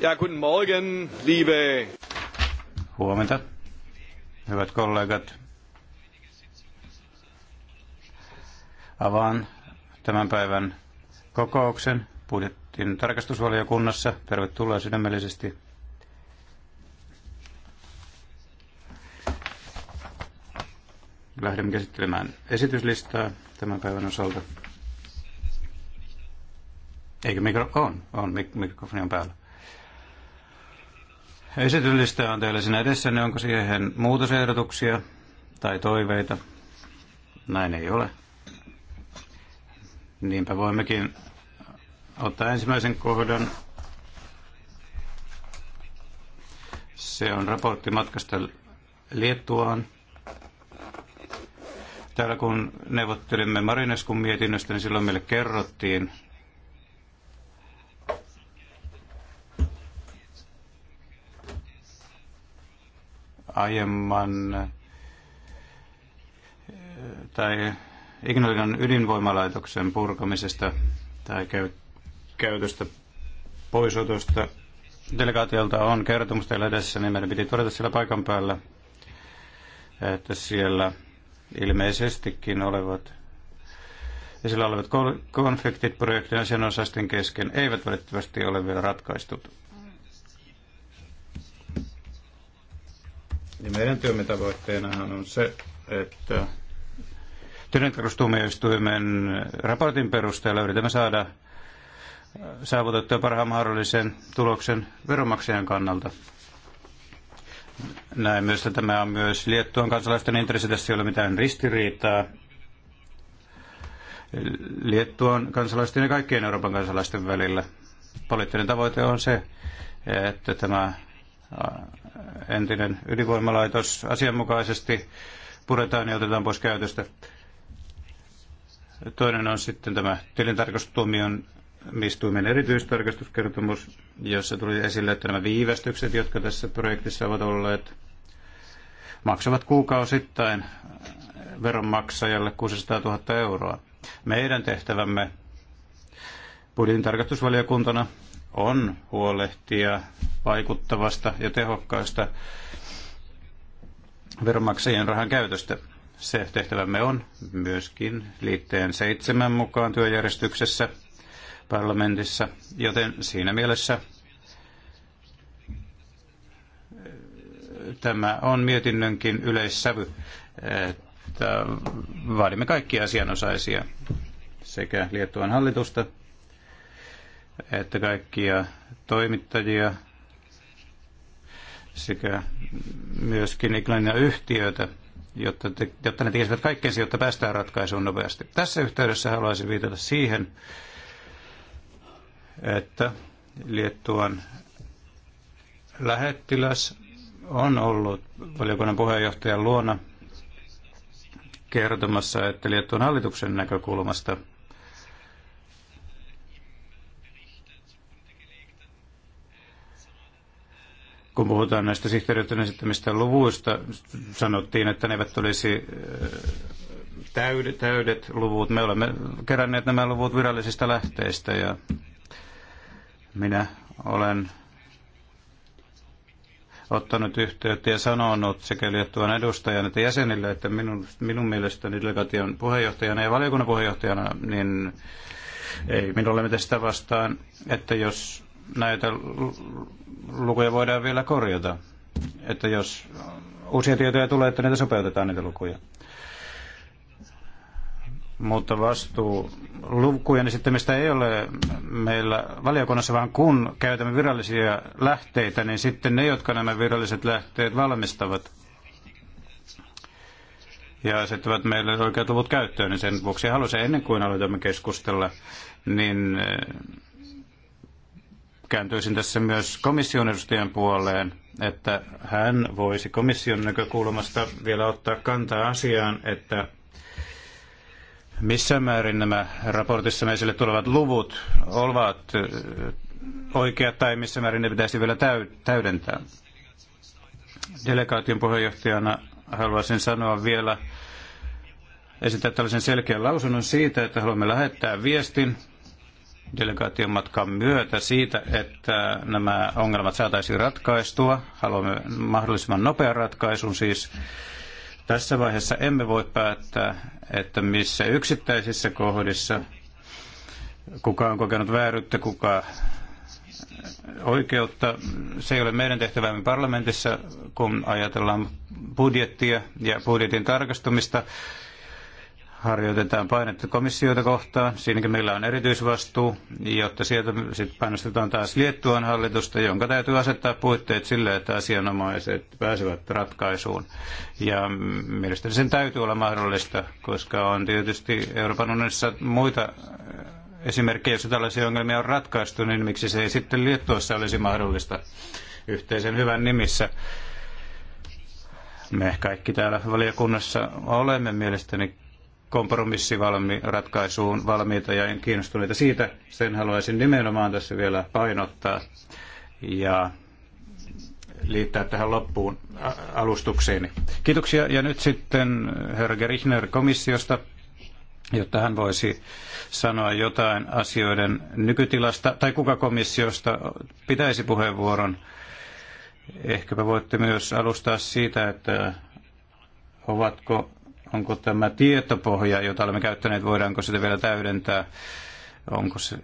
Ja, guten Morgen, liebe. Huomenta, hyvät kollegat. Avaan tämän päivän kokouksen budjettin tarkastusvaliokunnassa. Tervetuloa sydämellisesti. Lähdemme käsittelemään esityslistaa tämän päivän osalta. Eikö mikro... On, on, mik- mikrofoni on päällä. Esityllistä on teillä siinä niin Onko siihen muutosehdotuksia tai toiveita? Näin ei ole. Niinpä voimmekin ottaa ensimmäisen kohdan. Se on raportti matkasta Liettuaan. Täällä kun neuvottelimme Marineskun mietinnöstä, niin silloin meille kerrottiin, aiemman tai Ignalinan ydinvoimalaitoksen purkamisesta tai käytöstä poisotosta delegaatiolta on kertomus teillä edessä, niin meidän piti todeta siellä paikan päällä, että siellä ilmeisestikin olevat esillä olevat konfliktit projektin asianosaisten kesken eivät valitettavasti ole vielä ratkaistut. Ja niin meidän työmme tavoitteenahan on se, että työntekostuomioistuimen raportin perusteella yritämme saada saavutettua parhaan mahdollisen tuloksen veronmaksajan kannalta. Näin myös, että tämä on myös Liettuan kansalaisten intressi. Tässä ei ole mitään ristiriitaa. Liettuan kansalaisten ja kaikkien Euroopan kansalaisten välillä. Poliittinen tavoite on se, että tämä entinen ydinvoimalaitos asianmukaisesti puretaan ja otetaan pois käytöstä. Toinen on sitten tämä tilintarkastustuomion mistuimen erityistarkastuskertomus, jossa tuli esille, että nämä viivästykset, jotka tässä projektissa ovat olleet, maksavat kuukausittain veronmaksajalle 600 000 euroa. Meidän tehtävämme budjetin tarkastusvaliokuntana on huolehtia vaikuttavasta ja tehokkaasta veronmaksajien rahan käytöstä. Se tehtävämme on myöskin liitteen seitsemän mukaan työjärjestyksessä parlamentissa, joten siinä mielessä tämä on mietinnönkin yleissävy, että vaadimme kaikkia asianosaisia sekä Liettuan hallitusta että kaikkia toimittajia sekä myöskin Iglania yhtiöitä, jotta, te, jotta ne tekisivät kaikkensa, jotta päästään ratkaisuun nopeasti. Tässä yhteydessä haluaisin viitata siihen, että Liettuan lähettiläs on ollut valiokunnan puheenjohtajan luona kertomassa, että Liettuan hallituksen näkökulmasta – kun puhutaan näistä sihteeriöiden esittämistä luvuista, sanottiin, että ne eivät olisi äh, täydet, täydet luvut. Me olemme keränneet nämä luvut virallisista lähteistä ja minä olen ottanut yhteyttä ja sanonut sekä liettuan edustajan että jäsenille, että minun, minun mielestäni delegaation puheenjohtajana ja valiokunnan puheenjohtajana, niin ei minulla ole mitään sitä vastaan, että jos näitä lukuja voidaan vielä korjata. Että jos uusia tietoja tulee, että niitä sopeutetaan niitä lukuja. Mutta vastuu lukujen esittämistä ei ole meillä valiokunnassa, vaan kun käytämme virallisia lähteitä, niin sitten ne, jotka nämä viralliset lähteet valmistavat ja asettavat meille oikeat luvut käyttöön, niin sen vuoksi halusin ennen kuin aloitamme keskustella, niin eh, kääntyisin tässä myös komission edustajan puoleen, että hän voisi komission näkökulmasta vielä ottaa kantaa asiaan, että missä määrin nämä raportissa esille tulevat luvut ovat äh, oikeat tai missä määrin ne pitäisi vielä täydentää. Delegaation puheenjohtajana haluaisin sanoa vielä, esittää tällaisen selkeän lausunnon siitä, että haluamme lähettää viestin delegaation matkan myötä siitä, että nämä ongelmat saataisiin ratkaistua. Haluamme mahdollisimman nopean ratkaisun siis. Tässä vaiheessa emme voi päättää, että missä yksittäisissä kohdissa kuka on kokenut vääryyttä, kuka oikeutta. Se ei ole meidän tehtävämme parlamentissa, kun ajatellaan budjettia ja budjetin tarkastumista harjoitetaan painetta komissioita kohtaan. Siinäkin meillä on erityisvastuu, jotta sieltä sitten painostetaan taas Liettuan hallitusta, jonka täytyy asettaa puitteet sille, että asianomaiset pääsevät ratkaisuun. Ja mielestäni sen täytyy olla mahdollista, koska on tietysti Euroopan unionissa muita eh, esimerkkejä, joissa tällaisia ongelmia on ratkaistu, niin miksi se ei sitten Liettuassa olisi mahdollista yhteisen hyvän nimissä me kaikki täällä valiokunnassa olemme mielestäni kompromissivalmi ratkaisuun valmiita ja en kiinnostuneita siitä. Sen haluaisin nimenomaan tässä vielä painottaa ja liittää tähän loppuun alustukseeni. Kiitoksia ja nyt sitten herra Gerichner komissiosta, jotta hän voisi sanoa jotain asioiden nykytilasta tai kuka komissiosta pitäisi puheenvuoron. Ehkäpä voitte myös alustaa siitä, että ovatko Onko tämä tietopohja, jota olemme käyttäneet, voidaanko sitä vielä täydentää? Onko se,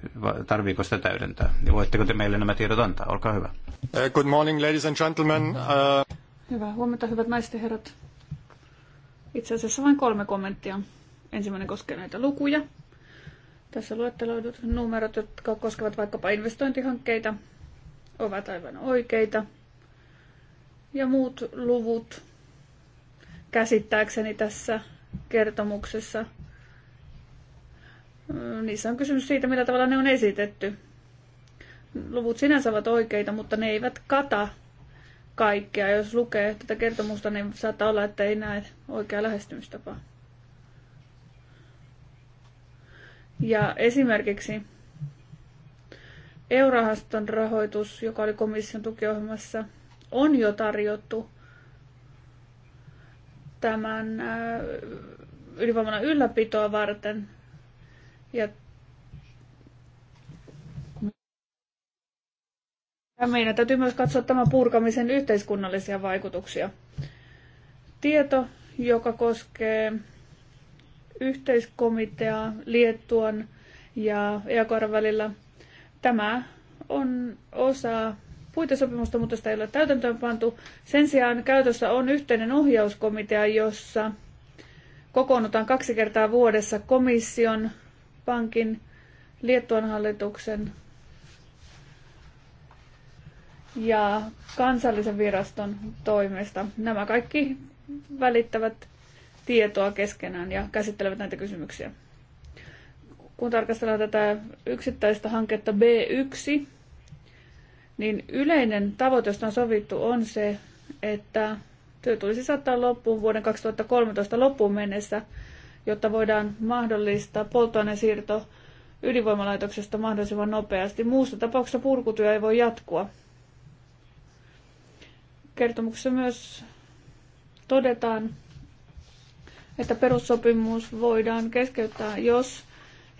tarviiko sitä täydentää? Ja voitteko te meille nämä tiedot antaa? Olkaa hyvä. Uh, good morning, ladies and gentlemen. Uh... Hyvää huomenta, hyvät naiset ja herrat. Itse asiassa vain kolme kommenttia. Ensimmäinen koskee näitä lukuja. Tässä luetteloidut numerot, jotka koskevat vaikkapa investointihankkeita, ovat aivan oikeita. Ja muut luvut käsittääkseni tässä kertomuksessa. Mm, Niissä on kysymys siitä, millä tavalla ne on esitetty. Luvut sinänsä ovat oikeita, mutta ne eivät kata kaikkea. Jos lukee tätä kertomusta, niin saattaa olla, että ei näe oikeaa lähestymistapaa. Ja esimerkiksi Eurahaston rahoitus, joka oli komission tukiohjelmassa, on jo tarjottu – tämän äh, ydinvoimalan ylläpitoa varten. Ja meidän täytyy myös katsoa tämän purkamisen yhteiskunnallisia vaikutuksia. Tieto, joka koskee yhteiskomitea Liettuan ja EAKR välillä, tämä on osa puitesopimusta, mutta sitä ei ole täytäntöön pantu. Sen sijaan käytössä on yhteinen ohjauskomitea, jossa kokoonnutaan kaksi kertaa vuodessa komission, pankin, Liettuan hallituksen ja kansallisen viraston toimesta. Nämä kaikki välittävät tietoa keskenään ja käsittelevät näitä kysymyksiä. Kun tarkastellaan tätä yksittäistä hanketta B1, niin yleinen tavoite, josta on sovittu, on se, että työ tulisi saattaa loppuun vuoden 2013 loppuun mennessä, jotta voidaan mahdollistaa polttoaineen siirto ydinvoimalaitoksesta mahdollisimman nopeasti. Muussa tapauksessa purkutyö ei voi jatkua. Kertomuksessa myös todetaan, että perussopimus voidaan keskeyttää, jos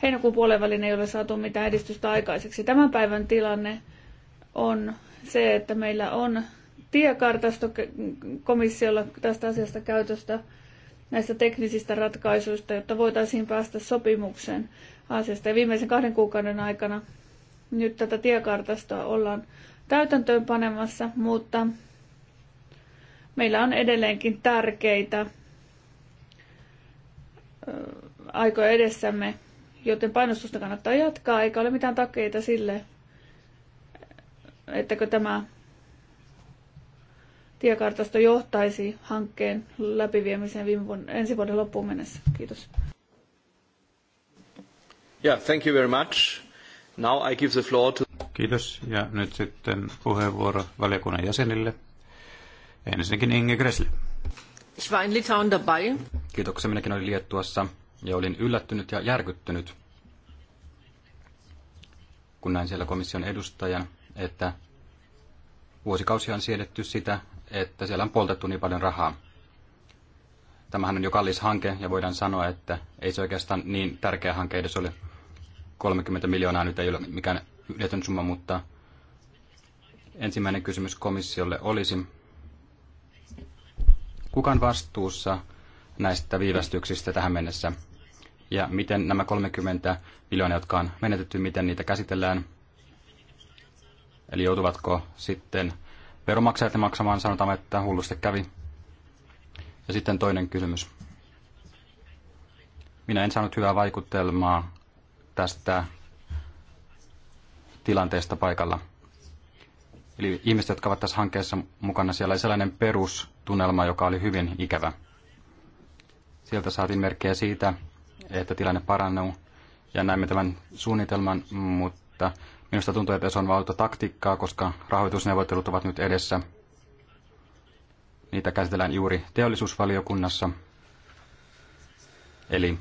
heinäkuun puolen välin ei ole saatu mitään edistystä aikaiseksi. Tämän päivän tilanne on se, että meillä on tiekartasto komissiolla tästä asiasta käytöstä näistä teknisistä ratkaisuista, jotta voitaisiin päästä sopimukseen asiasta. Ja viimeisen kahden kuukauden aikana nyt tätä tiekartastoa ollaan täytäntöön panemassa, mutta meillä on edelleenkin tärkeitä aikoja edessämme, joten painostusta kannattaa jatkaa, eikä ole mitään takeita sille, ettäkö tämä tiekartasto johtaisi hankkeen läpiviemiseen viime vuonna, ensi vuoden loppuun mennessä. Kiitos. Yeah, thank you very much. Now I give the floor to... Kiitos. Ja nyt sitten puheenvuoro valiokunnan jäsenille. Ensinnäkin Inge Gressle. Ich war in Litauen dabei. Kiitoksia. Minäkin olin Liettuassa ja olin yllättynyt ja järkyttynyt, kun näin siellä komission edustajan että vuosikausia on siedetty sitä, että siellä on poltettu niin paljon rahaa. Tämähän on jo kallis hanke ja voidaan sanoa, että ei se oikeastaan niin tärkeä hanke edes ole. 30 miljoonaa nyt ei ole mikään yletön summa, mutta ensimmäinen kysymys komissiolle olisi, kuka on vastuussa näistä viivästyksistä tähän mennessä? Ja miten nämä 30 miljoonaa, jotka on menetetty, miten niitä käsitellään? Eli joutuvatko sitten veronmaksajat maksamaan, sanotaan, että hullusti kävi. Ja sitten toinen kysymys. Minä en saanut hyvää vaikutelmaa tästä tilanteesta paikalla. Eli ihmiset, jotka ovat tässä hankkeessa mukana, siellä oli sellainen perustunnelma, joka oli hyvin ikävä. Sieltä saatiin merkkejä siitä, että tilanne parannuu ja näimme tämän suunnitelman, mutta Minusta tuntuu, että se on valta taktiikkaa, koska rahoitusneuvottelut ovat nyt edessä. Niitä käsitellään juuri teollisuusvaliokunnassa. Eli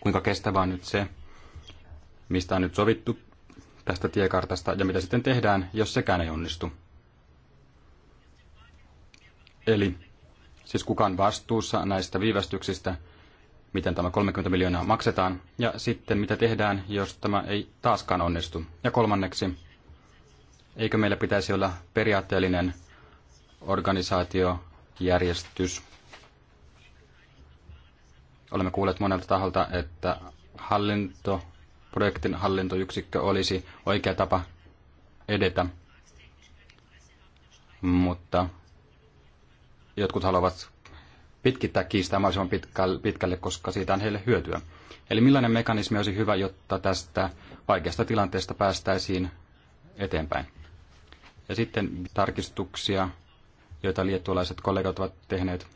kuinka kestävää on nyt se, mistä on nyt sovittu tästä tiekartasta ja mitä sitten tehdään, jos sekään ei onnistu. Eli siis kukaan vastuussa näistä viivästyksistä – miten tämä 30 miljoonaa maksetaan, ja sitten mitä tehdään, jos tämä ei taaskaan onnistu. Ja kolmanneksi, eikö meillä pitäisi olla periaatteellinen organisaatiojärjestys? Olemme kuulleet monelta taholta, että hallinto, projektin hallintoyksikkö olisi oikea tapa edetä, mutta jotkut haluavat pitkittää kiistaa mahdollisimman pitkälle, koska siitä on heille hyötyä. Eli millainen mekanismi olisi hyvä, jotta tästä vaikeasta tilanteesta päästäisiin eteenpäin? Ja sitten tarkistuksia, joita liettualaiset kollegat ovat tehneet.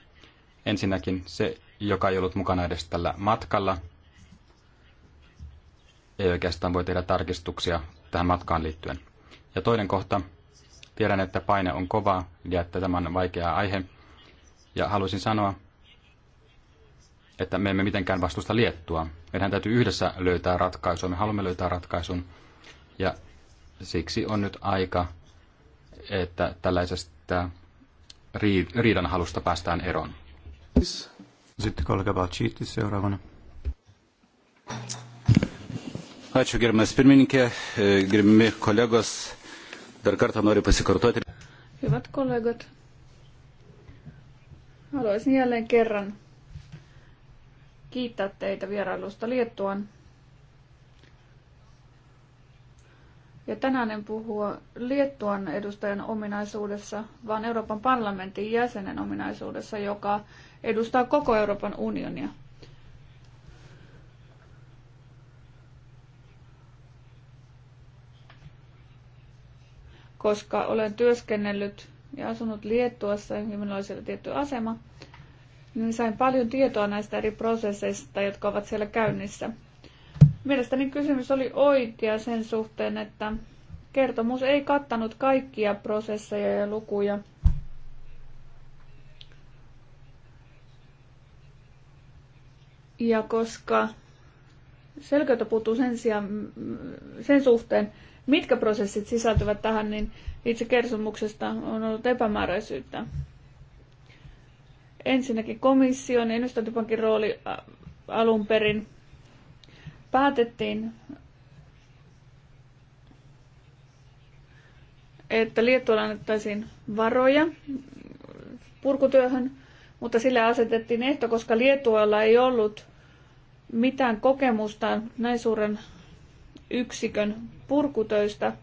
Ensinnäkin se, joka ei ollut mukana edes tällä matkalla, ei oikeastaan voi tehdä tarkistuksia tähän matkaan liittyen. Ja toinen kohta, tiedän, että paine on kova ja että tämä on vaikea aihe, ja haluaisin sanoa, että me emme mitenkään vastusta Liettua. Meidän täytyy yhdessä löytää ratkaisu. Me haluamme löytää ratkaisun. Ja siksi on nyt aika, että tällaisesta riidan halusta päästään eroon. Sitten kollega Bacitis seuraavana. Ačiū gerbiamas pirmininkė, e, gerbiami kolegos, dar kartą noriu pasikartoti. Hyvät kollegat, Haluaisin jälleen kerran kiittää teitä vierailusta Liettuan. Ja tänään en puhua Liettuan edustajan ominaisuudessa, vaan Euroopan parlamentin jäsenen ominaisuudessa, joka edustaa koko Euroopan unionia. Koska olen työskennellyt ja asunut Liettuassa ja niin minulla oli siellä tietty asema, niin sain paljon tietoa näistä eri prosesseista, jotka ovat siellä käynnissä. Mielestäni kysymys oli oikea sen suhteen, että kertomus ei kattanut kaikkia prosesseja ja lukuja. Ja koska selkeyttä puuttuu sen, sijaan, sen suhteen, mitkä prosessit sisältyvät tähän, niin itse kertomuksesta on ollut epämääräisyyttä. Ensinnäkin komission ja rooli alun perin päätettiin, että Liettualle annettaisiin varoja purkutyöhön, mutta sille asetettiin ehto, koska Lietualla ei ollut mitään kokemusta näin suuren yksikön purkutöistä –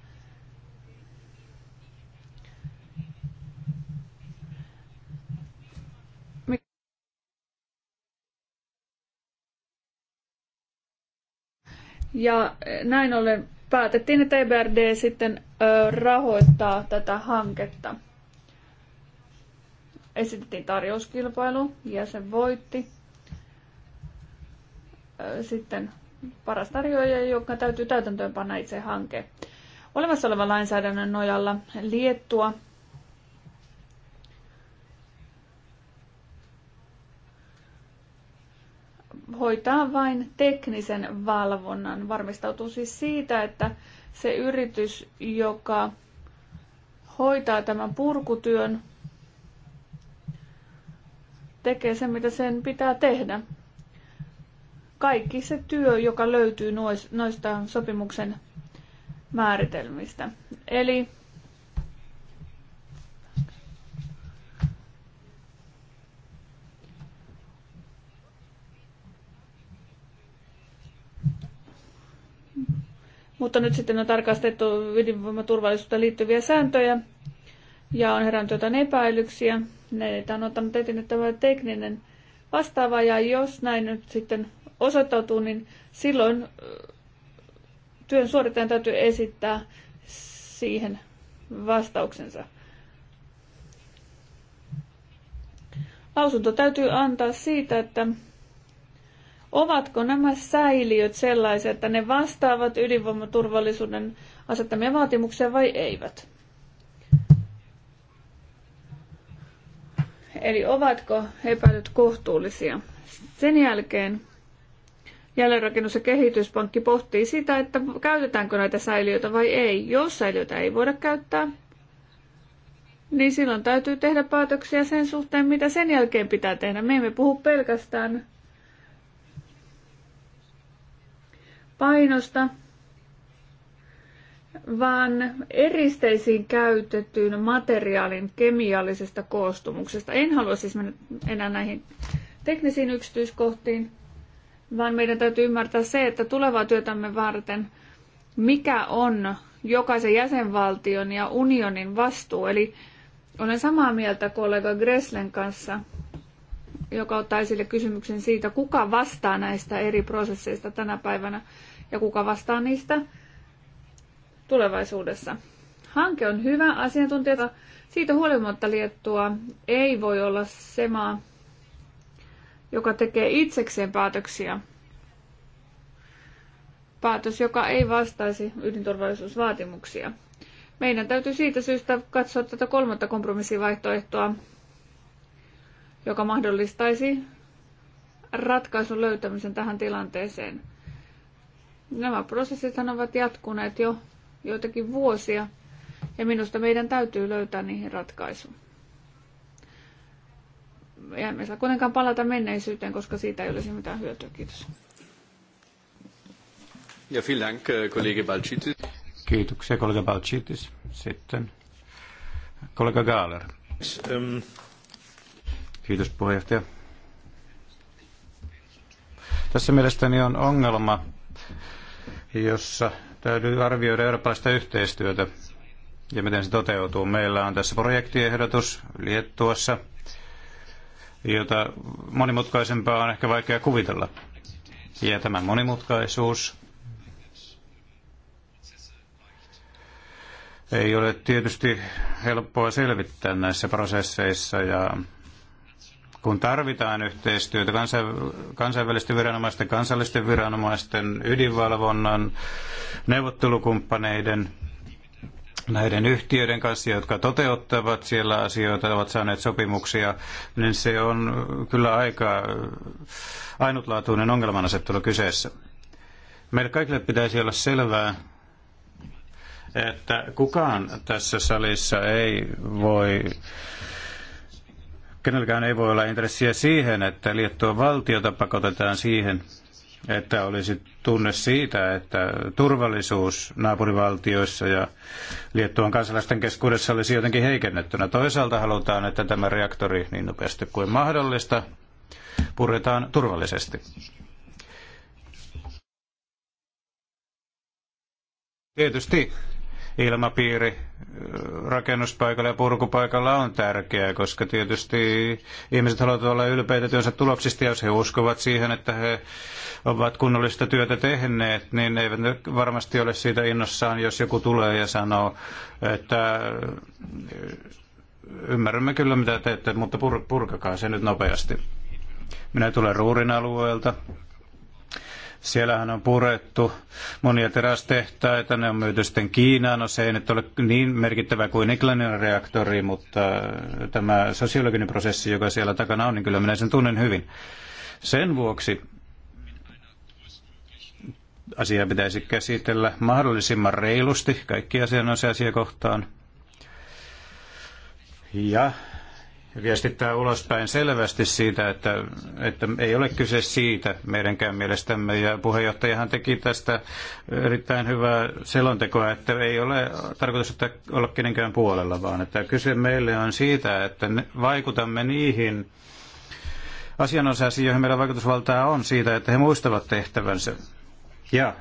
Ja eh, näin ollen päätettiin, että EBRD sitten rahoittaa tätä hanketta. Esitettiin tarjouskilpailu ja se voitti. Sitten paras tarjoaja, joka täytyy panna itse hanke. Olemassa olevan lainsäädännön nojalla Liettua hoitaa vain teknisen valvonnan. Varmistautuu siis siitä, että se yritys, joka hoitaa tämän purkutyön, tekee sen, mitä sen pitää tehdä. Kaikki se työ, joka löytyy noista sopimuksen määritelmistä. Eli Mutta nyt sitten on tarkastettu ydinvoimaturvallisuutta liittyviä sääntöjä ja on herännyt jotain epäilyksiä. ne on ottanut etin tämä tekninen vastaava ja jos näin nyt sitten osoittautuu, niin silloin työn suorittajan täytyy esittää siihen vastauksensa. Lausunto täytyy antaa siitä, että Ovatko nämä säiliöt sellaisia, että ne vastaavat ydinvoimaturvallisuuden asettamia vaatimuksia vai eivät? Eli ovatko epäilyt kohtuullisia? Sen jälkeen jälleenrakennus- ja kehityspankki pohtii sitä, että käytetäänkö näitä säiliöitä vai ei. Jos säiliöitä ei voida käyttää, niin silloin täytyy tehdä päätöksiä sen suhteen, mitä sen jälkeen pitää tehdä. Me emme puhu pelkästään painosta, vaan eristeisiin käytetyn materiaalin kemiallisesta koostumuksesta. En halua siis mennä enää näihin teknisiin yksityiskohtiin, vaan meidän täytyy ymmärtää se, että tulevaa työtämme varten, mikä on jokaisen jäsenvaltion ja unionin vastuu. Eli olen samaa mieltä kollega Greslen kanssa, joka ottaa esille kysymyksen siitä, kuka vastaa näistä eri prosesseista tänä päivänä ja kuka vastaa niistä tulevaisuudessa. Hanke on hyvä asiantuntijata. Siitä huolimatta Liettua ei voi olla se maa, joka tekee itsekseen päätöksiä. Päätös, joka ei vastaisi ydinturvallisuusvaatimuksia. Meidän täytyy siitä syystä katsoa tätä kolmatta kompromissivaihtoehtoa, joka mahdollistaisi ratkaisun löytämisen tähän tilanteeseen – Nämä prosessit ovat jatkuneet jo joitakin vuosia ja minusta meidän täytyy löytää niihin ratkaisu. Ja me saa kuitenkaan palata menneisyyteen, koska siitä ei olisi mitään hyötyä. Kiitos. Ja Dank, äh, kollega Balcitis. Kiitoksia, kollega Balcitis. Sitten kollega Gaaler. Ähm, Kiitos, puheenjohtaja. Tässä mielestäni on ongelma jossa täytyy arvioida eurooppalaista yhteistyötä ja miten se toteutuu. Meillä on tässä projektiehdotus Liettuassa, jota monimutkaisempaa on ehkä vaikea kuvitella. Ja tämä monimutkaisuus ei ole tietysti helppoa selvittää näissä prosesseissa ja kun tarvitaan yhteistyötä kansainvälisten viranomaisten, kansallisten viranomaisten, ydinvalvonnan, neuvottelukumppaneiden, näiden yhtiöiden kanssa, jotka toteuttavat siellä asioita, ovat saaneet sopimuksia, niin se on kyllä aika ainutlaatuinen ongelmanasettelu kyseessä. Meille kaikille pitäisi olla selvää, että kukaan tässä salissa ei voi kenelläkään ei voi olla intressiä siihen, että liettua valtiota pakotetaan siihen, että olisi tunne siitä, että turvallisuus naapurivaltioissa ja Liettuan kansalaisten keskuudessa olisi jotenkin heikennettynä. Toisaalta halutaan, että tämä reaktori niin nopeasti kuin mahdollista puretaan turvallisesti. Tietysti ilmapiiri rakennuspaikalla ja purkupaikalla on tärkeää, koska tietysti ihmiset haluavat olla ylpeitä työnsä tuloksista, jos he uskovat siihen, että he ovat kunnollista työtä tehneet, niin eivät ne varmasti ole siitä innossaan, jos joku tulee ja sanoo, että ymmärrämme kyllä mitä teette, mutta pur- purkakaa se nyt nopeasti. Minä tulen Ruurin alueelta, Siellähän on purettu monia terästehtaita, ne on myyty sitten Kiinaan. No se ei nyt ole niin merkittävä kuin englannin reaktori, mutta tämä sosiologinen prosessi, joka siellä takana on, niin kyllä minä sen tunnen hyvin. Sen vuoksi asia pitäisi käsitellä mahdollisimman reilusti kaikki asianosaisia kohtaan. Ja viestittää ulospäin selvästi siitä, että, että ei ole kyse siitä meidänkään mielestämme. Ja puheenjohtajahan teki tästä erittäin hyvää selontekoa, että ei ole tarkoitus että olla kenenkään puolella, vaan että kyse meille on siitä, että vaikutamme niihin asianosaisiin, joihin meillä vaikutusvaltaa on siitä, että he muistavat tehtävänsä. Ja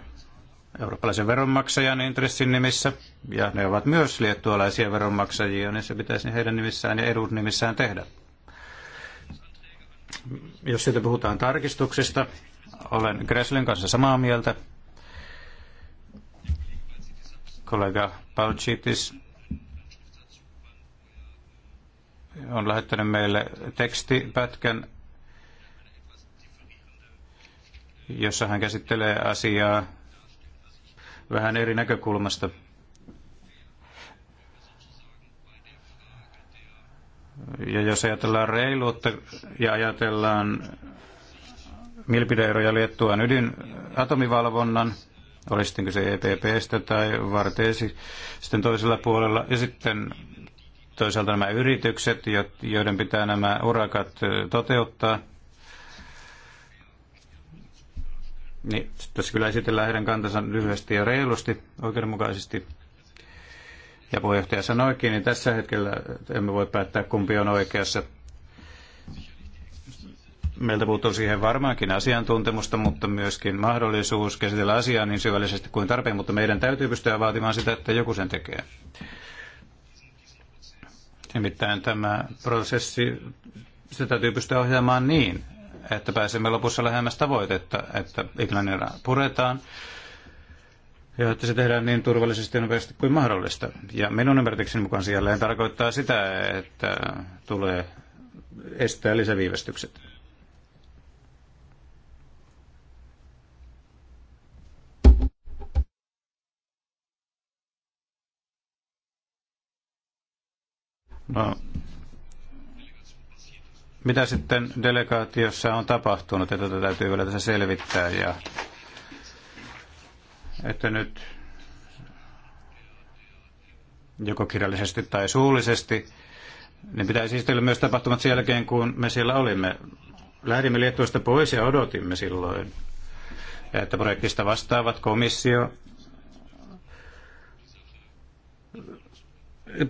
eurooppalaisen veronmaksajan intressin nimissä, ja ne ovat myös liettualaisia veronmaksajia, niin se pitäisi heidän nimissään ja edun nimissään tehdä. Jos siitä puhutaan tarkistuksista, olen Greslin kanssa samaa mieltä. Kollega Palcitis on lähettänyt meille tekstipätkän, jossa hän käsittelee asiaa vähän eri näkökulmasta. Ja jos ajatellaan reiluutta ja ajatellaan mielipideeroja liettuaan ydinatomivalvonnan, atomivalvonnan, oli sitten kyse EPPstä tai varteesi sitten toisella puolella, ja sitten toisaalta nämä yritykset, joiden pitää nämä urakat toteuttaa – Niin, tässä kyllä esitellään heidän kantansa lyhyesti ja reilusti, oikeudenmukaisesti. Ja puheenjohtaja sanoikin, niin tässä hetkellä emme voi päättää, kumpi on oikeassa. Meiltä puuttuu siihen varmaankin asiantuntemusta, mutta myöskin mahdollisuus käsitellä asiaa niin syvällisesti kuin tarpeen, mutta meidän täytyy pystyä vaatimaan sitä, että joku sen tekee. Nimittäin tämä prosessi, se täytyy pystyä ohjaamaan niin, että pääsemme lopussa lähemmäs tavoitetta, että Iglannin puretaan ja että se tehdään niin turvallisesti ja nopeasti kuin mahdollista. Ja minun ymmärrykseni mukaan se jälleen tarkoittaa sitä, että tulee estää lisäviivästykset. No, mitä sitten delegaatiossa on tapahtunut, että tätä täytyy vielä tässä selvittää ja että nyt joko kirjallisesti tai suullisesti, niin pitäisi esitellä siis myös tapahtumat sen jälkeen, kun me siellä olimme. Lähdimme Liettuasta pois ja odotimme silloin, että projektista vastaavat komissio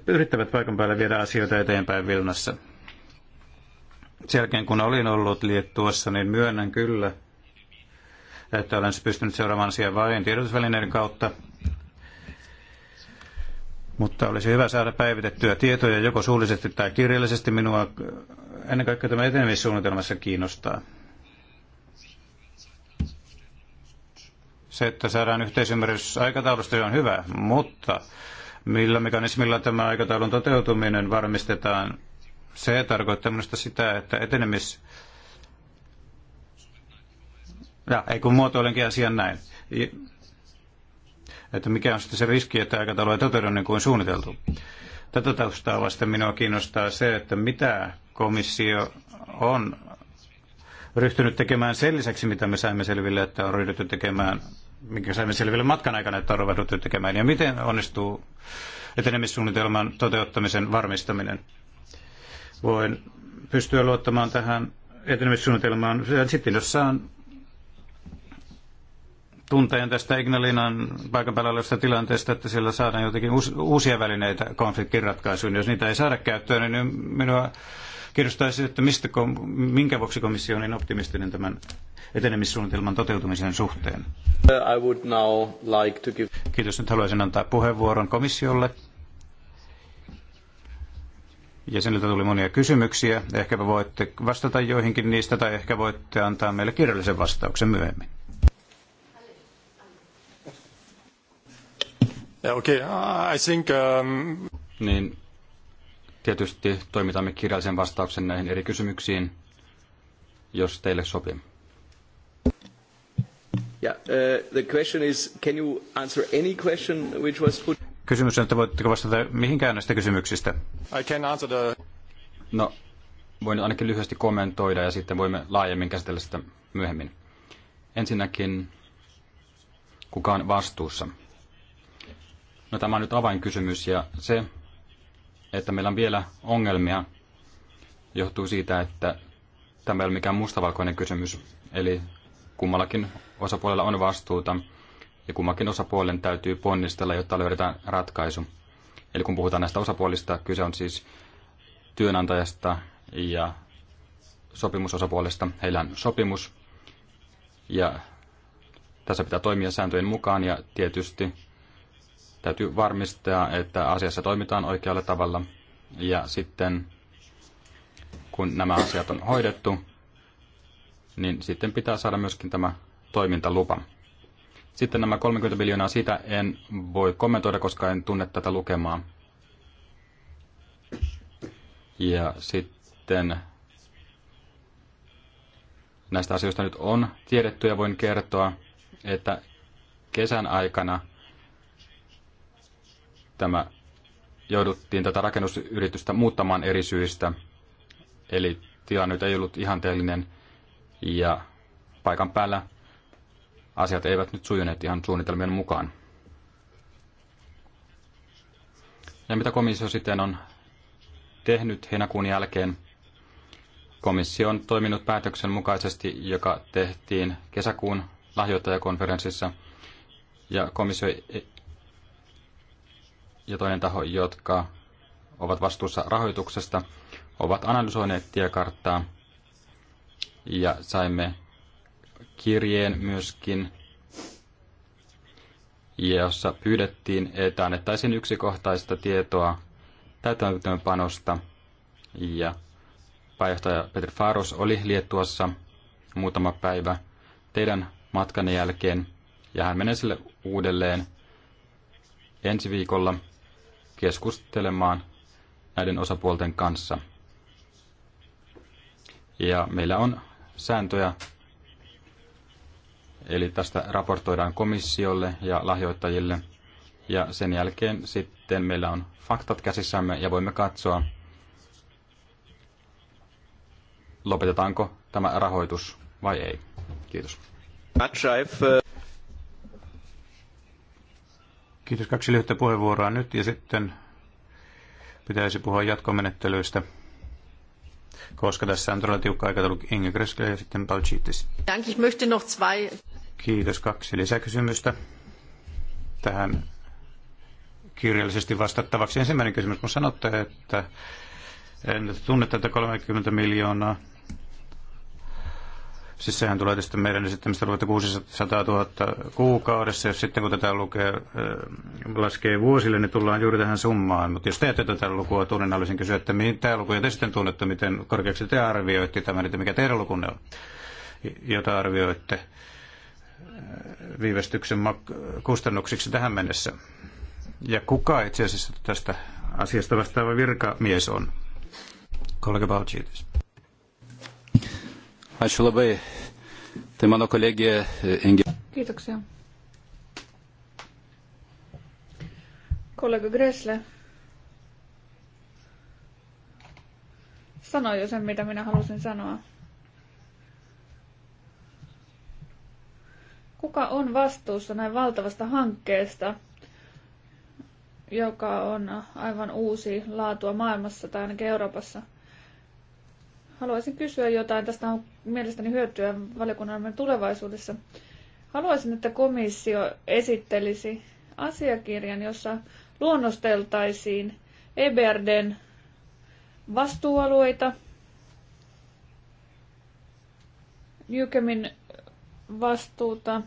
yrittävät paikan päällä viedä asioita eteenpäin Vilnassa. Sen jälkeen kun olin ollut liettuossa, niin myönnän kyllä, että olen pystynyt seuraamaan asiaa vain tiedotusvälineiden kautta. Mutta olisi hyvä saada päivitettyä tietoja joko suullisesti tai kirjallisesti. Minua ennen kaikkea tämä etenemissuunnitelmassa kiinnostaa. Se, että saadaan yhteisymmärrys aikataulusta, on hyvä, mutta millä mekanismilla tämä aikataulun toteutuminen varmistetaan se tarkoittaa minusta sitä, että etenemis... Ja, ei kun muotoilenkin asian näin. Että mikä on sitten se riski, että aikataulu ei toteudu niin kuin suunniteltu. Tätä taustaa vasten minua kiinnostaa se, että mitä komissio on ryhtynyt tekemään sen lisäksi, mitä me saimme selville, että on ryhdytty tekemään, minkä saimme selville matkan aikana, että on ryhdytty tekemään, ja miten onnistuu etenemissuunnitelman toteuttamisen varmistaminen voin pystyä luottamaan tähän etenemissuunnitelmaan. Sitten jos saan tunteen tästä Ignalinan paikan päällä olevasta tilanteesta, että siellä saadaan jotenkin uusia välineitä konfliktin ratkaisuun. Jos niitä ei saada käyttöön, niin minua kiinnostaisi, että mistä, minkä vuoksi komissio on niin optimistinen tämän etenemissuunnitelman toteutumisen suhteen. I would now like to give... Kiitos. Nyt haluaisin antaa puheenvuoron komissiolle. Jäseniltä tuli monia kysymyksiä. Ehkäpä voitte vastata joihinkin niistä tai ehkä voitte antaa meille kirjallisen vastauksen myöhemmin. Yeah, okay. Uh, I think, um... Niin tietysti toimitamme kirjallisen vastauksen näihin eri kysymyksiin, jos teille sopii. Yeah, uh, the question is, can you answer any question which was put? Kysymys on, että voitteko vastata mihinkään näistä kysymyksistä? I can answer the... No, voin ainakin lyhyesti kommentoida ja sitten voimme laajemmin käsitellä sitä myöhemmin. Ensinnäkin, kuka on vastuussa? No tämä on nyt avainkysymys ja se, että meillä on vielä ongelmia, johtuu siitä, että tämä ei ole mikään mustavalkoinen kysymys. Eli kummallakin osapuolella on vastuuta ja kummankin osapuolen täytyy ponnistella, jotta löydetään ratkaisu. Eli kun puhutaan näistä osapuolista, kyse on siis työnantajasta ja sopimusosapuolesta. Heillä on sopimus ja tässä pitää toimia sääntöjen mukaan ja tietysti täytyy varmistaa, että asiassa toimitaan oikealla tavalla. Ja sitten kun nämä asiat on hoidettu, niin sitten pitää saada myöskin tämä toimintalupa. Sitten nämä 30 miljoonaa, sitä en voi kommentoida, koska en tunne tätä lukemaa. Ja sitten näistä asioista nyt on tiedetty ja voin kertoa, että kesän aikana tämä jouduttiin tätä rakennusyritystä muuttamaan eri syistä. Eli tilanne ei ollut ihanteellinen ja paikan päällä asiat eivät nyt sujuneet ihan suunnitelmien mukaan. Ja mitä komissio sitten on tehnyt heinäkuun jälkeen? Komissio on toiminut päätöksen mukaisesti, joka tehtiin kesäkuun lahjoittajakonferenssissa. Ja komissio e- ja toinen taho, jotka ovat vastuussa rahoituksesta, ovat analysoineet tiekarttaa ja saimme kirjeen myöskin, jossa pyydettiin, että annettaisiin yksikohtaista tietoa täytäntöönpanosta. Ja pääjohtaja Petri Faros oli Liettuassa muutama päivä teidän matkan jälkeen, ja hän menee sille uudelleen ensi viikolla keskustelemaan näiden osapuolten kanssa. Ja meillä on sääntöjä Eli tästä raportoidaan komissiolle ja lahjoittajille. Ja sen jälkeen sitten meillä on faktat käsissämme ja voimme katsoa, lopetetaanko tämä rahoitus vai ei. Kiitos. Kiitos. Kaksi lyhyttä puheenvuoroa nyt ja sitten pitäisi puhua jatkomenettelyistä koska tässä on todella tiukka aikataulu Inge Kreskele ja sitten Paul Chittis. Kiitos. Kaksi lisäkysymystä tähän kirjallisesti vastattavaksi. Ensimmäinen kysymys, kun sanotte, että en tunne tätä 30 miljoonaa Siis sehän tulee tästä meidän esittämistä ruveta 600 000 kuukaudessa. ja sitten kun tätä lukee, äh, laskee vuosille, niin tullaan juuri tähän summaan. Mutta jos te ette tätä lukua tunne, niin olisin kysyä, että luku, ja te sitten tunnette, miten korkeaksi te arvioitte tämän, että mikä teidän lukunne on, jota arvioitte äh, viivästyksen kustannuksiksi tähän mennessä. Ja kuka itse asiassa tästä asiasta vastaava virkamies on? Kollega Balcitis. Ačiū labai. Tai mano kolegė e, Inge. Kiitoksia. Kollega Gressle sanoi jo sen, mitä minä halusin sanoa. Kuka on vastuussa näin valtavasta hankkeesta, joka on aivan uusi laatua maailmassa tai ainakin Euroopassa? Haluaisin kysyä jotain. Tästä on mielestäni hyötyä valiokunnan tulevaisuudessa. Haluaisin, että komissio esittelisi asiakirjan, jossa luonnosteltaisiin EBRDn vastuualueita, Jykemin vastuuta.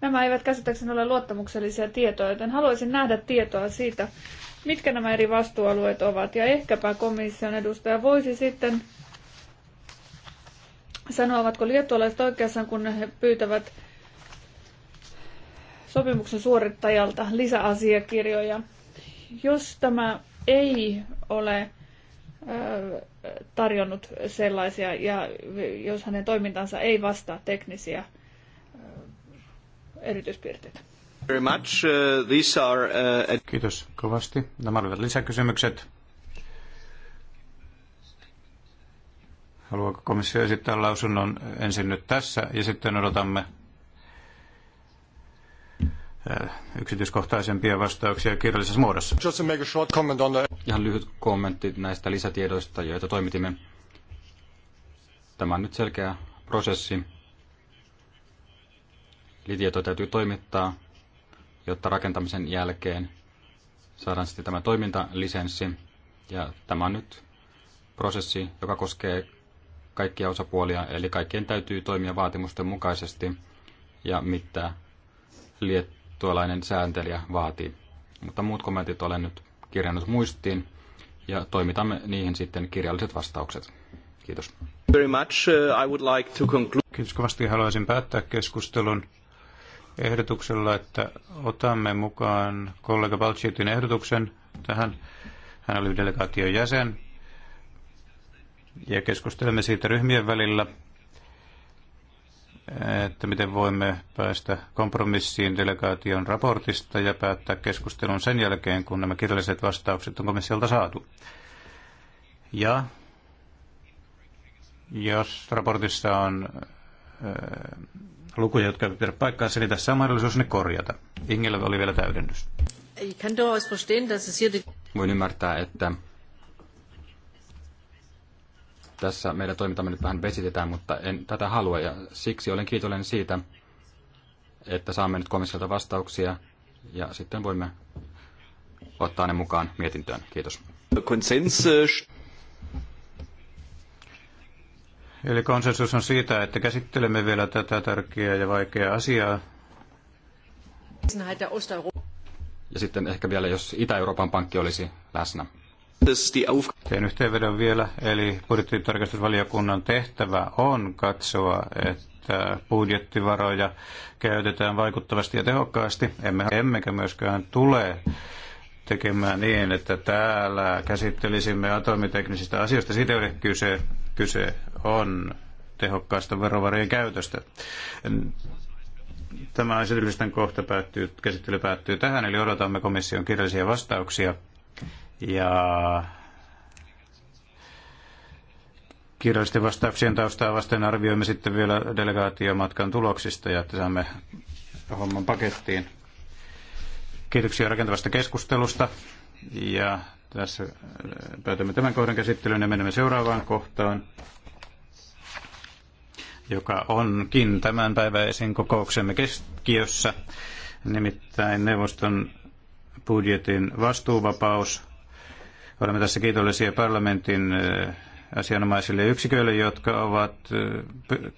Nämä eivät käsittääkseni ole luottamuksellisia tietoja, joten haluaisin nähdä tietoa siitä, mitkä nämä eri vastuualueet ovat. Ja ehkäpä komission edustaja voisi sitten sanoa, ovatko liettualaiset oikeassa, kun he pyytävät sopimuksen suorittajalta lisäasiakirjoja. Jos tämä ei ole tarjonnut sellaisia ja jos hänen toimintansa ei vastaa teknisiä erityispiirteitä. Very much. Uh, these are, uh... Kiitos kovasti. Nämä olivat lisäkysymykset. Haluaako komissio esittää lausunnon ensin nyt tässä ja sitten odotamme uh, yksityiskohtaisempia vastauksia kirjallisessa muodossa. Just make a short comment on the... Ihan lyhyt kommentti näistä lisätiedoista, joita toimitimme. Tämä on nyt selkeä prosessi. Eli tietoa täytyy toimittaa jotta rakentamisen jälkeen saadaan sitten tämä toimintalisenssi. Ja tämä on nyt prosessi, joka koskee kaikkia osapuolia, eli kaikkien täytyy toimia vaatimusten mukaisesti ja mitä liettualainen sääntelijä vaatii. Mutta muut kommentit olen nyt kirjannut muistiin ja toimitamme niihin sitten kirjalliset vastaukset. Kiitos. Very much. Uh, I would like to conclude. Kiitos kovasti. Haluaisin päättää keskustelun ehdotuksella, että otamme mukaan kollega Balchitin ehdotuksen tähän. Hän oli delegaation jäsen ja keskustelemme siitä ryhmien välillä, että miten voimme päästä kompromissiin delegaation raportista ja päättää keskustelun sen jälkeen, kun nämä kirjalliset vastaukset on komissiolta saatu. Ja jos raportissa on lukuja, jotka eivät pidä paikkaansa, niin tässä on mahdollisuus ne korjata. Ingellä oli vielä täydennys. Voin ymmärtää, että tässä meidän toimintamme nyt vähän vesitetään, mutta en tätä halua ja siksi olen kiitollinen siitä, että saamme nyt komissiolta vastauksia ja sitten voimme ottaa ne mukaan mietintöön. Kiitos. Eli konsensus on siitä, että käsittelemme vielä tätä tärkeää ja vaikeaa asiaa. Ja sitten ehkä vielä, jos Itä-Euroopan pankki olisi läsnä. Teen yhteenvedon vielä, eli budjettitarkastusvaliokunnan tehtävä on katsoa, että budjettivaroja käytetään vaikuttavasti ja tehokkaasti, Emme, emmekä myöskään tule tekemään niin, että täällä käsittelisimme atomiteknisistä asioista. Siitä ei ole kyse kyse on tehokkaasta verovarojen käytöstä. Tämä esityksen kohta päättyy, käsittely päättyy tähän, eli odotamme komission kirjallisia vastauksia. Ja kirjallisten vastauksien taustaa vasten arvioimme sitten vielä delegaatiomatkan tuloksista ja että saamme homman pakettiin. Kiitoksia rakentavasta keskustelusta ja tässä äh, päätämme tämän kohdan käsittelyyn ja menemme seuraavaan kohtaan, joka onkin tämän päiväisen kokouksemme keskiössä, nimittäin neuvoston budjetin vastuuvapaus. Olemme tässä kiitollisia parlamentin äh, asianomaisille yksiköille, jotka ovat äh,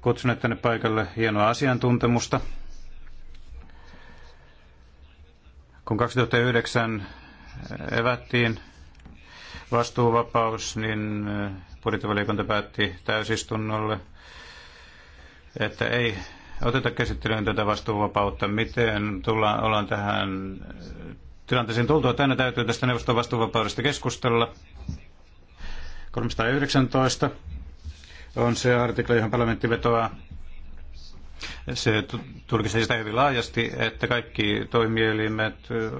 kutsuneet tänne paikalle hienoa asiantuntemusta. Kun 2009 evättiin vastuuvapaus, niin äh, budjettivaliokunta päätti täysistunnolle, että ei oteta käsittelyyn tätä vastuuvapautta. Miten tullaan, ollaan tähän äh, tilanteeseen tultua? Tänne täytyy tästä neuvoston vastuuvapaudesta keskustella. 319 on se artikla, johon parlamentti vetoaa se tulkisi sitä hyvin laajasti, että kaikki toimielimet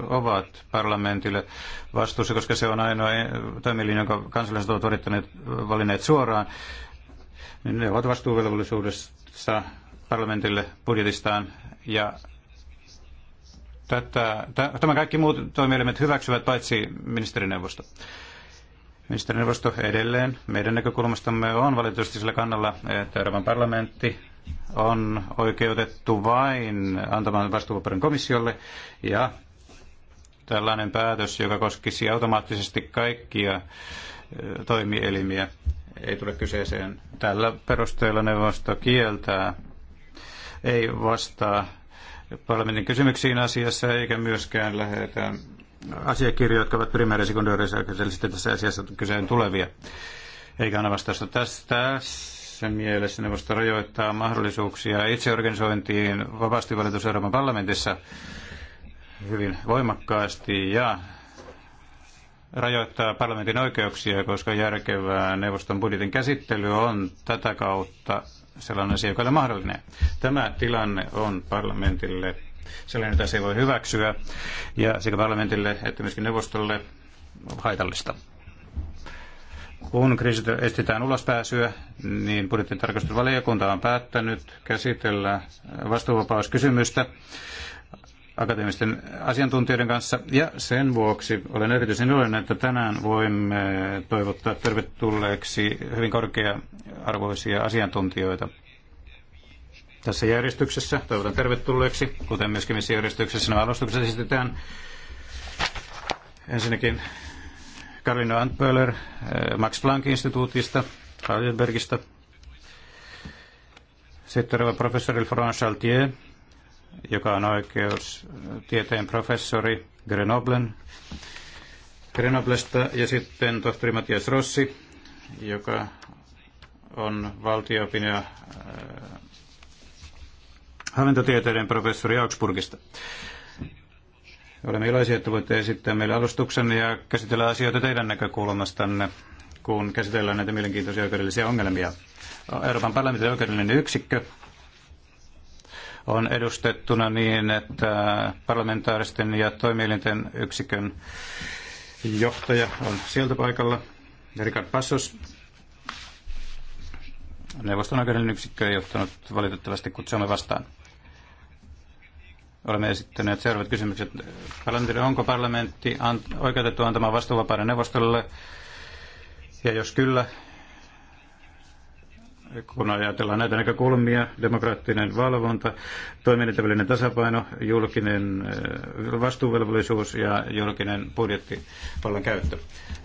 ovat parlamentille vastuussa, koska se on ainoa e- toimielin, jonka kansalaiset ovat valittaneet, valinneet suoraan. Niin ne ovat vastuuvelvollisuudessa parlamentille budjetistaan ja tätä, tämä kaikki muut toimielimet hyväksyvät paitsi ministerineuvosto. Ministerineuvosto edelleen meidän näkökulmastamme on valitettavasti sillä kannalla, että Euroopan parlamentti on oikeutettu vain antamaan vastuupaperin komissiolle ja tällainen päätös, joka koskisi automaattisesti kaikkia toimielimiä, ei tule kyseeseen. Tällä perusteella neuvosto kieltää, ei vastaa parlamentin kysymyksiin asiassa eikä myöskään lähetä asiakirjoja, jotka ovat primääri- ja sekundaarisia, tässä asiassa kyseen tulevia. Eikä anna vastausta tästä tässä mielessä neuvosto rajoittaa mahdollisuuksia itseorganisointiin vapaasti valitussa Euroopan parlamentissa hyvin voimakkaasti ja rajoittaa parlamentin oikeuksia, koska järkevää neuvoston budjetin käsittely on tätä kautta sellainen asia, joka on mahdollinen. Tämä tilanne on parlamentille sellainen, jota se ei voi hyväksyä, ja sekä parlamentille että myöskin neuvostolle haitallista. Kun kriisistä estetään ulospääsyä, niin budjettitarkastusvaliokunta on päättänyt käsitellä vastuuvapauskysymystä akateemisten asiantuntijoiden kanssa. Ja sen vuoksi olen erityisen iloinen, että tänään voimme toivottaa tervetulleeksi hyvin korkea-arvoisia asiantuntijoita tässä järjestyksessä. Toivotan tervetulleeksi, kuten myöskin missä järjestyksessä nämä alustukset esitetään. Ensinnäkin Karolina Antpöller eh, Max Planck-instituutista, Heidelbergista. Sitten professori Laurent Chaltier, joka on oikeustieteen professori Grenoblen, Grenoblesta, ja sitten tohtori Matias Rossi, joka on valtioopin ja eh, hallintotieteiden professori Augsburgista. Olemme iloisia, että voitte esittää meille alustuksen ja käsitellä asioita teidän näkökulmastanne, kun käsitellään näitä mielenkiintoisia oikeudellisia ongelmia. Euroopan parlamentin oikeudellinen yksikkö on edustettuna niin, että parlamentaaristen ja toimielinten yksikön johtaja on sieltä paikalla, Richard Passos. Neuvoston oikeudellinen yksikkö ei ottanut valitettavasti kutsumme vastaan olemme esittäneet seuraavat kysymykset. Parlamentille, onko parlamentti oikeutettu antamaan vastuuvapauden neuvostolle? Ja jos kyllä, kun ajatellaan näitä näkökulmia, demokraattinen valvonta, toiminnan tasapaino, julkinen eh, vastuuvelvollisuus ja julkinen budjettipallon käyttö.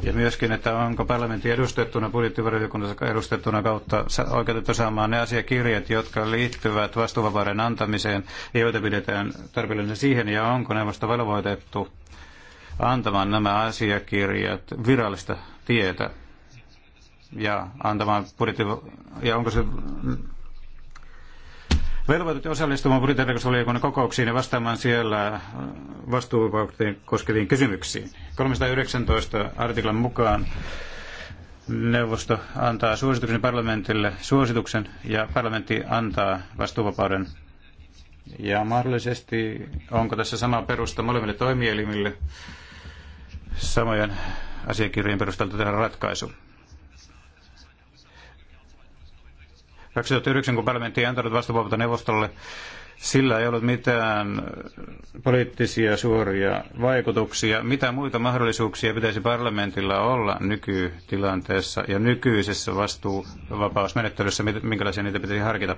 Ja myöskin, että onko parlamentti edustettuna, budjettivaliokunnassa edustettuna kautta oikeutettu saamaan ne asiakirjat, jotka liittyvät vastuuvapauden antamiseen ja joita pidetään tarpeellisena siihen, ja onko neuvosto velvoitettu antamaan nämä asiakirjat virallista tietä ja antamaan budjetti, ja onko se velvoitettu osallistumaan budjettirikosvaliokunnan kokouksiin ja vastaamaan siellä äh, vastuuvapauksia koskeviin kysymyksiin. 319 artiklan mukaan neuvosto antaa suosituksen parlamentille suosituksen ja parlamentti antaa vastuuvapauden. Ja mahdollisesti onko tässä sama perusta molemmille toimielimille samojen asiakirjojen perusteella tehdä ratkaisu. 2009, kun parlamentti ei antanut vastapuolta neuvostolle, sillä ei ollut mitään poliittisia suoria vaikutuksia. Mitä muita mahdollisuuksia pitäisi parlamentilla olla nykytilanteessa ja nykyisessä vastuuvapausmenettelyssä, minkälaisia niitä pitäisi harkita?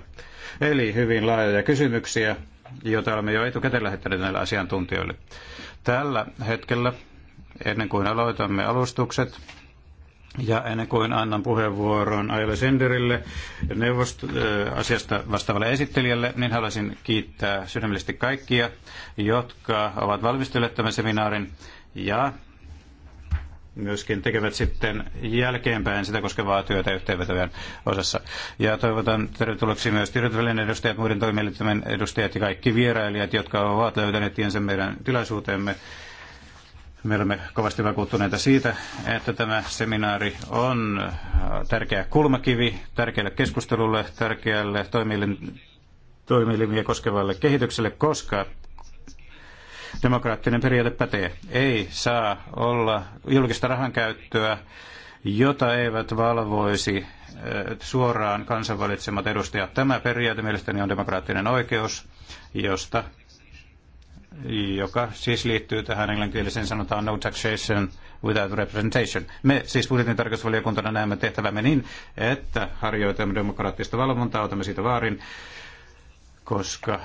Eli hyvin laajoja kysymyksiä, joita olemme jo etukäteen lähettäneet näille asiantuntijoille. Tällä hetkellä, ennen kuin aloitamme alustukset, ja ennen kuin annan puheenvuoron Aile Senderille, neuvost- äh, asiasta vastaavalle esittelijälle, niin haluaisin kiittää sydämellisesti kaikkia, jotka ovat valmistelleet tämän seminaarin ja myöskin tekevät sitten jälkeenpäin sitä koskevaa työtä yhteenvetojen osassa. Ja toivotan tervetulleeksi myös tiedotusvälineen edustajat, muiden toimielinten edustajat ja kaikki vierailijat, jotka ovat löytäneet tiensä meidän tilaisuuteemme me olemme kovasti vakuuttuneita siitä, että tämä seminaari on äh, tärkeä kulmakivi tärkeälle keskustelulle, tärkeälle toimielimiä koskevalle kehitykselle, koska demokraattinen periaate pätee. Ei saa olla julkista rahankäyttöä, jota eivät valvoisi äh, suoraan kansanvalitsemat edustajat. Tämä periaate mielestäni on demokraattinen oikeus, josta joka siis liittyy tähän englanninkieliseen sanotaan no taxation without representation. Me siis budjetin tarkastusvaliokuntana näemme tehtävämme niin, että harjoitamme demokraattista valvontaa, otamme siitä vaarin, koska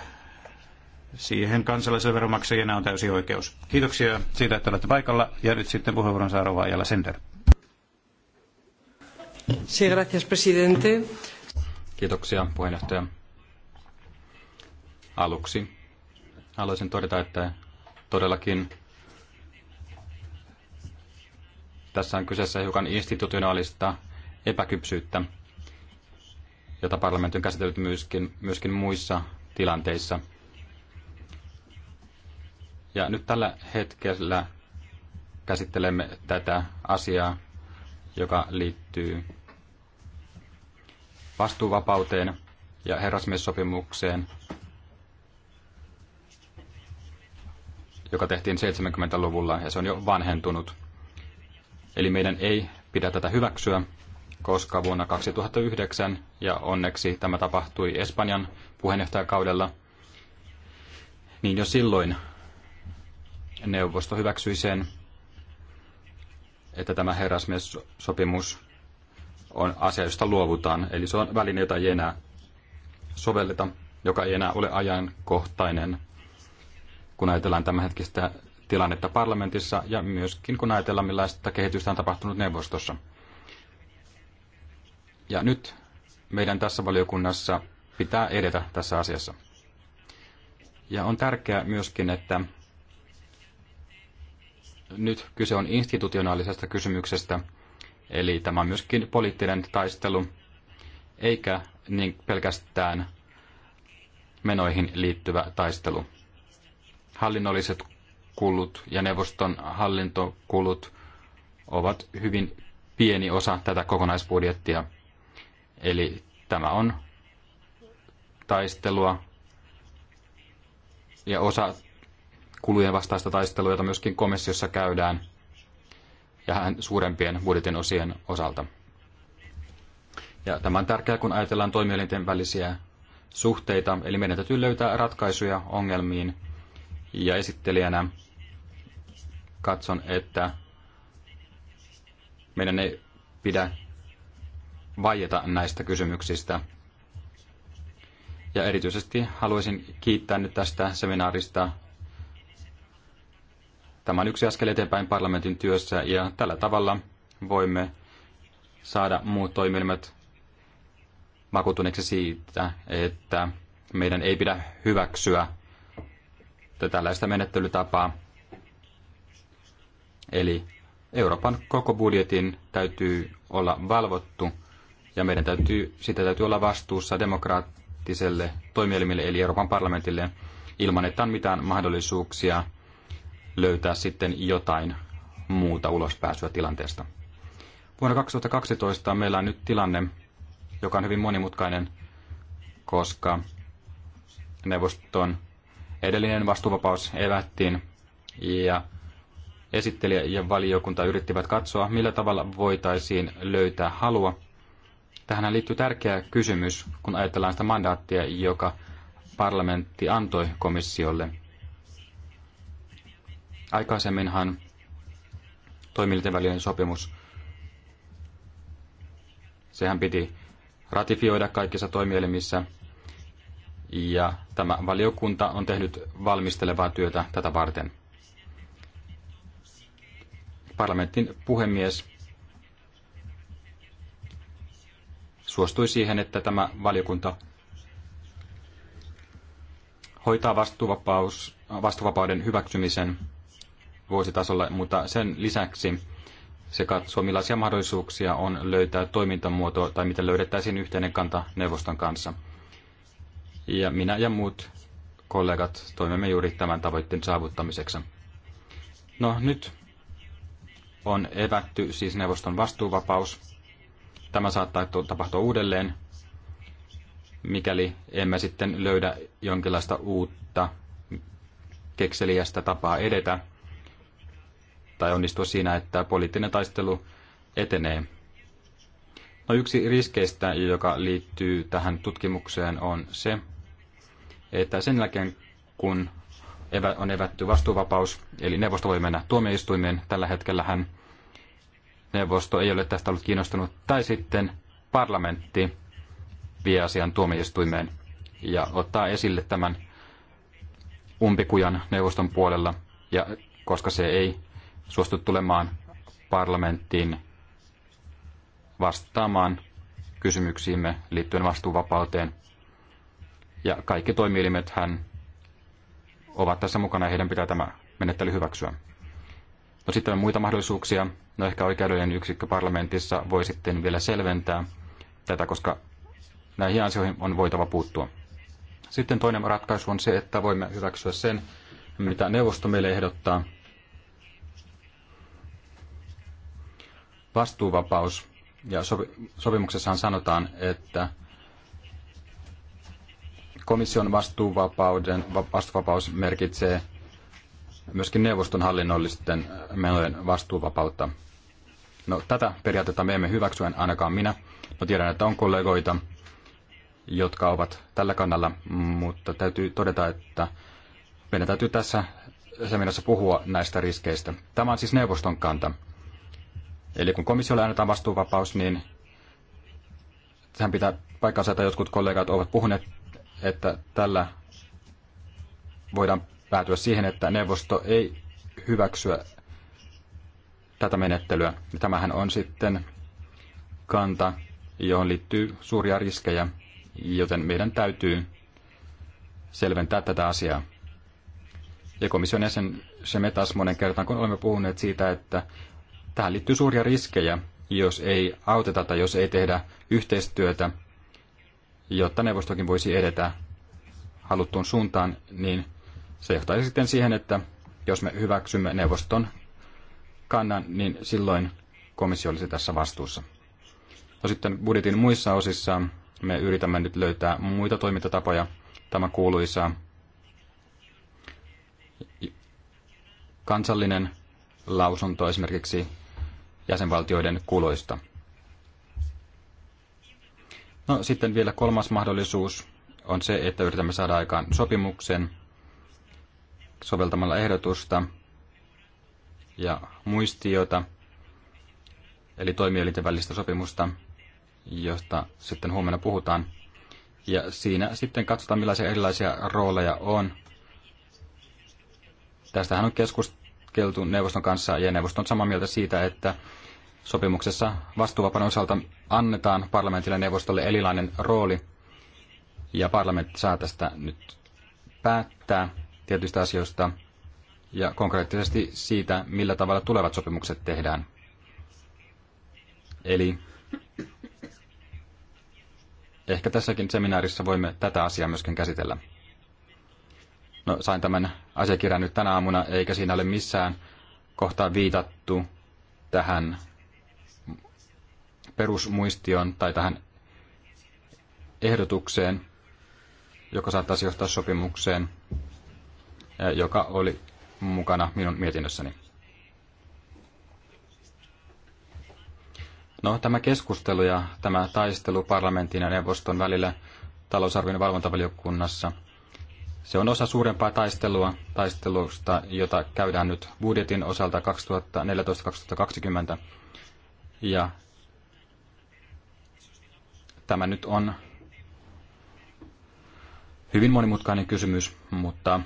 siihen kansalaisella veronmaksajana on täysi oikeus. Kiitoksia siitä, että olette paikalla ja nyt sitten puheenvuoron saa Rova Sender. Sí, gracias, presidente. Kiitoksia puheenjohtaja. Aluksi haluaisin todeta, että todellakin tässä on kyseessä hiukan institutionaalista epäkypsyyttä, jota parlamentti on käsitellyt myöskin, myöskin muissa tilanteissa. Ja nyt tällä hetkellä käsittelemme tätä asiaa, joka liittyy vastuuvapauteen ja herrasmiessopimukseen joka tehtiin 70-luvulla ja se on jo vanhentunut. Eli meidän ei pidä tätä hyväksyä, koska vuonna 2009, ja onneksi tämä tapahtui Espanjan puheenjohtajakaudella, niin jo silloin neuvosto hyväksyi sen, että tämä herrasmies-sopimus on asia, josta luovutaan. Eli se on väline, jota ei enää sovelleta, joka ei enää ole ajankohtainen kun ajatellaan tämänhetkistä tilannetta parlamentissa ja myöskin kun ajatellaan millaista kehitystä on tapahtunut neuvostossa. Ja nyt meidän tässä valiokunnassa pitää edetä tässä asiassa. Ja on tärkeää myöskin, että nyt kyse on institutionaalisesta kysymyksestä, eli tämä on myöskin poliittinen taistelu, eikä niin pelkästään menoihin liittyvä taistelu hallinnolliset kulut ja neuvoston hallintokulut ovat hyvin pieni osa tätä kokonaisbudjettia. Eli tämä on taistelua ja osa kulujen vastaista taistelua, jota myöskin komissiossa käydään ja suurempien budjetin osien osalta. Ja tämä on tärkeää, kun ajatellaan toimielinten välisiä suhteita, eli meidän täytyy löytää ratkaisuja ongelmiin, ja esittelijänä katson, että meidän ei pidä vaieta näistä kysymyksistä. Ja erityisesti haluaisin kiittää nyt tästä seminaarista. Tämä on yksi askel eteenpäin parlamentin työssä ja tällä tavalla voimme saada muut toimielimet vakuuttuneeksi siitä, että meidän ei pidä hyväksyä tällaista menettelytapaa. Eli Euroopan koko budjetin täytyy olla valvottu ja meidän täytyy, sitä täytyy olla vastuussa demokraattiselle toimielimille eli Euroopan parlamentille ilman, että on mitään mahdollisuuksia löytää sitten jotain muuta ulospääsyä tilanteesta. Vuonna 2012 meillä on nyt tilanne, joka on hyvin monimutkainen, koska neuvoston Edellinen vastuuvapaus evättiin ja esittelijä ja valiokunta yrittivät katsoa, millä tavalla voitaisiin löytää halua. Tähän liittyy tärkeä kysymys, kun ajatellaan sitä mandaattia, joka parlamentti antoi komissiolle. Aikaisemminhan toimielinten välinen sopimus, sehän piti ratifioida kaikissa toimielimissä ja tämä valiokunta on tehnyt valmistelevaa työtä tätä varten. Parlamentin puhemies suostui siihen, että tämä valiokunta hoitaa vastuuvapaus, vastuuvapauden hyväksymisen vuositasolla, mutta sen lisäksi se katsoo, millaisia mahdollisuuksia on löytää toimintamuoto tai miten löydettäisiin yhteinen kanta neuvoston kanssa – ja minä ja muut kollegat toimimme juuri tämän tavoitteen saavuttamiseksi. No nyt on evätty siis neuvoston vastuuvapaus. Tämä saattaa tapahtua uudelleen, mikäli emme sitten löydä jonkinlaista uutta kekseliästä tapaa edetä tai onnistua siinä, että poliittinen taistelu etenee. No yksi riskeistä, joka liittyy tähän tutkimukseen, on se, että sen jälkeen kun on evätty vastuuvapaus, eli neuvosto voi mennä tuomioistuimeen, tällä hetkellä hän neuvosto ei ole tästä ollut kiinnostunut, tai sitten parlamentti vie asian tuomioistuimeen ja ottaa esille tämän umpikujan neuvoston puolella, ja koska se ei suostu tulemaan parlamenttiin vastaamaan kysymyksiimme liittyen vastuuvapauteen, ja kaikki toimielimet hän ovat tässä mukana ja heidän pitää tämä menettely hyväksyä. No sitten on muita mahdollisuuksia. No ehkä oikeudellinen yksikkö parlamentissa voi sitten vielä selventää tätä, koska näihin asioihin on voitava puuttua. Sitten toinen ratkaisu on se, että voimme hyväksyä sen, mitä neuvosto meille ehdottaa. Vastuuvapaus. Ja sopimuksessahan sanotaan, että komission vastuuvapauden, vastuuvapaus merkitsee myöskin neuvoston hallinnollisten menojen vastuuvapautta. No, tätä periaatetta me emme hyväksy, ainakaan minä. No, tiedän, että on kollegoita, jotka ovat tällä kannalla, mutta täytyy todeta, että meidän täytyy tässä seminaarissa puhua näistä riskeistä. Tämä on siis neuvoston kanta. Eli kun komissiolle annetaan vastuuvapaus, niin sehän pitää paikkansa, että jotkut kollegat ovat puhuneet että tällä voidaan päätyä siihen, että neuvosto ei hyväksyä tätä menettelyä. Tämähän on sitten kanta, johon liittyy suuria riskejä, joten meidän täytyy selventää tätä asiaa. Ja komission jäsen Semetas monen kertaan, kun olemme puhuneet siitä, että tähän liittyy suuria riskejä, jos ei auteta tai jos ei tehdä yhteistyötä jotta neuvostokin voisi edetä haluttuun suuntaan, niin se johtaisi sitten siihen, että jos me hyväksymme neuvoston kannan, niin silloin komissio olisi tässä vastuussa. No sitten budjetin muissa osissa me yritämme nyt löytää muita toimintatapoja. Tämä kuuluisa kansallinen lausunto esimerkiksi jäsenvaltioiden kuluista – No sitten vielä kolmas mahdollisuus on se, että yritämme saada aikaan sopimuksen soveltamalla ehdotusta ja muistiota, eli toimielinten välistä sopimusta, josta sitten huomenna puhutaan. Ja siinä sitten katsotaan, millaisia erilaisia rooleja on. Tästähän on keskusteltu neuvoston kanssa, ja neuvoston on samaa mieltä siitä, että Sopimuksessa vastuuvapauden osalta annetaan parlamentille ja neuvostolle erilainen rooli, ja parlamentti saa tästä nyt päättää tietyistä asioista ja konkreettisesti siitä, millä tavalla tulevat sopimukset tehdään. Eli ehkä tässäkin seminaarissa voimme tätä asiaa myöskin käsitellä. No, sain tämän asiakirjan nyt tänä aamuna, eikä siinä ole missään kohtaa viitattu tähän perusmuistioon tai tähän ehdotukseen, joka saattaisi johtaa sopimukseen, joka oli mukana minun mietinnössäni. No, tämä keskustelu ja tämä taistelu parlamentin ja neuvoston välillä talousarvion valvontavaliokunnassa, se on osa suurempaa taistelua, taistelusta, jota käydään nyt budjetin osalta 2014-2020. Ja Tämä nyt on hyvin monimutkainen kysymys, mutta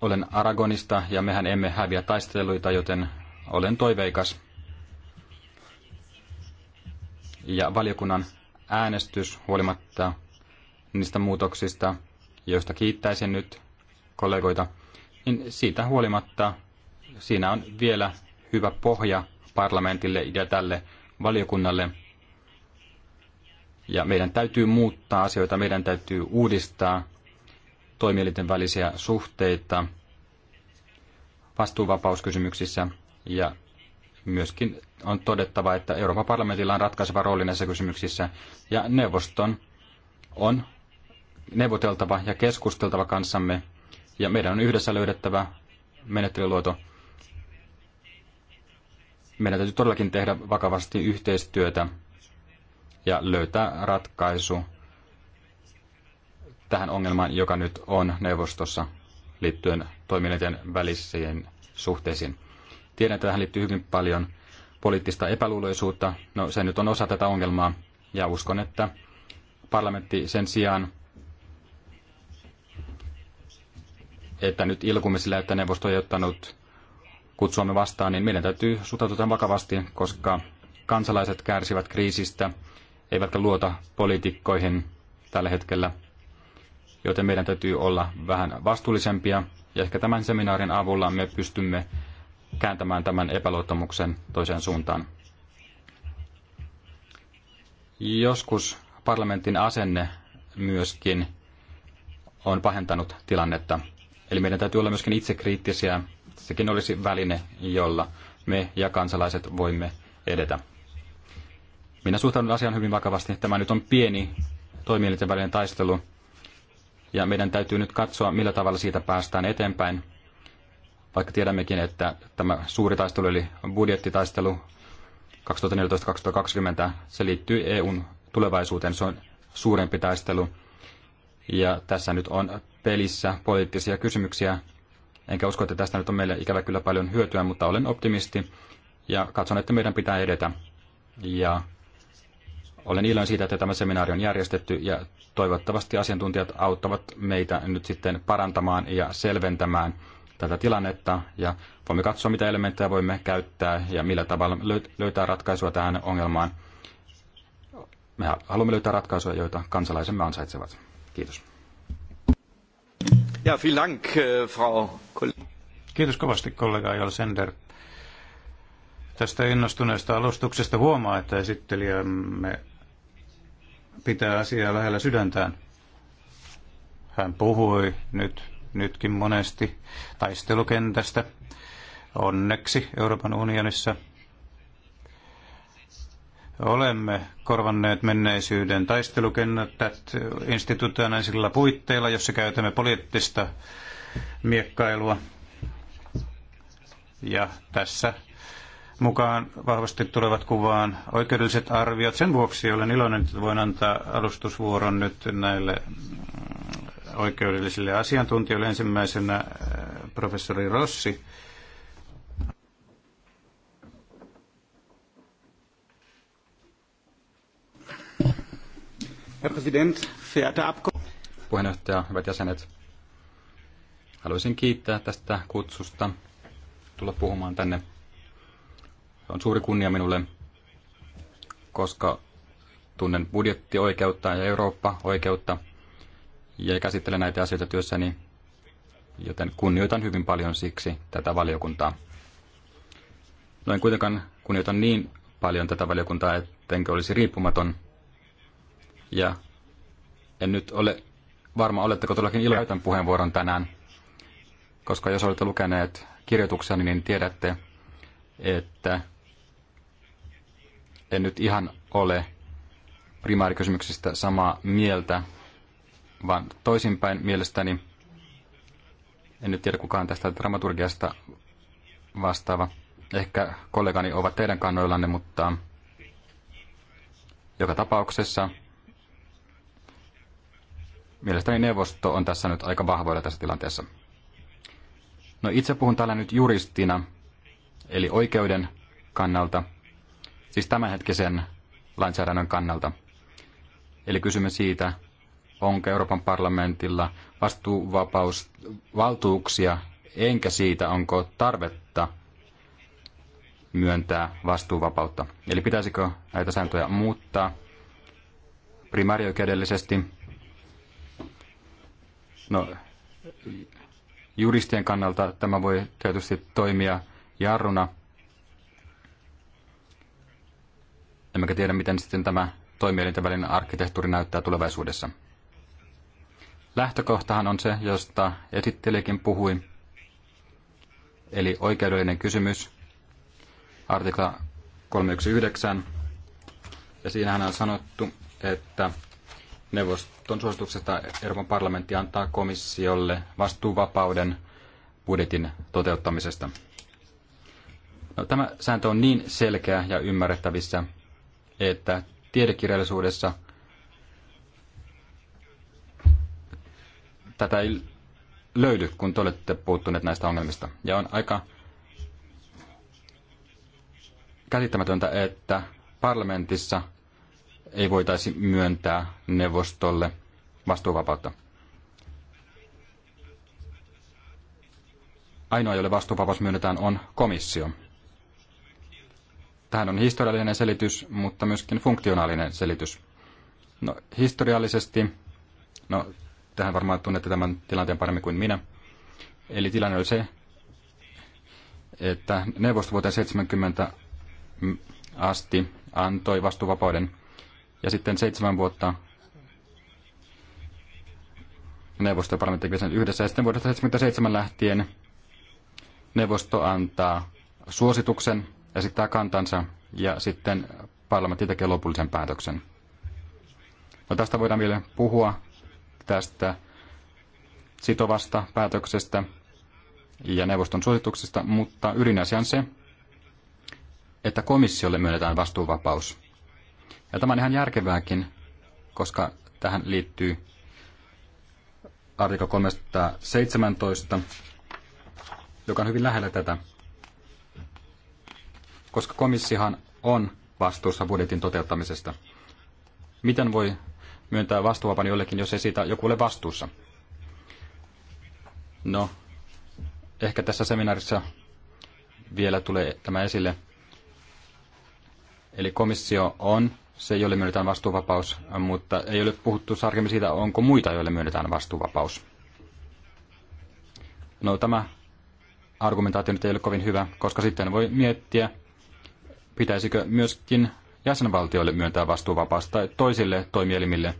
olen Aragonista ja mehän emme häviä taisteluita, joten olen toiveikas. Ja valiokunnan äänestys huolimatta niistä muutoksista, joista kiittäisin nyt kollegoita, niin siitä huolimatta siinä on vielä hyvä pohja parlamentille ja tälle valiokunnalle, ja meidän täytyy muuttaa asioita, meidän täytyy uudistaa toimielinten välisiä suhteita vastuuvapauskysymyksissä ja myöskin on todettava, että Euroopan parlamentilla on ratkaiseva rooli näissä kysymyksissä ja neuvoston on neuvoteltava ja keskusteltava kanssamme ja meidän on yhdessä löydettävä menettelyluoto. Meidän täytyy todellakin tehdä vakavasti yhteistyötä ja löytää ratkaisu tähän ongelmaan, joka nyt on neuvostossa liittyen toimineiden välisiin suhteisiin. Tiedän, että tähän liittyy hyvin paljon poliittista epäluuloisuutta. No se nyt on osa tätä ongelmaa ja uskon, että parlamentti sen sijaan, että nyt ilkumme sillä, että neuvosto ei ottanut kutsuamme vastaan, niin meidän täytyy suhtautua vakavasti, koska kansalaiset kärsivät kriisistä, eivätkä luota poliitikkoihin tällä hetkellä, joten meidän täytyy olla vähän vastuullisempia ja ehkä tämän seminaarin avulla me pystymme kääntämään tämän epäluottamuksen toiseen suuntaan. Joskus parlamentin asenne myöskin on pahentanut tilannetta. Eli meidän täytyy olla myöskin itsekriittisiä. Sekin olisi väline, jolla me ja kansalaiset voimme edetä. Minä suhtaudun asian hyvin vakavasti. Tämä nyt on pieni toimielinten välinen taistelu. Ja meidän täytyy nyt katsoa, millä tavalla siitä päästään eteenpäin. Vaikka tiedämmekin, että tämä suuri taistelu, eli budjettitaistelu 2014-2020, se liittyy EUn tulevaisuuteen. Se on suurempi taistelu. Ja tässä nyt on pelissä poliittisia kysymyksiä. Enkä usko, että tästä nyt on meille ikävä kyllä paljon hyötyä, mutta olen optimisti ja katson, että meidän pitää edetä. Ja olen iloinen siitä, että tämä seminaari on järjestetty ja toivottavasti asiantuntijat auttavat meitä nyt sitten parantamaan ja selventämään tätä tilannetta ja voimme katsoa, mitä elementtejä voimme käyttää ja millä tavalla löytää ratkaisua tähän ongelmaan. Me haluamme löytää ratkaisuja, joita kansalaisemme ansaitsevat. Kiitos. Ja, vielen Dank, äh, Frau Kiitos kovasti kollega Joel Sender. Tästä innostuneesta alustuksesta huomaa, että esittelijämme pitää asiaa lähellä sydäntään. Hän puhui nyt, nytkin monesti taistelukentästä. Onneksi Euroopan unionissa olemme korvanneet menneisyyden taistelukennät institutionaalisilla puitteilla, jossa käytämme poliittista miekkailua. Ja tässä mukaan vahvasti tulevat kuvaan oikeudelliset arviot. Sen vuoksi olen iloinen, että voin antaa alustusvuoron nyt näille mm, oikeudellisille asiantuntijoille. Ensimmäisenä äh, professori Rossi. Herr Präsident, verehrte Puheenjohtaja, hyvät jäsenet. Haluaisin kiittää tästä kutsusta tulla puhumaan tänne on suuri kunnia minulle, koska tunnen budjettioikeutta ja Eurooppa-oikeutta ja käsittelen näitä asioita työssäni, joten kunnioitan hyvin paljon siksi tätä valiokuntaa. No en kuitenkaan kunnioitan niin paljon tätä valiokuntaa, ettenkö olisi riippumaton. Ja en nyt ole varma, oletteko todellakin iloinen puheenvuoron tänään, koska jos olette lukeneet kirjoituksia, niin tiedätte, että en nyt ihan ole primaarikysymyksistä samaa mieltä, vaan toisinpäin mielestäni, en nyt tiedä kukaan tästä dramaturgiasta vastaava, ehkä kollegani ovat teidän kannoillanne, mutta joka tapauksessa mielestäni neuvosto on tässä nyt aika vahvoilla tässä tilanteessa. No itse puhun täällä nyt juristina, eli oikeuden kannalta – siis tämänhetkisen lainsäädännön kannalta. Eli kysymme siitä, onko Euroopan parlamentilla vastuuvapausvaltuuksia, enkä siitä, onko tarvetta myöntää vastuuvapautta. Eli pitäisikö näitä sääntöjä muuttaa primäärioikeudellisesti? No, juristien kannalta tämä voi tietysti toimia jarruna – emmekä tiedä, miten sitten tämä toimielinten välinen arkkitehtuuri näyttää tulevaisuudessa. Lähtökohtahan on se, josta esittelijäkin puhui, eli oikeudellinen kysymys, artikla 319, ja siinähän on sanottu, että neuvoston suosituksesta Euroopan parlamentti antaa komissiolle vastuuvapauden budjetin toteuttamisesta. No, tämä sääntö on niin selkeä ja ymmärrettävissä, että tiedekirjallisuudessa tätä ei löydy, kun te olette puuttuneet näistä ongelmista. Ja on aika käsittämätöntä, että parlamentissa ei voitaisi myöntää neuvostolle vastuuvapautta. Ainoa, jolle vastuuvapaus myönnetään, on komissio. Tähän on historiallinen selitys, mutta myöskin funktionaalinen selitys. No, historiallisesti, no, tähän varmaan tunnette tämän tilanteen paremmin kuin minä. Eli tilanne oli se, että neuvosto vuoteen 70 asti antoi vastuuvapauden ja sitten seitsemän vuotta neuvosto ja parlamentti sen yhdessä. Ja sitten vuodesta 1977 lähtien neuvosto antaa suosituksen esittää kantansa ja sitten parlamentti tekee lopullisen päätöksen. No tästä voidaan vielä puhua tästä sitovasta päätöksestä ja neuvoston suosituksesta, mutta ydinasia on se, että komissiolle myönnetään vastuuvapaus. Ja tämä on ihan järkevääkin, koska tähän liittyy artikla 317, joka on hyvin lähellä tätä koska komissihan on vastuussa budjetin toteuttamisesta. Miten voi myöntää vastuuvapaan jollekin, jos ei siitä joku ole vastuussa? No, ehkä tässä seminaarissa vielä tulee tämä esille. Eli komissio on se, jolle myönnetään vastuuvapaus, mutta ei ole puhuttu tarkemmin siitä, onko muita, joille myönnetään vastuuvapaus. No tämä argumentaatio nyt ei ole kovin hyvä, koska sitten voi miettiä, Pitäisikö myöskin jäsenvaltioille myöntää vastuuvapaus tai toisille toimielimille?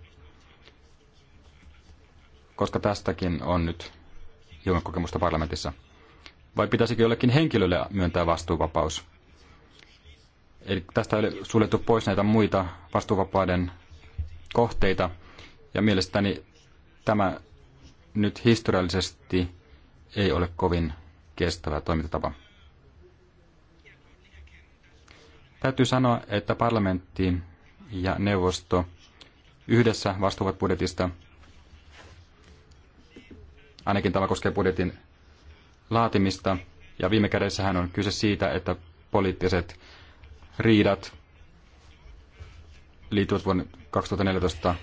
Koska tästäkin on nyt hieman kokemusta parlamentissa. Vai pitäisikö jollekin henkilölle myöntää vastuuvapaus? Eli tästä ole suljettu pois näitä muita vastuuvapauden kohteita. Ja mielestäni tämä nyt historiallisesti ei ole kovin kestävä toimintatapa. Täytyy sanoa, että parlamentti ja neuvosto yhdessä vastuuvat budjetista. Ainakin tämä koskee budjetin laatimista. Ja viime kädessähän on kyse siitä, että poliittiset riidat liittyvät vuonna 2014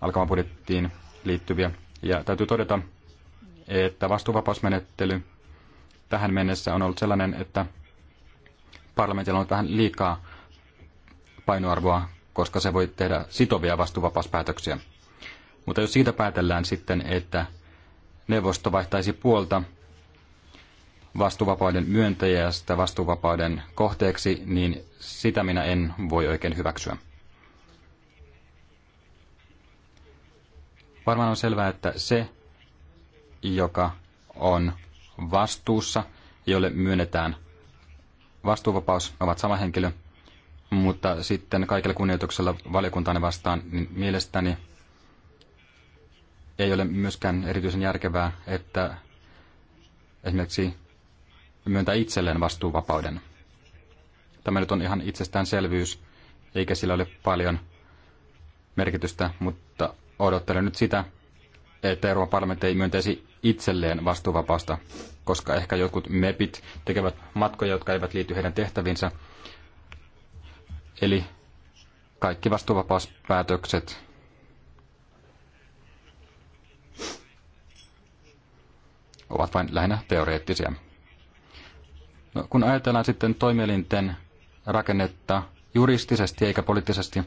alkavan budjettiin liittyviä. Ja täytyy todeta, että vastuuvapausmenettely tähän mennessä on ollut sellainen, että parlamentilla on vähän liikaa painoarvoa, koska se voi tehdä sitovia vastuuvapauspäätöksiä. Mutta jos siitä päätellään sitten, että neuvosto vaihtaisi puolta vastuuvapauden myöntäjästä vastuuvapauden kohteeksi, niin sitä minä en voi oikein hyväksyä. Varmaan on selvää, että se, joka on vastuussa, jolle myönnetään vastuuvapaus ovat sama henkilö, mutta sitten kaikella kunnioituksella valiokuntaan vastaan, niin mielestäni ei ole myöskään erityisen järkevää, että esimerkiksi myöntää itselleen vastuuvapauden. Tämä nyt on ihan itsestäänselvyys, eikä sillä ole paljon merkitystä, mutta odottelen nyt sitä, että Euroopan parlamentti ei myöntäisi itselleen vastuuvapausta koska ehkä jotkut MEPit tekevät matkoja, jotka eivät liity heidän tehtäviinsä. Eli kaikki vastuuvapauspäätökset ovat vain lähinnä teoreettisia. No, kun ajatellaan sitten toimielinten rakennetta juristisesti eikä poliittisesti,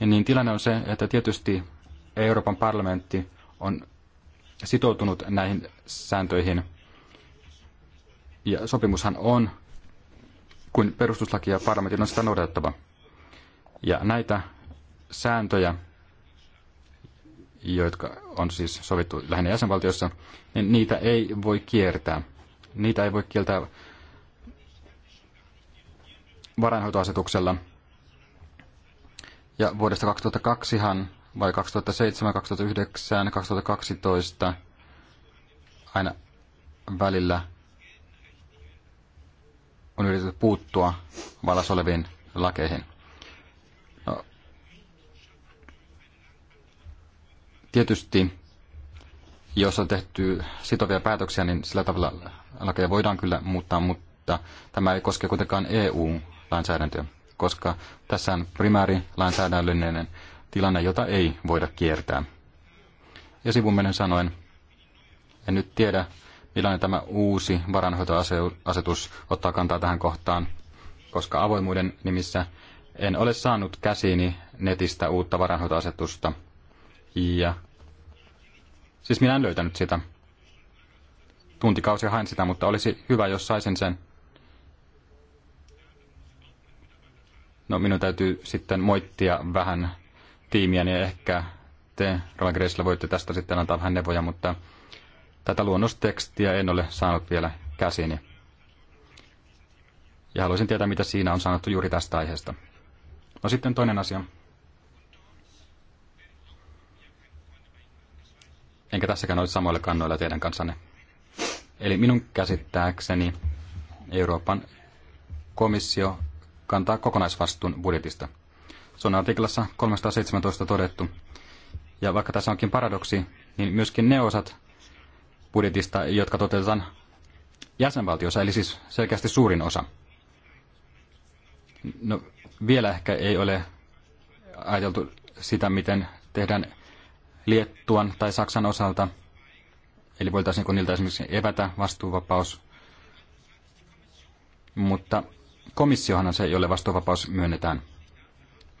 niin tilanne on se, että tietysti Euroopan parlamentti on sitoutunut näihin sääntöihin ja sopimushan on, kun perustuslaki ja parlamentin on sitä noudatettava. Ja näitä sääntöjä, jotka on siis sovittu lähinnä jäsenvaltiossa, niin niitä ei voi kiertää. Niitä ei voi kieltää varainhoitoasetuksella. Ja vuodesta 2002han vai 2007, 2009, 2012 aina välillä on yritetty puuttua vallassa oleviin lakeihin. No, tietysti, jos on tehty sitovia päätöksiä, niin sillä tavalla lakeja voidaan kyllä muuttaa, mutta tämä ei koske kuitenkaan EU-lainsäädäntöä, koska tässä on primääri lainsäädännöllinen tilanne, jota ei voida kiertää. Ja sivumennen sanoen, en nyt tiedä, millainen tämä uusi varanhoitoasetus ottaa kantaa tähän kohtaan, koska avoimuuden nimissä en ole saanut käsiini netistä uutta varanhoitoasetusta. Ja siis minä en löytänyt sitä. Tuntikausi hain sitä, mutta olisi hyvä, jos saisin sen. No minun täytyy sitten moittia vähän tiimiäni niin ehkä te, Rola Greisillä, voitte tästä sitten antaa vähän neuvoja, mutta tätä luonnostekstiä en ole saanut vielä käsini. Ja haluaisin tietää, mitä siinä on sanottu juuri tästä aiheesta. No sitten toinen asia. Enkä tässäkään ole samoilla kannoilla teidän kanssanne. Eli minun käsittääkseni Euroopan komissio kantaa kokonaisvastuun budjetista. Se on artiklassa 317 todettu. Ja vaikka tässä onkin paradoksi, niin myöskin ne osat budjetista, jotka toteutetaan jäsenvaltiossa, eli siis selkeästi suurin osa. No, vielä ehkä ei ole ajateltu sitä, miten tehdään Liettuan tai Saksan osalta, eli voitaisiinko niiltä esimerkiksi evätä vastuuvapaus, mutta komissiohan on se, jolle vastuuvapaus myönnetään.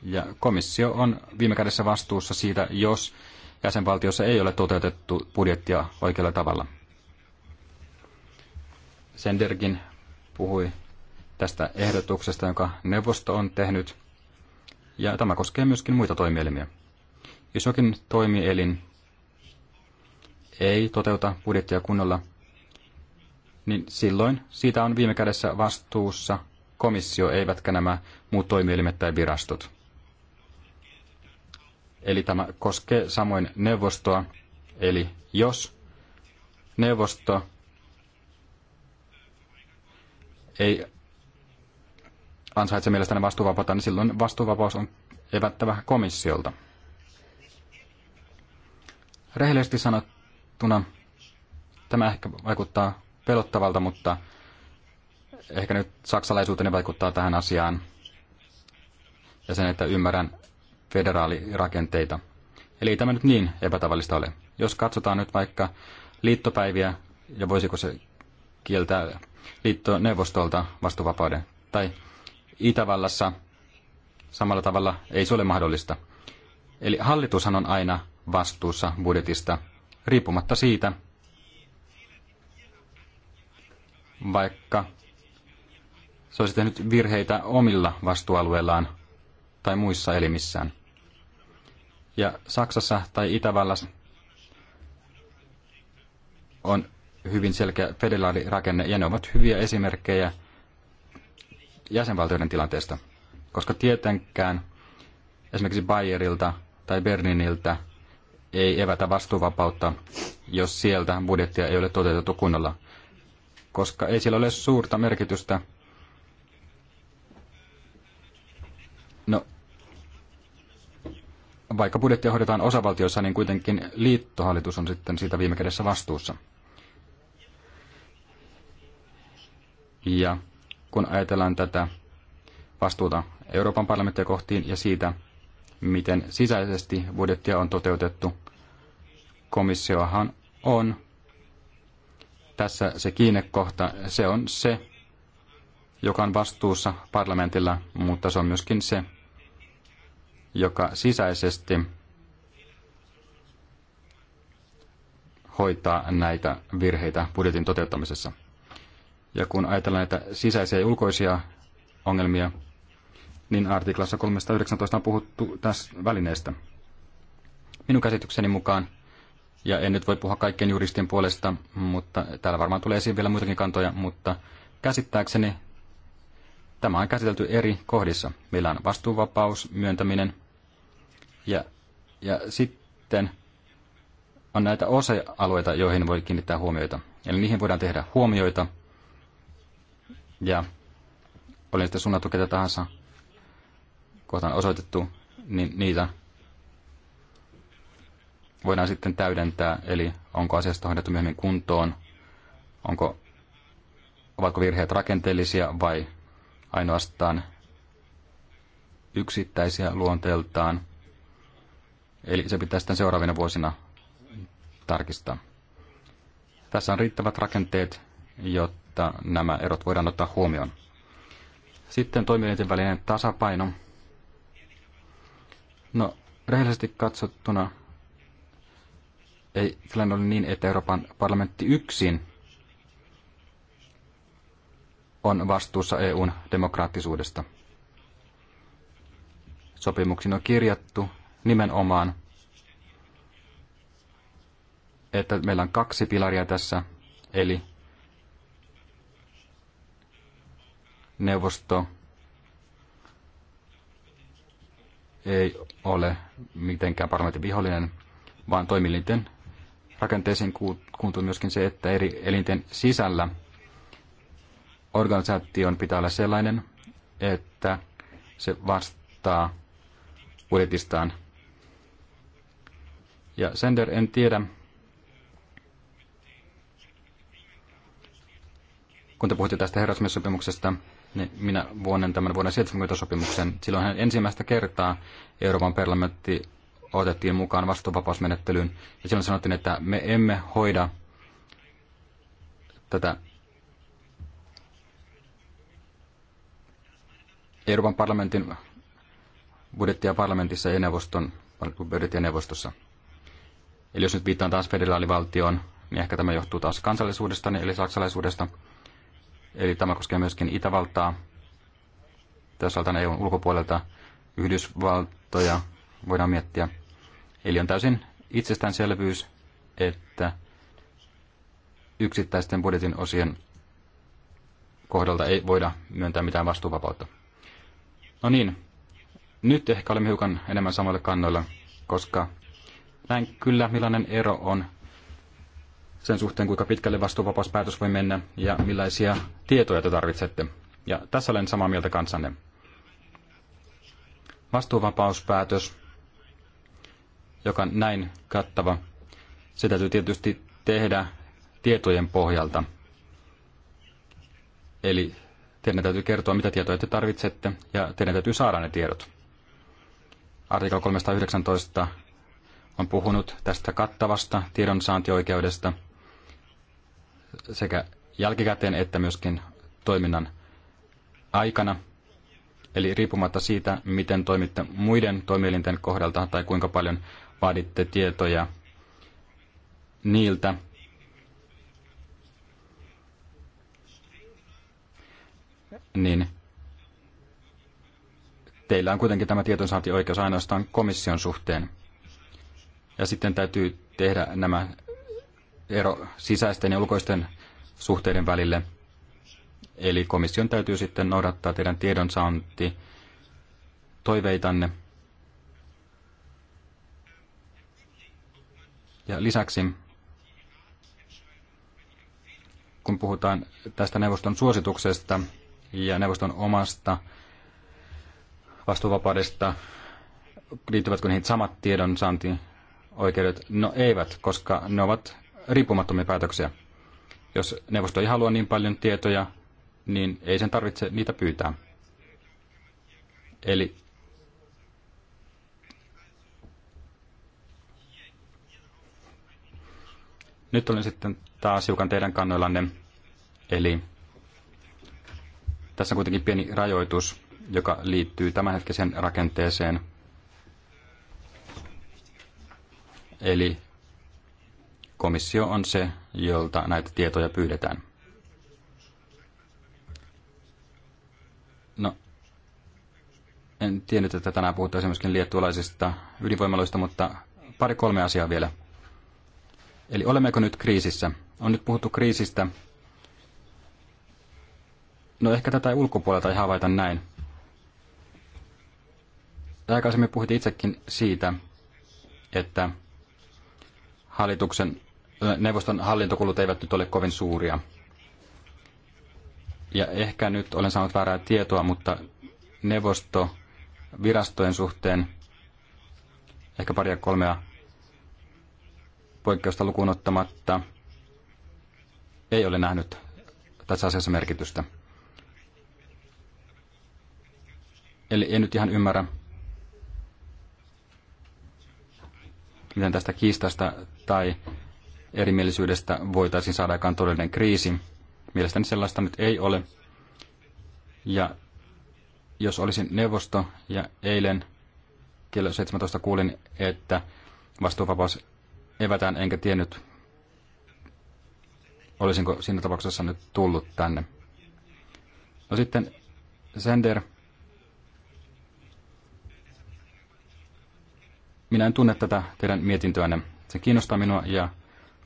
Ja komissio on viime kädessä vastuussa siitä, jos jäsenvaltiossa ei ole toteutettu budjettia oikealla tavalla. Senderkin puhui tästä ehdotuksesta, jonka neuvosto on tehnyt, ja tämä koskee myöskin muita toimielimiä. Jos jokin toimielin ei toteuta budjettia kunnolla, niin silloin siitä on viime kädessä vastuussa komissio, eivätkä nämä muut toimielimet tai virastot. Eli tämä koskee samoin neuvostoa. Eli jos neuvosto ei ansaitse mielestäni vastuuvapautta, niin silloin vastuuvapaus on evättävä komissiolta. Rehellisesti sanottuna tämä ehkä vaikuttaa pelottavalta, mutta ehkä nyt saksalaisuuteni vaikuttaa tähän asiaan ja sen, että ymmärrän federaalirakenteita. Eli ei tämä nyt niin epätavallista ole. Jos katsotaan nyt vaikka liittopäiviä ja voisiko se kieltää liittoneuvostolta vastuvapauden. Tai Itävallassa samalla tavalla ei se ole mahdollista. Eli hallitushan on aina vastuussa budjetista, riippumatta siitä, vaikka se olisi tehnyt virheitä omilla vastuualueillaan tai muissa elimissään. Ja Saksassa tai Itävallassa on hyvin selkeä federaalirakenne, ja ne ovat hyviä esimerkkejä jäsenvaltioiden tilanteesta. Koska tietenkään esimerkiksi Bayerilta tai Berliniltä ei evätä vastuuvapautta, jos sieltä budjettia ei ole toteutettu kunnolla. Koska ei sillä ole suurta merkitystä. No, vaikka budjettia hoidetaan osavaltioissa, niin kuitenkin liittohallitus on sitten siitä viime kädessä vastuussa. Ja kun ajatellaan tätä vastuuta Euroopan parlamenttia kohtiin ja siitä, miten sisäisesti budjettia on toteutettu, komissiohan on tässä se kiinnekohta, se on se, joka on vastuussa parlamentilla, mutta se on myöskin se, joka sisäisesti hoitaa näitä virheitä budjetin toteuttamisessa. Ja kun ajatellaan näitä sisäisiä ja ulkoisia ongelmia, niin artiklassa 319 on puhuttu tässä välineestä. Minun käsitykseni mukaan, ja en nyt voi puhua kaikkien juristien puolesta, mutta täällä varmaan tulee esiin vielä muitakin kantoja, mutta käsittääkseni tämä on käsitelty eri kohdissa. Meillä on vastuuvapaus, myöntäminen, ja, ja sitten on näitä osa-alueita, joihin voi kiinnittää huomioita. Eli niihin voidaan tehdä huomioita. Ja oli sitten suunnattu ketä tahansa kohtaan osoitettu, niin niitä voidaan sitten täydentää, eli onko asiasta hoidettu myöhemmin kuntoon, onko, ovatko virheet rakenteellisia vai ainoastaan yksittäisiä luonteeltaan – Eli se pitää sitten seuraavina vuosina tarkistaa. Tässä on riittävät rakenteet, jotta nämä erot voidaan ottaa huomioon. Sitten toimielinten välinen tasapaino. No, rehellisesti katsottuna ei tilanne ole niin, että Euroopan parlamentti yksin on vastuussa EUn demokraattisuudesta. Sopimuksiin on kirjattu, nimenomaan, että meillä on kaksi pilaria tässä, eli neuvosto ei ole mitenkään parlamentin vihollinen, vaan toimielinten rakenteeseen kuuntuu myöskin se, että eri elinten sisällä organisaation pitää olla sellainen, että se vastaa budjetistaan ja Sender, en tiedä, kun te puhutte tästä herrasmies niin minä vuoden tämän vuoden 70 sopimuksen. hän ensimmäistä kertaa Euroopan parlamentti otettiin mukaan vastuuvapausmenettelyyn, ja silloin sanottiin, että me emme hoida tätä Euroopan parlamentin budjettia parlamentissa ja neuvoston budjettia neuvostossa. Eli jos nyt viittaan taas federaalivaltioon, niin ehkä tämä johtuu taas kansallisuudesta, niin eli saksalaisuudesta. Eli tämä koskee myöskin Itävaltaa. Tässä on EUn ulkopuolelta Yhdysvaltoja voidaan miettiä. Eli on täysin itsestäänselvyys, että yksittäisten budjetin osien kohdalta ei voida myöntää mitään vastuuvapautta. No niin, nyt ehkä olemme hiukan enemmän samoilla kannoilla, koska näin kyllä, millainen ero on sen suhteen, kuinka pitkälle vastuuvapauspäätös voi mennä ja millaisia tietoja te tarvitsette. Ja tässä olen samaa mieltä kanssanne. Vastuuvapauspäätös, joka on näin kattava, se täytyy tietysti tehdä tietojen pohjalta. Eli teidän täytyy kertoa, mitä tietoja te tarvitsette, ja teidän täytyy saada ne tiedot. Artikla 319 on puhunut tästä kattavasta tiedonsaantioikeudesta sekä jälkikäteen että myöskin toiminnan aikana. Eli riippumatta siitä, miten toimitte muiden toimielinten kohdalta tai kuinka paljon vaaditte tietoja niiltä, niin teillä on kuitenkin tämä tietonsaantioikeus ainoastaan komission suhteen. Ja sitten täytyy tehdä nämä ero sisäisten ja ulkoisten suhteiden välille. Eli komission täytyy sitten noudattaa teidän tiedonsaanti toiveitanne. Ja lisäksi, kun puhutaan tästä neuvoston suosituksesta ja neuvoston omasta vastuuvapaudesta, liittyvätkö niihin samat tiedonsaanti oikeudet? No eivät, koska ne ovat riippumattomia päätöksiä. Jos neuvosto ei halua niin paljon tietoja, niin ei sen tarvitse niitä pyytää. Eli nyt olen sitten taas hiukan teidän kannoillanne. Eli tässä on kuitenkin pieni rajoitus, joka liittyy tämänhetkiseen rakenteeseen – Eli komissio on se, jolta näitä tietoja pyydetään. No, en tiennyt, että tänään puhutaan myöskin liettualaisista ydinvoimaloista, mutta pari kolme asiaa vielä. Eli olemmeko nyt kriisissä? On nyt puhuttu kriisistä. No ehkä tätä ei ulkopuolelta ei havaita näin. Aikaisemmin puhuit itsekin siitä, että hallituksen, neuvoston hallintokulut eivät nyt ole kovin suuria. Ja ehkä nyt olen saanut väärää tietoa, mutta neuvosto virastojen suhteen ehkä paria kolmea poikkeusta lukuun ottamatta ei ole nähnyt tässä asiassa merkitystä. Eli en nyt ihan ymmärrä, miten tästä kiistasta tai erimielisyydestä voitaisiin saada aikaan todellinen kriisi. Mielestäni sellaista nyt ei ole. Ja jos olisin neuvosto ja eilen kello 17 kuulin, että vastuuvapaus evätään, enkä tiennyt, olisinko siinä tapauksessa nyt tullut tänne. No sitten Sender Minä en tunne tätä teidän mietintöänne. Se kiinnostaa minua ja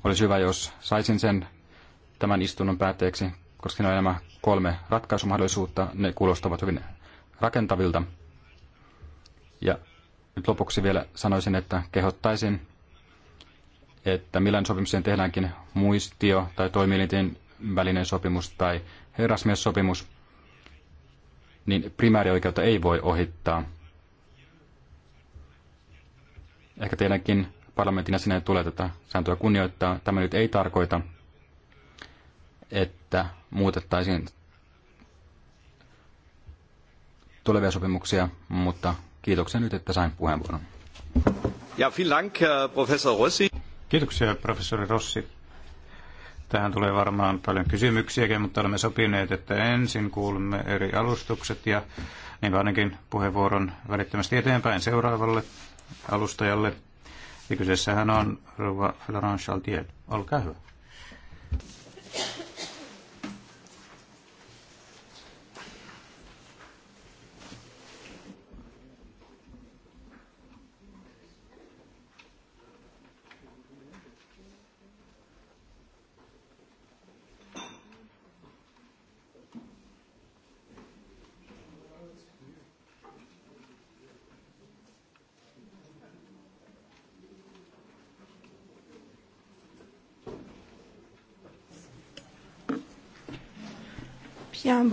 olisi hyvä, jos saisin sen tämän istunnon päätteeksi, koska siinä on nämä kolme ratkaisumahdollisuutta. Ne kuulostavat hyvin rakentavilta. Ja nyt lopuksi vielä sanoisin, että kehottaisin, että millään sopimuksen tehdäänkin muistio tai toimielinten välinen sopimus tai herrasmies-sopimus, niin primäärioikeutta ei voi ohittaa – Ehkä teidänkin parlamentin sinne tulee tätä sääntöä kunnioittaa. Tämä nyt ei tarkoita, että muutettaisiin tulevia sopimuksia, mutta kiitoksia nyt, että sain puheenvuoron. Ja, vielen Dank, professor Rossi. Kiitoksia, professori Rossi. Tähän tulee varmaan paljon kysymyksiäkin, mutta olemme sopineet, että ensin kuulemme eri alustukset ja niin ainakin puheenvuoron välittömästi eteenpäin seuraavalle alustajalle. Ja kyseessähän on Rova Florence Chaltier. Olkaa hyvä.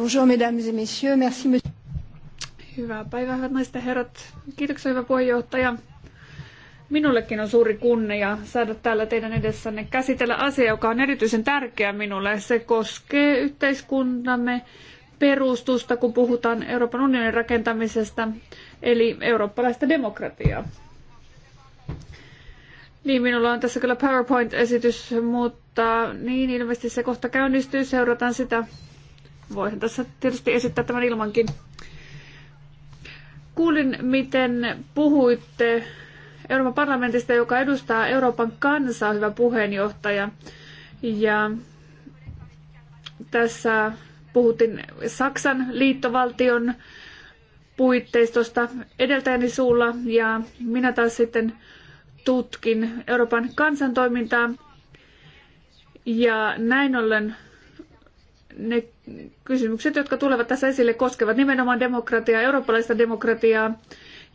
Bonjour, mesdames et messieurs. Merci, monsieur. Hyvää päivää, hyvät naiset ja herrat. Kiitoksia, hyvä puheenjohtaja. Minullekin on suuri kunnia saada täällä teidän edessänne käsitellä asia, joka on erityisen tärkeä minulle. Se koskee yhteiskuntamme perustusta, kun puhutaan Euroopan unionin rakentamisesta, eli eurooppalaista demokratiaa. Niin, minulla on tässä kyllä PowerPoint-esitys, mutta niin ilmeisesti se kohta käynnistyy. Seurataan sitä voisin tässä tietysti esittää tämän ilmankin. Kuulin, miten puhuitte Euroopan parlamentista, joka edustaa Euroopan kansaa, hyvä puheenjohtaja. Ja tässä puhutin Saksan liittovaltion puitteistosta edeltäjäni suulla ja minä taas sitten tutkin Euroopan kansantoimintaa. Ja näin ollen ne kysymykset, jotka tulevat tässä esille, koskevat nimenomaan demokratiaa, eurooppalaista demokratiaa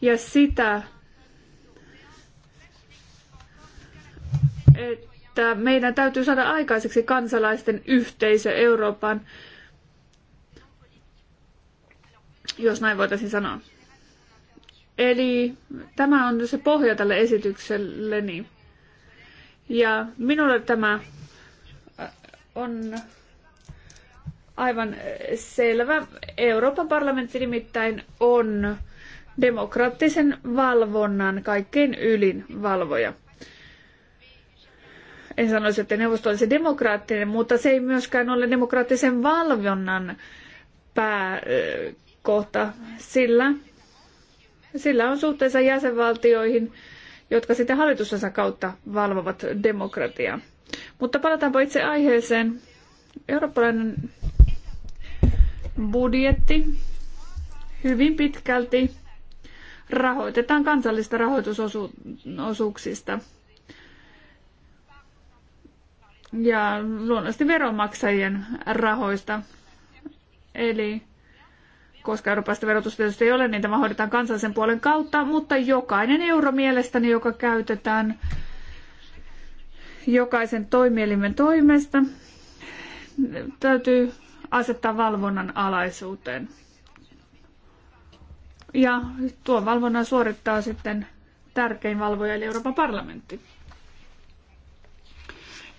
ja sitä, että meidän täytyy saada aikaiseksi kansalaisten yhteisö Euroopan, jos näin voitaisiin sanoa. Eli tämä on se pohja tälle esitykselleni. Ja minulle tämä on aivan selvä. Euroopan parlamentti nimittäin on demokraattisen valvonnan kaikkein ylin valvoja. En sanoisi, että neuvosto olisi demokraattinen, mutta se ei myöskään ole demokraattisen valvonnan pääkohta, sillä sillä on suhteessa jäsenvaltioihin, jotka sitten hallitustensa kautta valvovat demokratiaa. Mutta palataanpa itse aiheeseen. Eurooppalainen budjetti hyvin pitkälti rahoitetaan kansallista rahoitusosuuksista. Ja luonnollisesti veronmaksajien rahoista. Eli koska eurooppalaista verotusta tietysti ei ole, niin tämä hoidetaan kansallisen puolen kautta, mutta jokainen euro mielestäni, joka käytetään jokaisen toimielimen toimesta, täytyy asettaa valvonnan alaisuuteen. Ja tuo valvonnan suorittaa sitten tärkein valvoja eli Euroopan parlamentti.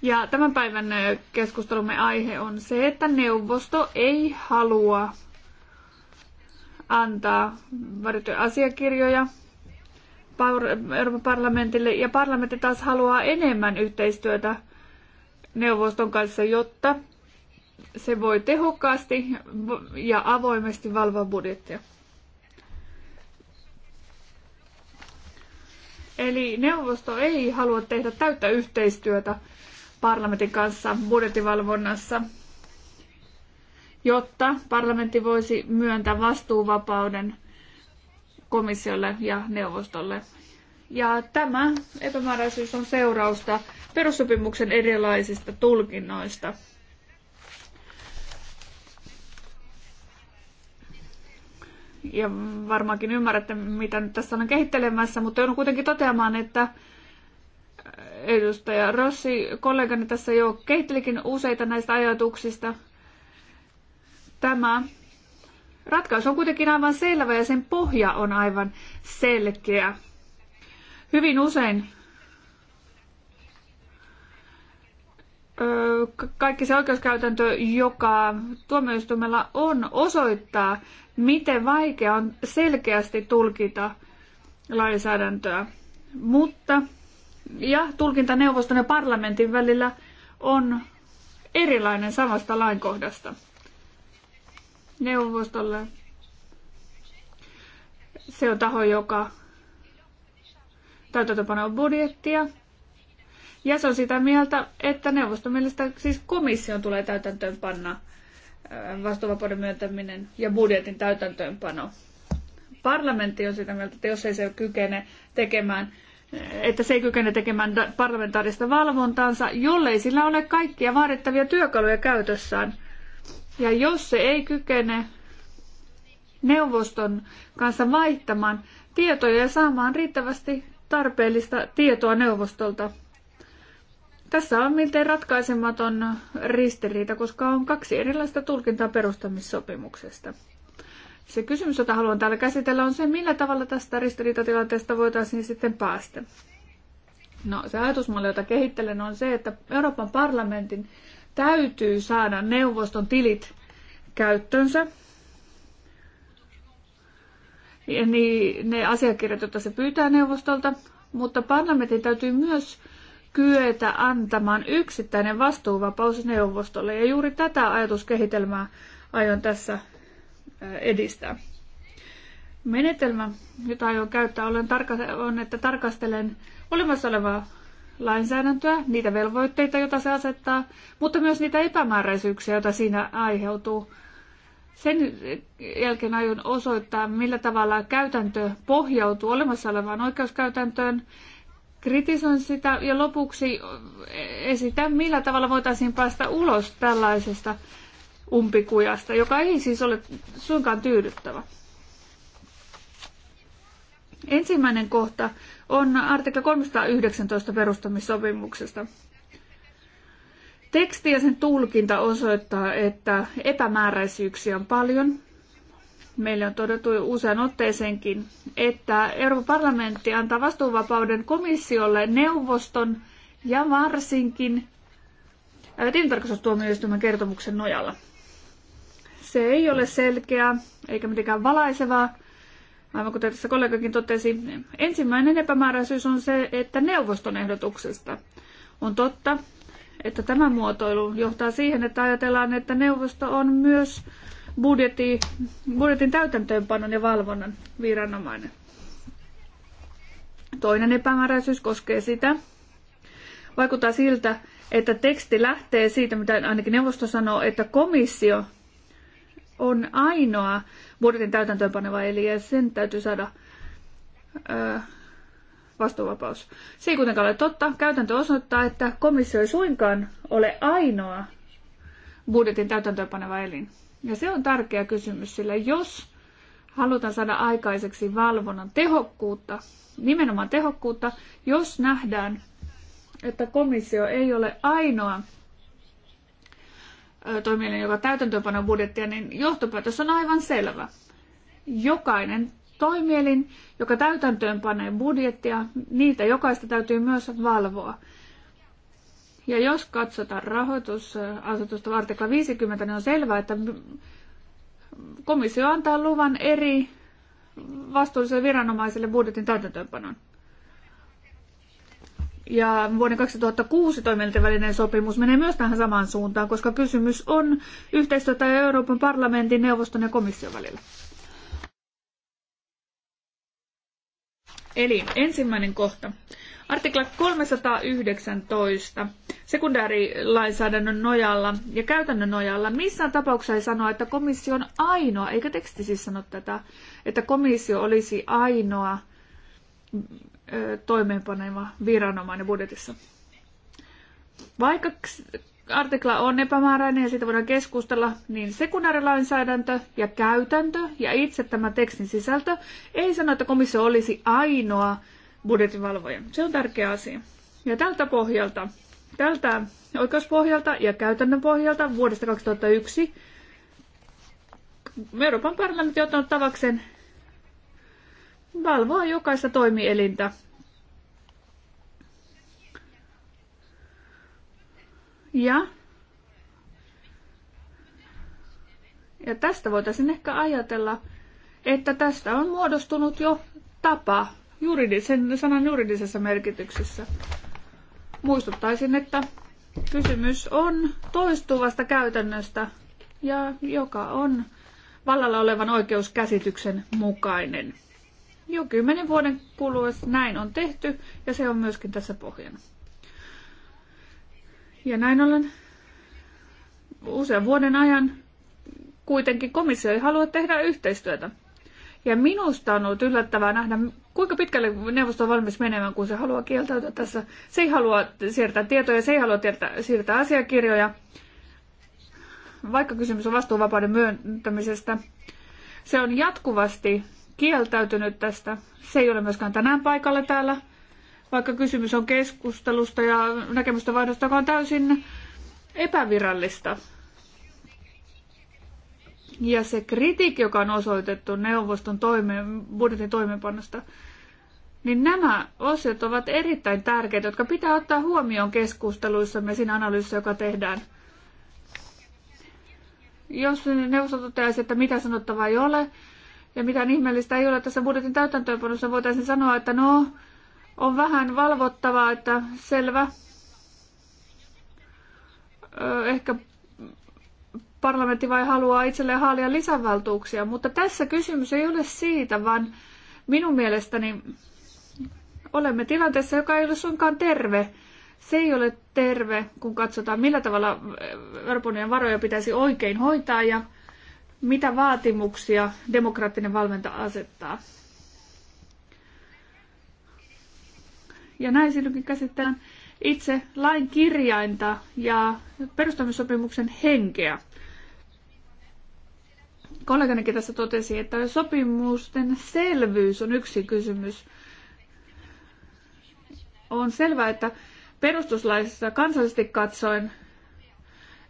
Ja tämän päivän keskustelumme aihe on se, että neuvosto ei halua antaa vaadittuja asiakirjoja Euroopan parlamentille, ja parlamentti taas haluaa enemmän yhteistyötä neuvoston kanssa, jotta se voi tehokkaasti ja avoimesti valvoa budjettia. Eli neuvosto ei halua tehdä täyttä yhteistyötä parlamentin kanssa budjettivalvonnassa, jotta parlamentti voisi myöntää vastuuvapauden komissiolle ja neuvostolle. Ja tämä epämääräisyys on seurausta perussopimuksen erilaisista tulkinnoista – ja varmaankin ymmärrätte, mitä nyt tässä on kehittelemässä, mutta joudun kuitenkin toteamaan, että edustaja Rossi, kollegani tässä jo kehittelikin useita näistä ajatuksista. Tämä ratkaisu on kuitenkin aivan selvä ja sen pohja on aivan selkeä. Hyvin usein kaikki se oikeuskäytäntö, joka tuomioistuimella on, osoittaa, miten vaikea on selkeästi tulkita lainsäädäntöä. Mutta ja tulkintaneuvoston ja parlamentin välillä on erilainen samasta lainkohdasta. Neuvostolle se on taho, joka täytäntöpanoo budjettia. Ja se on sitä mieltä, että neuvoston mielestä siis komission tulee täytäntöönpanna panna vastuuvapauden myöntäminen ja budjetin täytäntöönpano. Parlamentti on sitä mieltä, että jos ei se kykene tekemään että se ei kykene tekemään parlamentaarista valvontaansa, jollei sillä ole kaikkia vaadittavia työkaluja käytössään. Ja jos se ei kykene neuvoston kanssa vaihtamaan tietoja ja saamaan riittävästi tarpeellista tietoa neuvostolta, tässä on miltei ratkaisematon ristiriita, koska on kaksi erilaista tulkintaa perustamissopimuksesta. Se kysymys, jota haluan täällä käsitellä, on se, millä tavalla tästä ristiriitatilanteesta voitaisiin sitten päästä. No, se ajatusmalli, jota kehittelen, on se, että Euroopan parlamentin täytyy saada neuvoston tilit käyttöönsä. Ja niin, ne asiakirjat, joita se pyytää neuvostolta, mutta parlamentin täytyy myös kyetä antamaan yksittäinen vastuuvapaus neuvostolle. Ja juuri tätä ajatuskehitelmää aion tässä edistää. Menetelmä, jota aion käyttää, olen tarka- on, että tarkastelen olemassa olevaa lainsäädäntöä, niitä velvoitteita, joita se asettaa, mutta myös niitä epämääräisyyksiä, joita siinä aiheutuu. Sen jälkeen aion osoittaa, millä tavalla käytäntö pohjautuu olemassa olevaan oikeuskäytäntöön Kritisoin sitä ja lopuksi esitän, millä tavalla voitaisiin päästä ulos tällaisesta umpikujasta, joka ei siis ole suinkaan tyydyttävä. Ensimmäinen kohta on artikla 319 perustamissopimuksesta. Teksti ja sen tulkinta osoittaa, että epämääräisyyksiä on paljon Meille on todettu usean otteeseenkin, että Euroopan parlamentti antaa vastuuvapauden komissiolle neuvoston ja varsinkin äh, tilintarkastustuomioistuimen kertomuksen nojalla. Se ei ole selkeä eikä mitenkään valaisevaa, aivan kuten tässä kollegakin totesi. Ensimmäinen epämääräisyys on se, että neuvoston ehdotuksesta on totta, että tämä muotoilu johtaa siihen, että ajatellaan, että neuvosto on myös budjetin, budjetin täytäntöönpanon ja valvonnan viranomainen. Toinen epämääräisyys koskee sitä, vaikuttaa siltä, että teksti lähtee siitä, mitä ainakin neuvosto sanoo, että komissio on ainoa budjetin täytäntöönpaneva eli ja sen täytyy saada ö, vastuuvapaus. Se ei kuitenkaan ole totta. Käytäntö osoittaa, että komissio ei suinkaan ole ainoa budjetin täytäntöönpaneva elin. Ja se on tärkeä kysymys, sillä jos halutaan saada aikaiseksi valvonnan tehokkuutta, nimenomaan tehokkuutta, jos nähdään, että komissio ei ole ainoa toimielin, joka täytäntöönpano budjettia, niin johtopäätös on aivan selvä. Jokainen toimielin, joka täytäntöönpanee budjettia, niitä jokaista täytyy myös valvoa. Ja jos katsotaan rahoitusasetusta artikla 50, niin on selvää, että komissio antaa luvan eri vastuulliselle viranomaiselle budjetin täytäntöönpanon. Ja vuoden 2006 toimielinten välinen sopimus menee myös tähän samaan suuntaan, koska kysymys on yhteistyötä Euroopan parlamentin, neuvoston ja komission välillä. Eli ensimmäinen kohta. Artikla 319 sekundäärilainsäädännön nojalla ja käytännön nojalla missään tapauksessa ei sanoa, että komissio on ainoa, eikä teksti siis sano tätä, että komissio olisi ainoa ö, toimeenpaneva viranomainen budjetissa. Vaikka artikla on epämääräinen ja siitä voidaan keskustella, niin sekundäärilainsäädäntö ja käytäntö ja itse tämä tekstin sisältö ei sano, että komissio olisi ainoa budjetinvalvojan. Se on tärkeä asia. Ja tältä pohjalta, tältä oikeuspohjalta ja käytännön pohjalta vuodesta 2001 Euroopan parlamentti on ottanut tavakseen valvoa jokaista toimielintä. Ja, ja tästä voitaisiin ehkä ajatella, että tästä on muodostunut jo tapa juridisen, sanan juridisessa merkityksessä. Muistuttaisin, että kysymys on toistuvasta käytännöstä, ja joka on vallalla olevan oikeuskäsityksen mukainen. Jo kymmenen vuoden kuluessa näin on tehty, ja se on myöskin tässä pohjana. Ja näin ollen usean vuoden ajan kuitenkin komissio ei halua tehdä yhteistyötä. Ja minusta on ollut yllättävää nähdä, kuinka pitkälle neuvosto on valmis menemään, kun se haluaa kieltäytyä tässä. Se ei halua siirtää tietoja, se ei halua tietää, siirtää asiakirjoja, vaikka kysymys on vastuuvapauden myöntämisestä. Se on jatkuvasti kieltäytynyt tästä. Se ei ole myöskään tänään paikalla täällä, vaikka kysymys on keskustelusta ja näkemystä vaihdosta, joka on täysin epävirallista. Ja se kritiikki, joka on osoitettu neuvoston toimeen, budjetin toimeenpanosta, niin nämä osiot ovat erittäin tärkeitä, jotka pitää ottaa huomioon keskusteluissamme siinä analyysissä, joka tehdään. Jos neuvosto toteaisi, että mitä sanottavaa ei ole ja mitä ihmeellistä ei ole tässä budjetin täytäntöönpanossa, voitaisiin sanoa, että no, on vähän valvottavaa, että selvä, ehkä parlamentti vai haluaa itselleen haalia lisävaltuuksia, mutta tässä kysymys ei ole siitä, vaan minun mielestäni olemme tilanteessa, joka ei ole suinkaan terve. Se ei ole terve, kun katsotaan, millä tavalla Euroopan varoja pitäisi oikein hoitaa ja mitä vaatimuksia demokraattinen valvonta asettaa. Ja näin silloinkin käsitellään itse lain kirjainta ja perustamissopimuksen henkeä kolleganikin tässä totesi, että sopimusten selvyys on yksi kysymys. On selvää, että perustuslaissa kansallisesti katsoen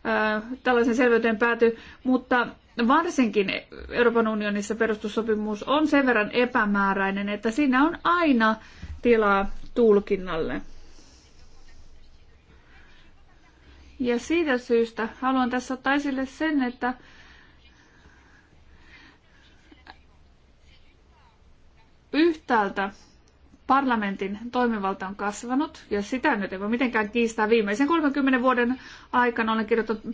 ää, tällaisen selvyyteen päätyy, mutta varsinkin Euroopan unionissa perustussopimus on sen verran epämääräinen, että siinä on aina tilaa tulkinnalle. Ja siitä syystä haluan tässä ottaa esille sen, että Yhtäältä parlamentin toimivalta on kasvanut, ja sitä nyt ei voi mitenkään kiistää. Viimeisen 30 vuoden aikana olen kirjoittanut, äh,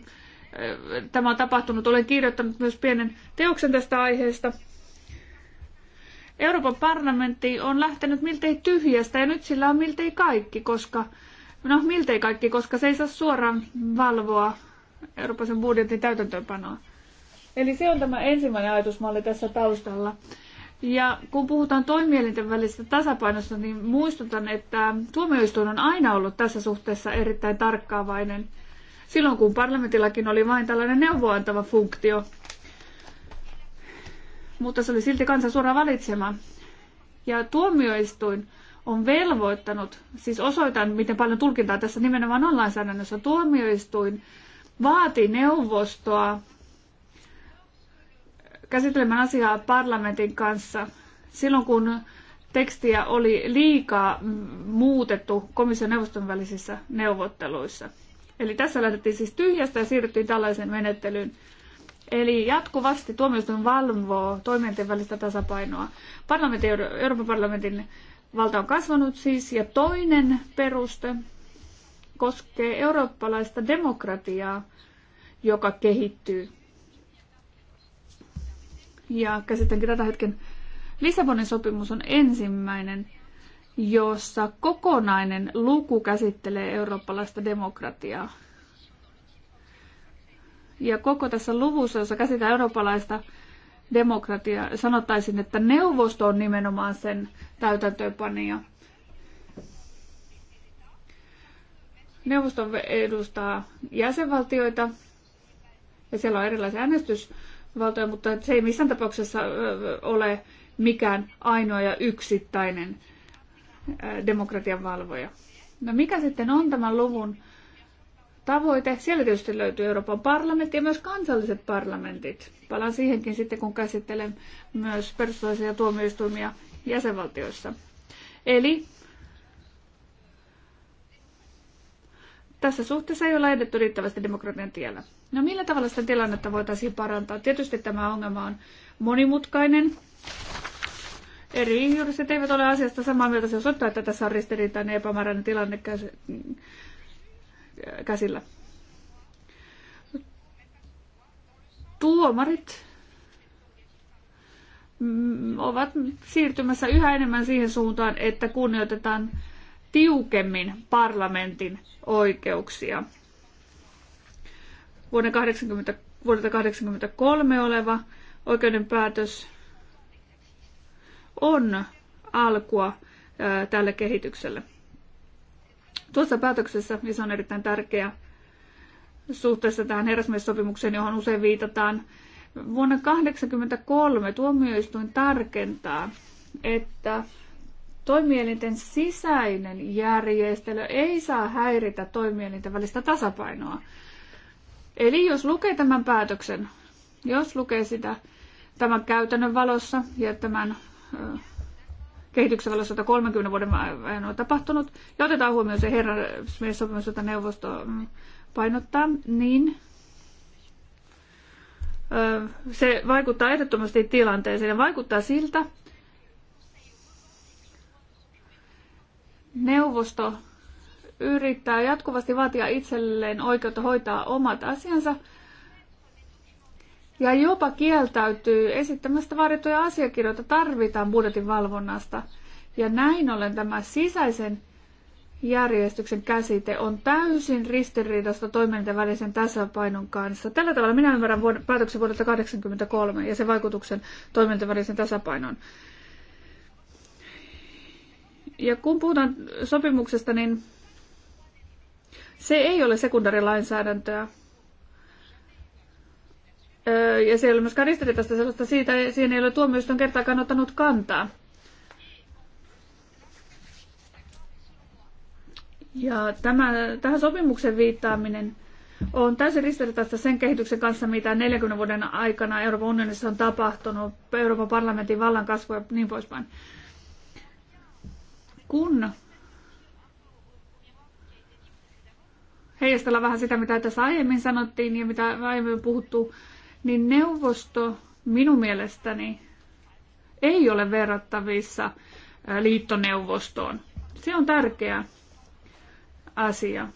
tämä on tapahtunut, olen kirjoittanut myös pienen teoksen tästä aiheesta. Euroopan parlamentti on lähtenyt miltei tyhjästä ja nyt sillä on miltei kaikki, koska, no miltei kaikki, koska se ei saa suoraan valvoa Euroopan budjetin täytäntöönpanoa. Eli se on tämä ensimmäinen ajatusmalli tässä taustalla. Ja kun puhutaan toimielinten välisestä tasapainosta, niin muistutan, että tuomioistuin on aina ollut tässä suhteessa erittäin tarkkaavainen. Silloin kun parlamentillakin oli vain tällainen neuvoantava funktio, mutta se oli silti kansan suora valitsema. Ja tuomioistuin on velvoittanut, siis osoitan, miten paljon tulkintaa tässä nimenomaan on lainsäädännössä, tuomioistuin vaati neuvostoa käsittelemään asiaa parlamentin kanssa silloin, kun tekstiä oli liikaa muutettu komission neuvoston välisissä neuvotteluissa. Eli tässä lähdettiin siis tyhjästä ja siirryttiin tällaiseen menettelyyn. Eli jatkuvasti tuomioistuin valvoo toimijoiden välistä tasapainoa. Parlamentin, Euroopan parlamentin valta on kasvanut siis. Ja toinen peruste koskee eurooppalaista demokratiaa, joka kehittyy ja käsitänkin tätä hetken. Lissabonin sopimus on ensimmäinen, jossa kokonainen luku käsittelee eurooppalaista demokratiaa. Ja koko tässä luvussa, jossa käsitään eurooppalaista demokratiaa, sanottaisin, että neuvosto on nimenomaan sen täytäntöönpanija. Neuvosto edustaa jäsenvaltioita ja siellä on erilaisia äänestys valtoja, mutta se ei missään tapauksessa ole mikään ainoa ja yksittäinen demokratian valvoja. No mikä sitten on tämän luvun tavoite? Siellä tietysti löytyy Euroopan parlamentti ja myös kansalliset parlamentit. Palaan siihenkin sitten, kun käsittelen myös perustuslaisia tuomioistuimia jäsenvaltioissa. Eli tässä suhteessa ei ole edetty riittävästi demokratian tiellä. No millä tavalla sitä tilannetta voitaisiin parantaa? Tietysti tämä ongelma on monimutkainen. Eri juristit eivät ole asiasta samaa mieltä. Se osoittaa, että tässä on ristiriitainen epämääräinen tilanne käsillä. Tuomarit mm, ovat siirtymässä yhä enemmän siihen suuntaan, että kunnioitetaan tiukemmin parlamentin oikeuksia vuoden 80, vuodelta 1983 oleva oikeuden päätös on alkua tälle kehitykselle. Tuossa päätöksessä, ja se on erittäin tärkeä suhteessa tähän herrasmiessopimukseen, johon usein viitataan, vuonna 1983 tuomioistuin tarkentaa, että toimielinten sisäinen järjestely ei saa häiritä toimielinten välistä tasapainoa. Eli jos lukee tämän päätöksen, jos lukee sitä tämän käytännön valossa ja tämän kehityksen valossa, jota 30 vuoden ajan on tapahtunut, ja otetaan huomioon se herrasmies-sopimus, jota neuvosto mm, painottaa, niin se vaikuttaa ehdottomasti tilanteeseen ja vaikuttaa siltä, neuvosto yrittää jatkuvasti vaatia itselleen oikeutta hoitaa omat asiansa ja jopa kieltäytyy esittämästä vaadittuja asiakirjoita tarvitaan budjetin valvonnasta. Ja näin ollen tämä sisäisen järjestyksen käsite on täysin ristiriidasta toiminnan välisen tasapainon kanssa. Tällä tavalla minä ymmärrän vuod- päätöksen vuodelta 1983 ja sen vaikutuksen toiminnan välisen tasapainon. Ja kun puhutaan sopimuksesta, niin se ei ole sekundarilainsäädäntöä. Öö, ja se ei ole myöskään ristiriitaista sellaista siitä, siihen ei ole tuomioistuin kertaakaan ottanut kantaa. Ja tämä, tähän sopimuksen viittaaminen on täysin ristiriitaista sen kehityksen kanssa, mitä 40 vuoden aikana Euroopan unionissa on tapahtunut, Euroopan parlamentin vallan kasvu ja niin poispäin. Kun heijastella vähän sitä, mitä tässä aiemmin sanottiin ja mitä aiemmin puhuttu, niin neuvosto minun mielestäni ei ole verrattavissa liittoneuvostoon. Se on tärkeä asia.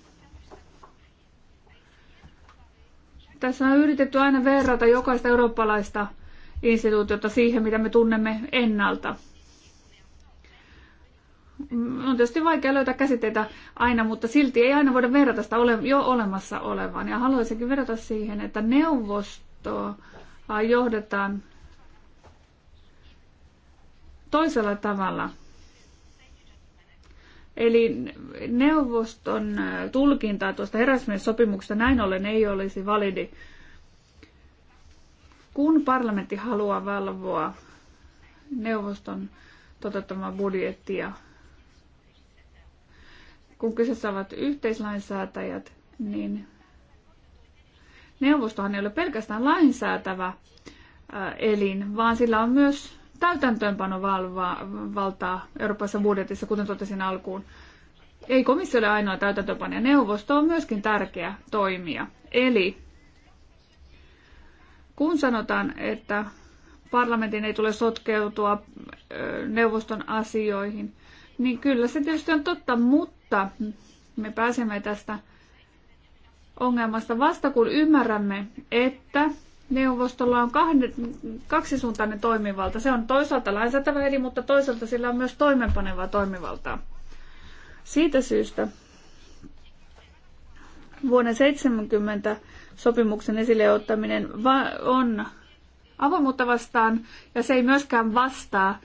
Tässä on yritetty aina verrata jokaista eurooppalaista instituutiota siihen, mitä me tunnemme ennalta on tietysti vaikea löytää käsitteitä aina, mutta silti ei aina voida verrata sitä ole, jo olemassa olevaan. Ja haluaisinkin verrata siihen, että neuvostoa johdetaan toisella tavalla. Eli neuvoston tulkinta tuosta Erasmus sopimuksesta näin ollen ei olisi validi. Kun parlamentti haluaa valvoa neuvoston toteuttamaa budjettia, kun kyseessä ovat yhteislainsäätäjät, niin neuvostohan ei ole pelkästään lainsäätävä äh, elin, vaan sillä on myös valtaa Euroopassa budjetissa, kuten totesin alkuun. Ei komissio ole ainoa ja neuvosto on myöskin tärkeä toimija. Eli kun sanotaan, että parlamentin ei tule sotkeutua äh, neuvoston asioihin, niin kyllä se tietysti on totta, mutta mutta me pääsemme tästä ongelmasta vasta kun ymmärrämme, että neuvostolla on kahden, kaksisuuntainen toimivalta. Se on toisaalta lainsäätävä eli, mutta toisaalta sillä on myös toimenpanevaa toimivaltaa. Siitä syystä vuonna 70 sopimuksen esille ottaminen on avoimuutta vastaan ja se ei myöskään vastaa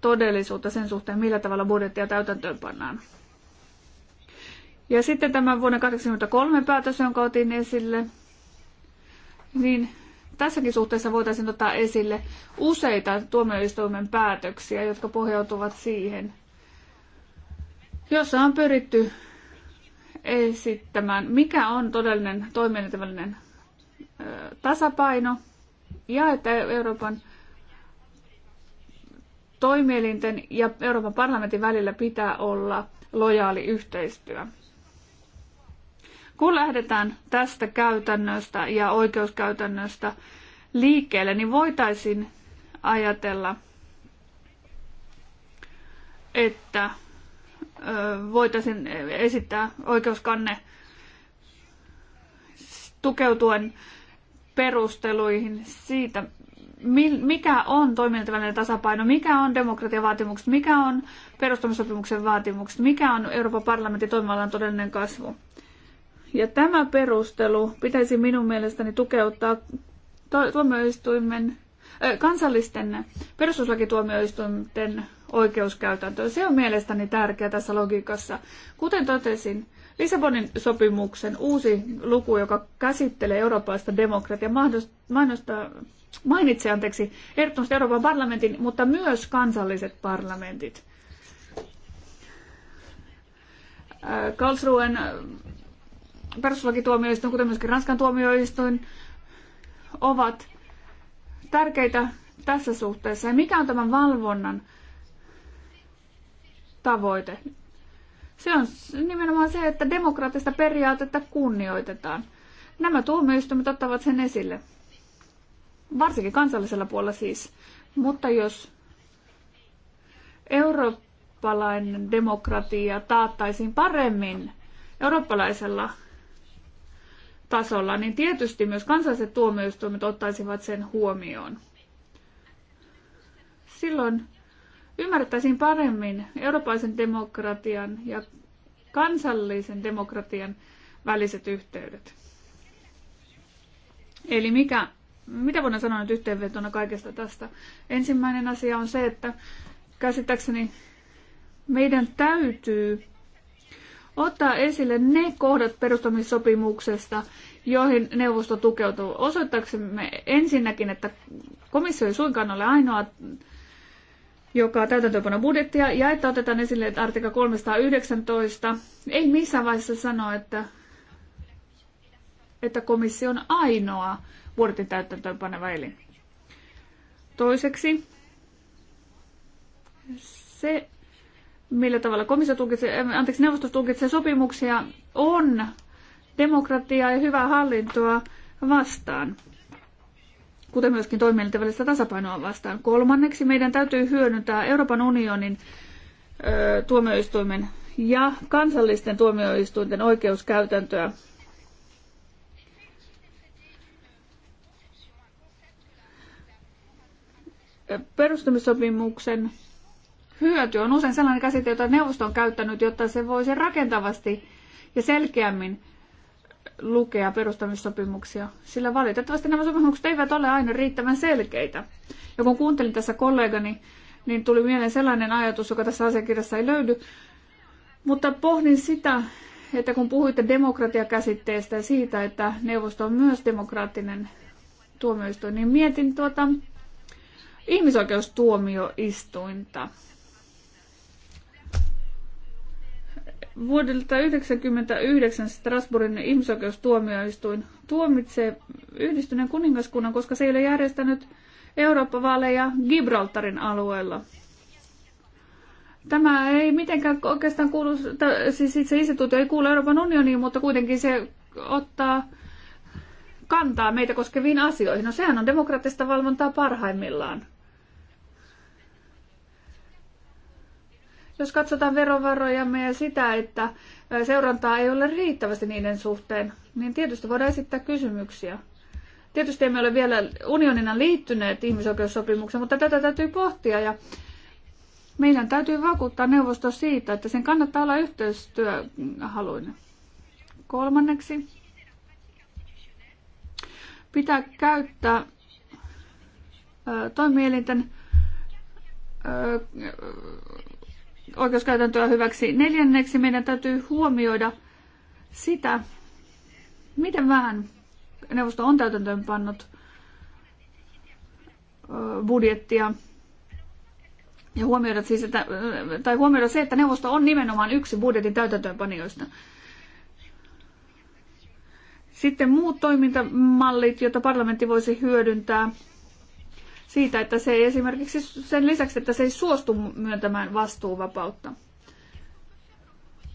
todellisuutta sen suhteen, millä tavalla budjettia täytäntöön pannaan. Ja sitten tämä vuonna 1983 päätös, jonka otin esille, niin tässäkin suhteessa voitaisiin ottaa esille useita tuomioistuimen päätöksiä, jotka pohjautuvat siihen, jossa on pyritty esittämään, mikä on todellinen toimintavälinen tasapaino ja että Euroopan toimielinten ja Euroopan parlamentin välillä pitää olla lojaali yhteistyö. Kun lähdetään tästä käytännöstä ja oikeuskäytännöstä liikkeelle, niin voitaisiin ajatella, että voitaisiin esittää oikeuskanne tukeutuen perusteluihin siitä, mikä on toimintavälinen tasapaino, mikä on demokratian vaatimukset, mikä on perustamissopimuksen vaatimukset, mikä on Euroopan parlamentin toimivallan todellinen kasvu. Ja tämä perustelu pitäisi minun mielestäni tukeuttaa tuomioistuimen, äh, kansallisten perustuslakituomioistuinten oikeuskäytäntöön. Se on mielestäni tärkeää tässä logiikassa. Kuten totesin, Lissabonin sopimuksen uusi luku, joka käsittelee eurooppalaista demokratiaa, mainostaa, mainitsee anteeksi, ehdottomasti Euroopan parlamentin, mutta myös kansalliset parlamentit. Karlsruen perustuslakituomioistuin, kuten myöskin Ranskan tuomioistuin, ovat tärkeitä tässä suhteessa. Ja mikä on tämän valvonnan tavoite? Se on nimenomaan se, että demokraattista periaatetta kunnioitetaan. Nämä tuomioistuimet ottavat sen esille. Varsinkin kansallisella puolella siis. Mutta jos eurooppalainen demokratia taattaisiin paremmin eurooppalaisella tasolla, niin tietysti myös kansalliset tuomioistuimet ottaisivat sen huomioon. Silloin ymmärtäisin paremmin eurooppalaisen demokratian ja kansallisen demokratian väliset yhteydet. Eli mikä, mitä voidaan sanoa nyt yhteenvetona kaikesta tästä? Ensimmäinen asia on se, että käsittääkseni meidän täytyy ottaa esille ne kohdat perustamissopimuksesta, joihin neuvosto tukeutuu. Osoittaaksemme ensinnäkin, että komissio ei suinkaan ole ainoa, joka täytäntöönpano budjettia, ja että otetaan esille että artikla 319. Ei missään vaiheessa sano, että, että komissio on ainoa budjetin täytäntöönpaneva elin. Toiseksi, se millä tavalla komissio tulkitsee, anteeksi, neuvosto tulkitsee sopimuksia, on demokratiaa ja hyvää hallintoa vastaan, kuten myöskin toimielinten välistä tasapainoa vastaan. Kolmanneksi meidän täytyy hyödyntää Euroopan unionin ö, tuomioistuimen ja kansallisten tuomioistuinten oikeuskäytäntöä. Perustamissopimuksen hyöty on usein sellainen käsite, jota neuvosto on käyttänyt, jotta se voisi rakentavasti ja selkeämmin lukea perustamissopimuksia, sillä valitettavasti nämä sopimukset eivät ole aina riittävän selkeitä. Ja kun kuuntelin tässä kollegani, niin tuli mieleen sellainen ajatus, joka tässä asiakirjassa ei löydy, mutta pohdin sitä, että kun puhuitte demokratiakäsitteestä ja siitä, että neuvosto on myös demokraattinen tuomioistuin, niin mietin tuota ihmisoikeustuomioistuinta. Vuodelta 1999 Strasbourgin ihmisoikeustuomioistuin tuomitsee yhdistyneen kuningaskunnan, koska se ei ole järjestänyt Eurooppa-vaaleja Gibraltarin alueella. Tämä ei mitenkään oikeastaan kuulu, siis itse instituutio ei kuulu Euroopan unioniin, mutta kuitenkin se ottaa kantaa meitä koskeviin asioihin. No sehän on demokraattista valvontaa parhaimmillaan. Jos katsotaan verovarojamme ja sitä, että seurantaa ei ole riittävästi niiden suhteen, niin tietysti voidaan esittää kysymyksiä. Tietysti emme ole vielä unionina liittyneet ihmisoikeussopimukseen, mutta tätä täytyy pohtia ja meidän täytyy vakuuttaa neuvosto siitä, että sen kannattaa olla yhteistyöhaluinen. Kolmanneksi pitää käyttää toimielinten oikeuskäytäntöä hyväksi. Neljänneksi meidän täytyy huomioida sitä, miten vähän neuvosto on täytäntöönpannut budjettia ja huomioida, siis, että, tai huomioida se, että neuvosto on nimenomaan yksi budjetin täytäntöönpanijoista. Sitten muut toimintamallit, joita parlamentti voisi hyödyntää siitä, että se ei esimerkiksi sen lisäksi, että se ei suostu myöntämään vastuuvapautta.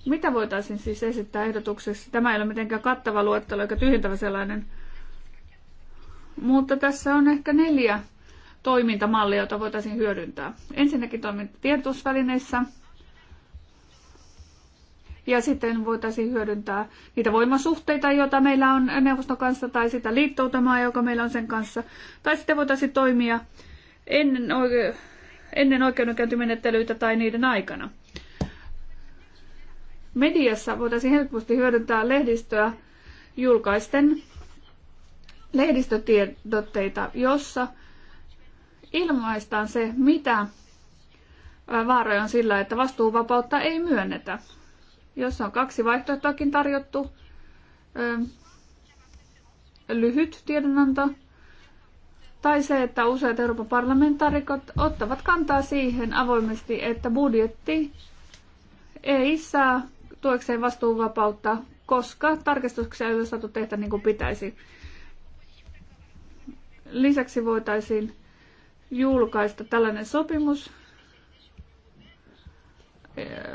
Mitä voitaisiin siis esittää ehdotuksessa? Tämä ei ole mitenkään kattava luettelo eikä tyhjentävä sellainen. Mutta tässä on ehkä neljä toimintamallia, joita voitaisiin hyödyntää. Ensinnäkin toimintatiedotusvälineissä – ja sitten voitaisiin hyödyntää niitä voimasuhteita, joita meillä on neuvoston kanssa, tai sitä liittoutumaa, joka meillä on sen kanssa. Tai sitten voitaisiin toimia ennen, oike- ennen oikeudenkäyntimenettelyitä tai niiden aikana. Mediassa voitaisiin helposti hyödyntää lehdistöä julkaisten lehdistötiedotteita, jossa ilmaistaan se, mitä vaaroja on sillä, että vastuuvapautta ei myönnetä jossa on kaksi vaihtoehtoakin tarjottu. Lyhyt tiedonanto tai se, että useat Euroopan parlamentaarikot ottavat kantaa siihen avoimesti, että budjetti ei saa tuekseen vastuuvapautta, koska tarkistuksia ei ole saatu tehdä niin kuin pitäisi. Lisäksi voitaisiin julkaista tällainen sopimus,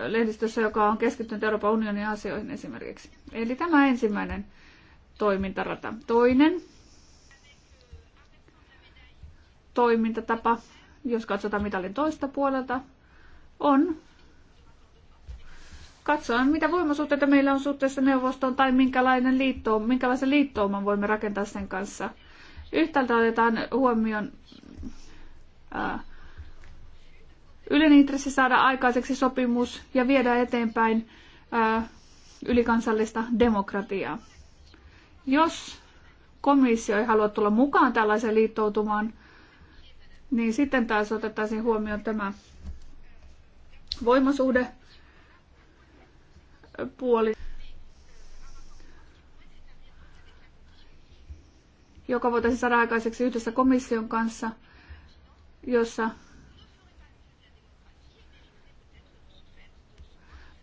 lehdistössä, joka on keskittynyt Euroopan unionin asioihin esimerkiksi. Eli tämä ensimmäinen toimintarata. Toinen toimintatapa, jos katsotaan mitalin toista puolelta, on katsoa, mitä voimasuhteita meillä on suhteessa neuvostoon tai minkälainen liitto, minkälaisen liittouman voimme rakentaa sen kanssa. Yhtäältä otetaan huomioon ää, yleinen intressi saada aikaiseksi sopimus ja viedä eteenpäin ylikansallista demokratiaa. Jos komissio ei halua tulla mukaan tällaiseen liittoutumaan, niin sitten taas otettaisiin huomioon tämä voimasuhde puoli, joka voitaisiin saada aikaiseksi yhdessä komission kanssa, jossa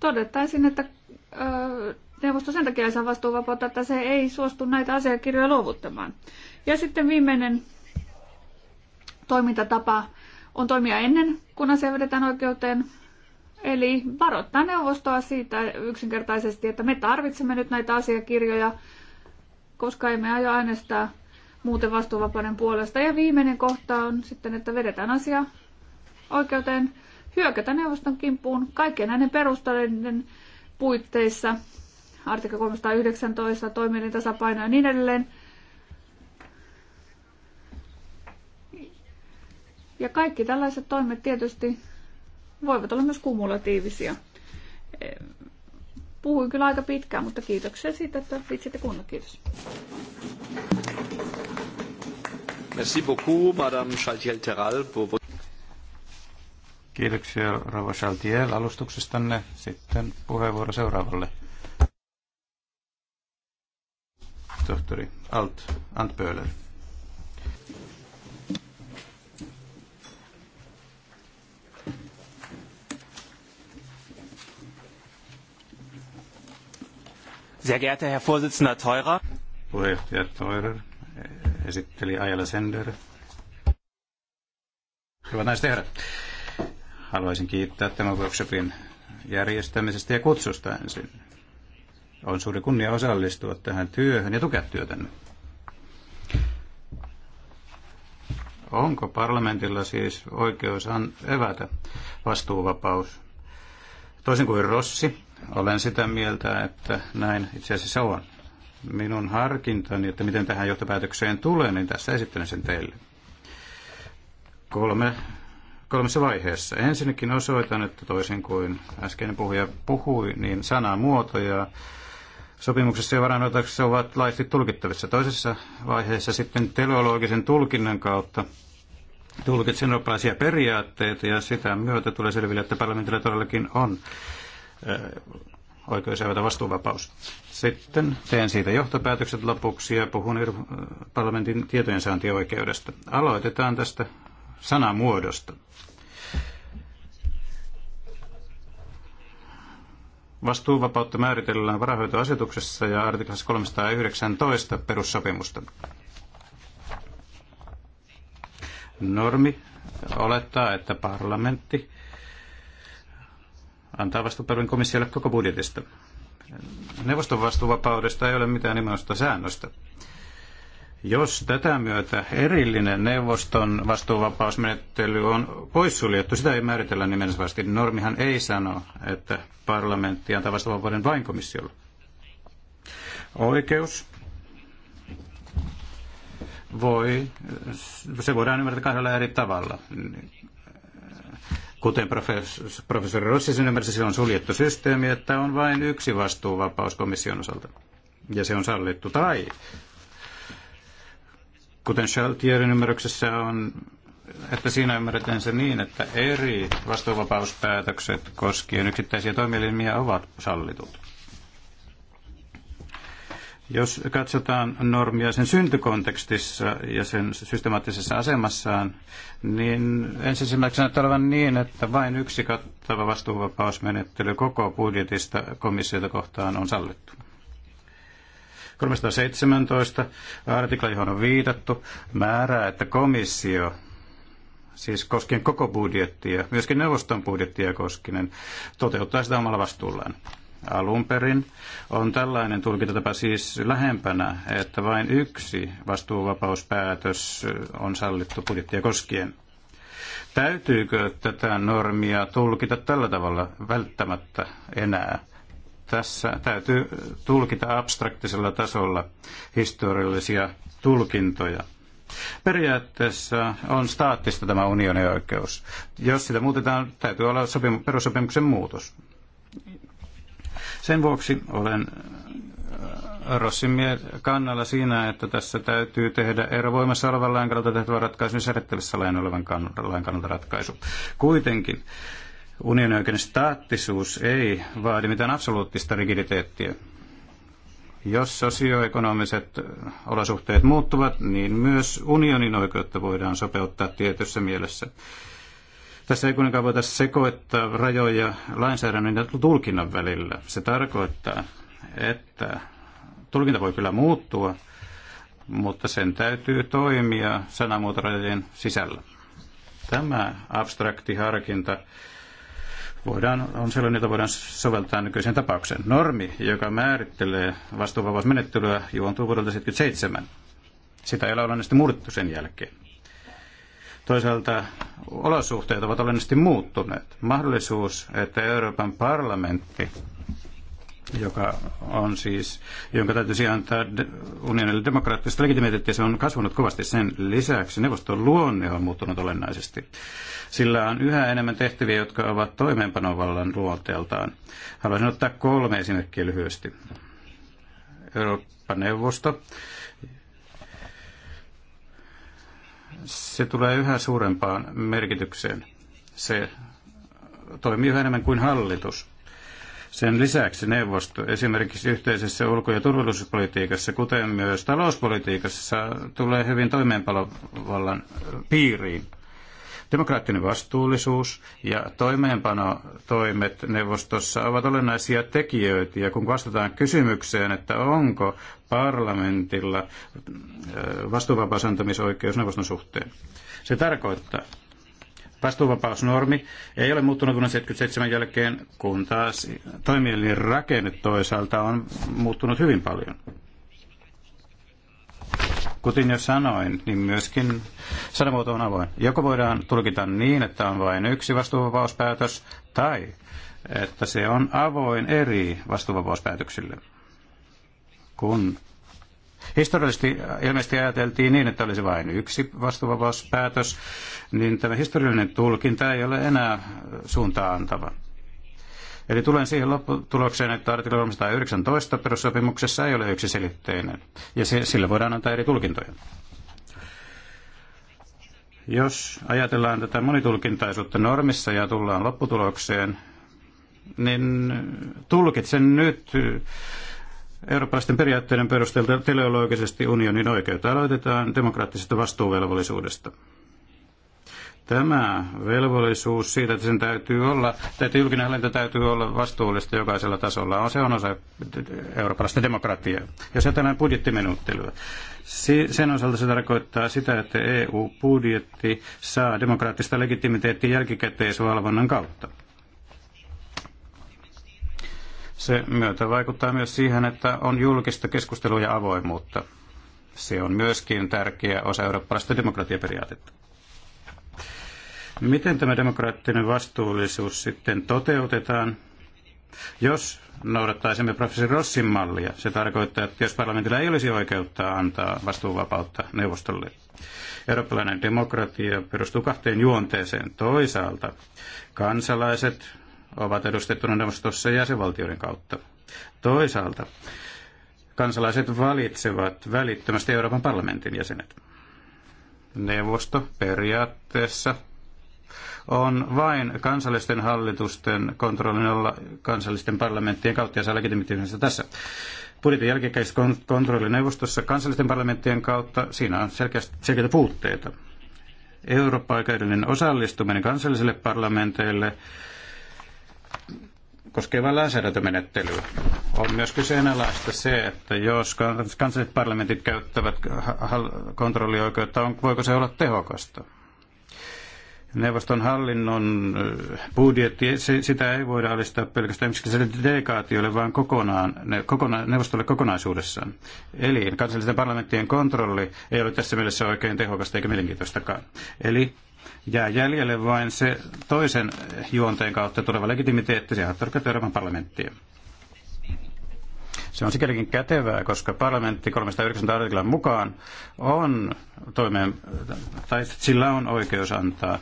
todettaisin, että neuvosto sen takia ei saa vastuuvapautta, että se ei suostu näitä asiakirjoja luovuttamaan. Ja sitten viimeinen toimintatapa on toimia ennen, kun asia vedetään oikeuteen. Eli varoittaa neuvostoa siitä yksinkertaisesti, että me tarvitsemme nyt näitä asiakirjoja, koska emme aio äänestää muuten vastuuvapauden puolesta. Ja viimeinen kohta on sitten, että vedetään asia oikeuteen hyökätä neuvoston kimppuun kaikkien näiden perusteiden puitteissa, artikla 319, toimielin tasapaino ja niin edelleen. Ja kaikki tällaiset toimet tietysti voivat olla myös kumulatiivisia. Puhuin kyllä aika pitkään, mutta kiitoksia siitä, että vitsitte kunnon. Kiitos. Merci beaucoup, Madame Chaltiel-Teral. Kiitoksia Rova Chaltiel alustuksestanne. Sitten puheenvuoro seuraavalle. Tohtori Alt Ant Antböhler. Sehr geehrter Herr Vorsitzender Teurer. Puheenjohtaja Teurer, esitteli Ajala Sender. Hyvät naiset ja herrat. Haluaisin kiittää tämän workshopin järjestämisestä ja kutsusta ensin. On suuri kunnia osallistua tähän työhön ja tukea työtänne. Onko parlamentilla siis oikeus evätä vastuuvapaus? Toisin kuin Rossi, olen sitä mieltä, että näin itse asiassa on. Minun harkintani, että miten tähän johtopäätökseen tulee, niin tässä esittelen sen teille. Kolme kolmessa vaiheessa. Ensinnäkin osoitan, että toisin kuin äskeinen puhuja puhui, niin sanamuotoja sopimuksessa ja varanotoksessa ovat laajasti tulkittavissa. Toisessa vaiheessa sitten teleologisen tulkinnan kautta tulkitsen eurooppalaisia periaatteita ja sitä myötä tulee selville, että parlamentilla todellakin on äh, oikeus ja vastuuvapaus. Sitten teen siitä johtopäätökset lopuksi ja puhun äh, parlamentin tietojensaantioikeudesta. Aloitetaan tästä sanamuodosta. Vastuuvapautta määritellään varahoitoasetuksessa ja artiklassa 319 perussopimusta. Normi olettaa, että parlamentti antaa vastuupäivän komissiolle koko budjetista. Neuvoston vastuuvapaudesta ei ole mitään nimenomaista säännöstä. Jos tätä myötä erillinen neuvoston vastuuvapausmenettely on poissuljettu, sitä ei määritellä nimensvästi. Normihan ei sano, että parlamentti antaa vastuuvapauden vain komissiolle. Oikeus voi, se voidaan ymmärtää kahdella eri tavalla. Kuten professori Rossi sen ymmärsi, se on suljettu systeemi, että on vain yksi vastuuvapaus komission osalta. Ja se on sallittu. Tai kuten Schaltierin ymmärryksessä on, että siinä ymmärretään se niin, että eri vastuuvapauspäätökset koskien yksittäisiä toimielimiä ovat sallitut. Jos katsotaan normia sen syntykontekstissa ja sen systemaattisessa asemassaan, niin ensimmäisenä näyttää olevan niin, että vain yksi kattava vastuuvapausmenettely koko budjetista komissiota kohtaan on sallittu. 317 artikla, johon on viitattu, määrää, että komissio siis koskien koko budjettia, myöskin neuvoston budjettia koskinen, toteuttaa sitä omalla vastuullaan. Alun perin on tällainen tulkintatapa siis lähempänä, että vain yksi vastuuvapauspäätös on sallittu budjettia koskien. Täytyykö tätä normia tulkita tällä tavalla välttämättä enää? Tässä täytyy tulkita abstraktisella tasolla historiallisia tulkintoja. Periaatteessa on staattista tämä unionin oikeus. Jos sitä muutetaan, täytyy olla sopimu- perussopimuksen muutos. Sen vuoksi olen äh, Rossin kannalla siinä, että tässä täytyy tehdä ero voimassa olevan lain kannalta tehtävä ratkaisu ja säädettävissä lain olevan lain kannalta ratkaisu. Kuitenkin unionin staattisuus ei vaadi mitään absoluuttista rigiditeettiä. Jos sosioekonomiset olosuhteet muuttuvat, niin myös unionin oikeutta voidaan sopeuttaa tietyssä mielessä. Tässä ei kuitenkaan voida sekoittaa rajoja lainsäädännön ja tulkinnan välillä. Se tarkoittaa, että tulkinta voi kyllä muuttua, mutta sen täytyy toimia sanamuotorajojen sisällä. Tämä abstrakti harkinta voidaan, on sellainen, jota voidaan soveltaa nykyisen tapauksen. Normi, joka määrittelee vastuuvapausmenettelyä, juontuu vuodelta 1977. Sitä ei ole olennaisesti murrettu sen jälkeen. Toisaalta olosuhteet ovat olennaisesti muuttuneet. Mahdollisuus, että Euroopan parlamentti joka on siis, jonka täytyisi antaa unionille demokraattista legitimiteettiä, se on kasvanut kovasti sen lisäksi. Neuvoston luonne on muuttunut olennaisesti. Sillä on yhä enemmän tehtäviä, jotka ovat toimeenpanovallan luonteeltaan. Haluaisin ottaa kolme esimerkkiä lyhyesti. Eurooppa-neuvosto. Se tulee yhä suurempaan merkitykseen. Se toimii yhä enemmän kuin hallitus sen lisäksi neuvosto esimerkiksi yhteisessä ulko- ja turvallisuuspolitiikassa, kuten myös talouspolitiikassa, tulee hyvin toimeenpanovallan piiriin. Demokraattinen vastuullisuus ja toimeenpanotoimet neuvostossa ovat olennaisia tekijöitä, ja kun vastataan kysymykseen, että onko parlamentilla vastuuvapausantamisoikeus neuvoston suhteen, se tarkoittaa, Vastuuvapausnormi ei ole muuttunut vuonna 1977 jälkeen, kun taas toimielin rakenne toisaalta on muuttunut hyvin paljon. Kuten jo sanoin, niin myöskin sanamuoto on avoin. Joko voidaan tulkita niin, että on vain yksi vastuuvapauspäätös, tai että se on avoin eri vastuuvapauspäätöksille. Kun Historiallisesti ilmeisesti ajateltiin niin, että olisi vain yksi vastuuvapauspäätös, niin tämä historiallinen tulkinta ei ole enää suuntaa antava. Eli tulen siihen lopputulokseen, että artikla 319 perussopimuksessa ei ole yksiselitteinen, ja se, sillä voidaan antaa eri tulkintoja. Jos ajatellaan tätä monitulkintaisuutta normissa ja tullaan lopputulokseen, niin tulkitsen nyt eurooppalaisten periaatteiden perusteelta teleologisesti unionin oikeutta. Aloitetaan demokraattisesta vastuuvelvollisuudesta. Tämä velvollisuus siitä, että sen täytyy olla, että julkinen hallinto täytyy olla vastuullista jokaisella tasolla, on, se on osa eurooppalaista demokratiaa. Jos ajatellaan budjettimenuttelua, sen osalta se tarkoittaa sitä, että EU-budjetti saa demokraattista legitimiteettiä jälkikäteisvalvonnan kautta. Se myötä vaikuttaa myös siihen, että on julkista keskustelua ja avoimuutta. Se on myöskin tärkeä osa eurooppalaista demokratiaperiaatetta. Miten tämä demokraattinen vastuullisuus sitten toteutetaan? Jos noudattaisimme professori Rossin mallia, se tarkoittaa, että jos parlamentilla ei olisi oikeutta antaa vastuuvapautta neuvostolle. Eurooppalainen demokratia perustuu kahteen juonteeseen. Toisaalta kansalaiset ovat edustettuna neuvostossa jäsenvaltioiden kautta. Toisaalta kansalaiset valitsevat välittömästi Euroopan parlamentin jäsenet. Neuvosto periaatteessa on vain kansallisten hallitusten kontrollin olla kansallisten parlamenttien kautta ja saa legitimitiivisensä tässä. Budjetin jälkikäistä kontrollineuvostossa kansallisten parlamenttien kautta, siinä on selkeitä puutteita. Eurooppa-oikeudellinen osallistuminen kansallisille parlamenteille koskevaa lainsäädäntömenettelyä. On myös kyseenalaista se, että jos kansalliset parlamentit käyttävät kontrollioikeutta, on, voiko se olla tehokasta? Neuvoston hallinnon äh, budjetti, sitä ei voida alistaa pelkästään yksikköiselle delegaatiolle, vaan kokonaan, ne, kokona, neuvostolle kokonaisuudessaan. Eli kansallisten parlamenttien kontrolli ei ole tässä mielessä oikein tehokasta eikä mielenkiintoistakaan. Eli jää jäljelle vain se toisen juonteen kautta tuleva legitimiteetti, sehän tarkoittaa Euroopan parlamenttia. Se on sikälikin kätevää, koska parlamentti 390 artiklan mukaan on toimeen, tai sillä on oikeus antaa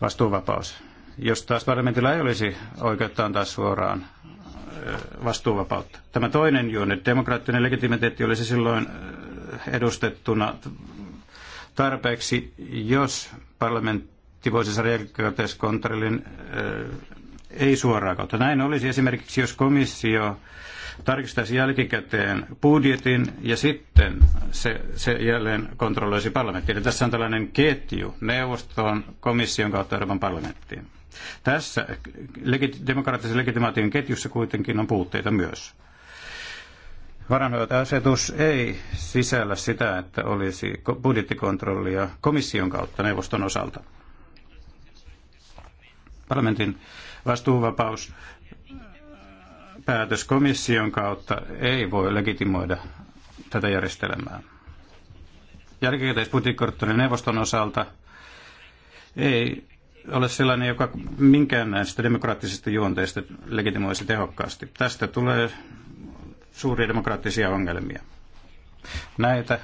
vastuuvapaus. Jos taas parlamentilla ei olisi oikeutta antaa suoraan vastuuvapautta. Tämä toinen juone demokraattinen legitimiteetti, olisi silloin edustettuna tarpeeksi, jos parlamentti voisi saada jälkikäteiskontrollin eh, ei suoraa kautta. Näin olisi esimerkiksi, jos komissio tarkistaisi jälkikäteen budjetin ja sitten se, se jälleen kontrolloisi parlamenttia. tässä on tällainen ketju neuvostoon, komission kautta Euroopan parlamenttiin. Tässä legit- demokraattisen legitimaation ketjussa kuitenkin on puutteita myös. Varanhoitoasetus ei sisällä sitä, että olisi budjettikontrollia komission kautta neuvoston osalta. Parlamentin vastuuvapaus äh, päätös komission kautta ei voi legitimoida tätä järjestelmää. Jälkikäteisbudjettikontrollin neuvoston osalta ei ole sellainen, joka minkään näistä demokraattisista juonteista legitimoisi tehokkaasti. Tästä tulee suuria demokraattisia ongelmia. Näitä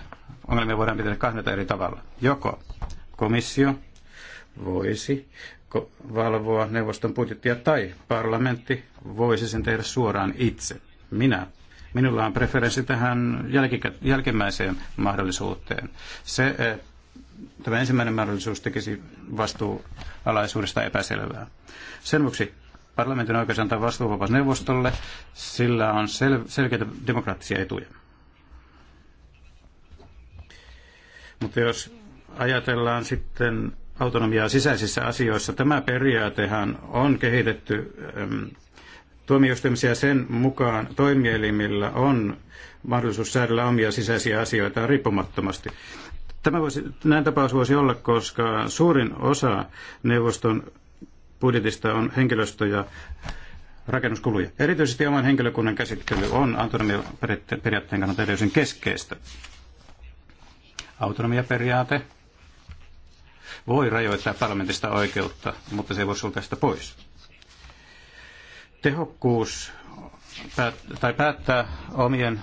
ongelmia voidaan pitää kahdella eri tavalla. Joko komissio voisi valvoa neuvoston budjettia tai parlamentti voisi sen tehdä suoraan itse. Minä Minulla on preferenssi tähän jälkikä, jälkimmäiseen mahdollisuuteen. Se, tämä ensimmäinen mahdollisuus tekisi vastuualaisuudesta epäselvää. Sen vuoksi Parlamentin oikeus antaa vastuuvapaus neuvostolle, sillä on sel- selkeitä demokraattisia etuja. Mutta jos ajatellaan sitten autonomiaa sisäisissä asioissa, tämä periaatehan on kehitetty ähm, tuomioistuimisia sen mukaan toimielimillä on mahdollisuus säädellä omia sisäisiä asioita riippumattomasti. Tämä voisi, näin tapaus voisi olla, koska suurin osa neuvoston budjetista on henkilöstö ja rakennuskuluja. Erityisesti oman henkilökunnan käsittely on autonomiaperiaatteen kannalta erityisen keskeistä. Autonomiaperiaate voi rajoittaa parlamentista oikeutta, mutta se ei voi sulkea sitä pois. Tehokkuus tai päättää omien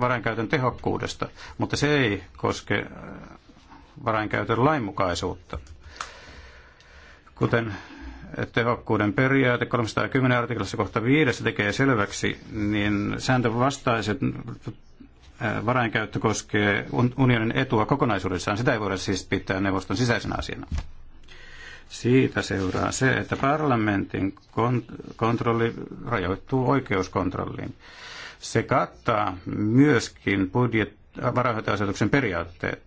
varainkäytön tehokkuudesta, mutta se ei koske äh, varainkäytön lainmukaisuutta. Kuten tehokkuuden periaate 310 artiklassa kohta 5 tekee selväksi, niin sääntövastaiset äh, varainkäyttö koskee unionin etua kokonaisuudessaan. Sitä ei voida siis pitää neuvoston sisäisenä asiana. Siitä seuraa se, että parlamentin kontrolli rajoittuu oikeuskontrolliin. Se kattaa myöskin budjet- varainhoitoasetuksen periaatteet.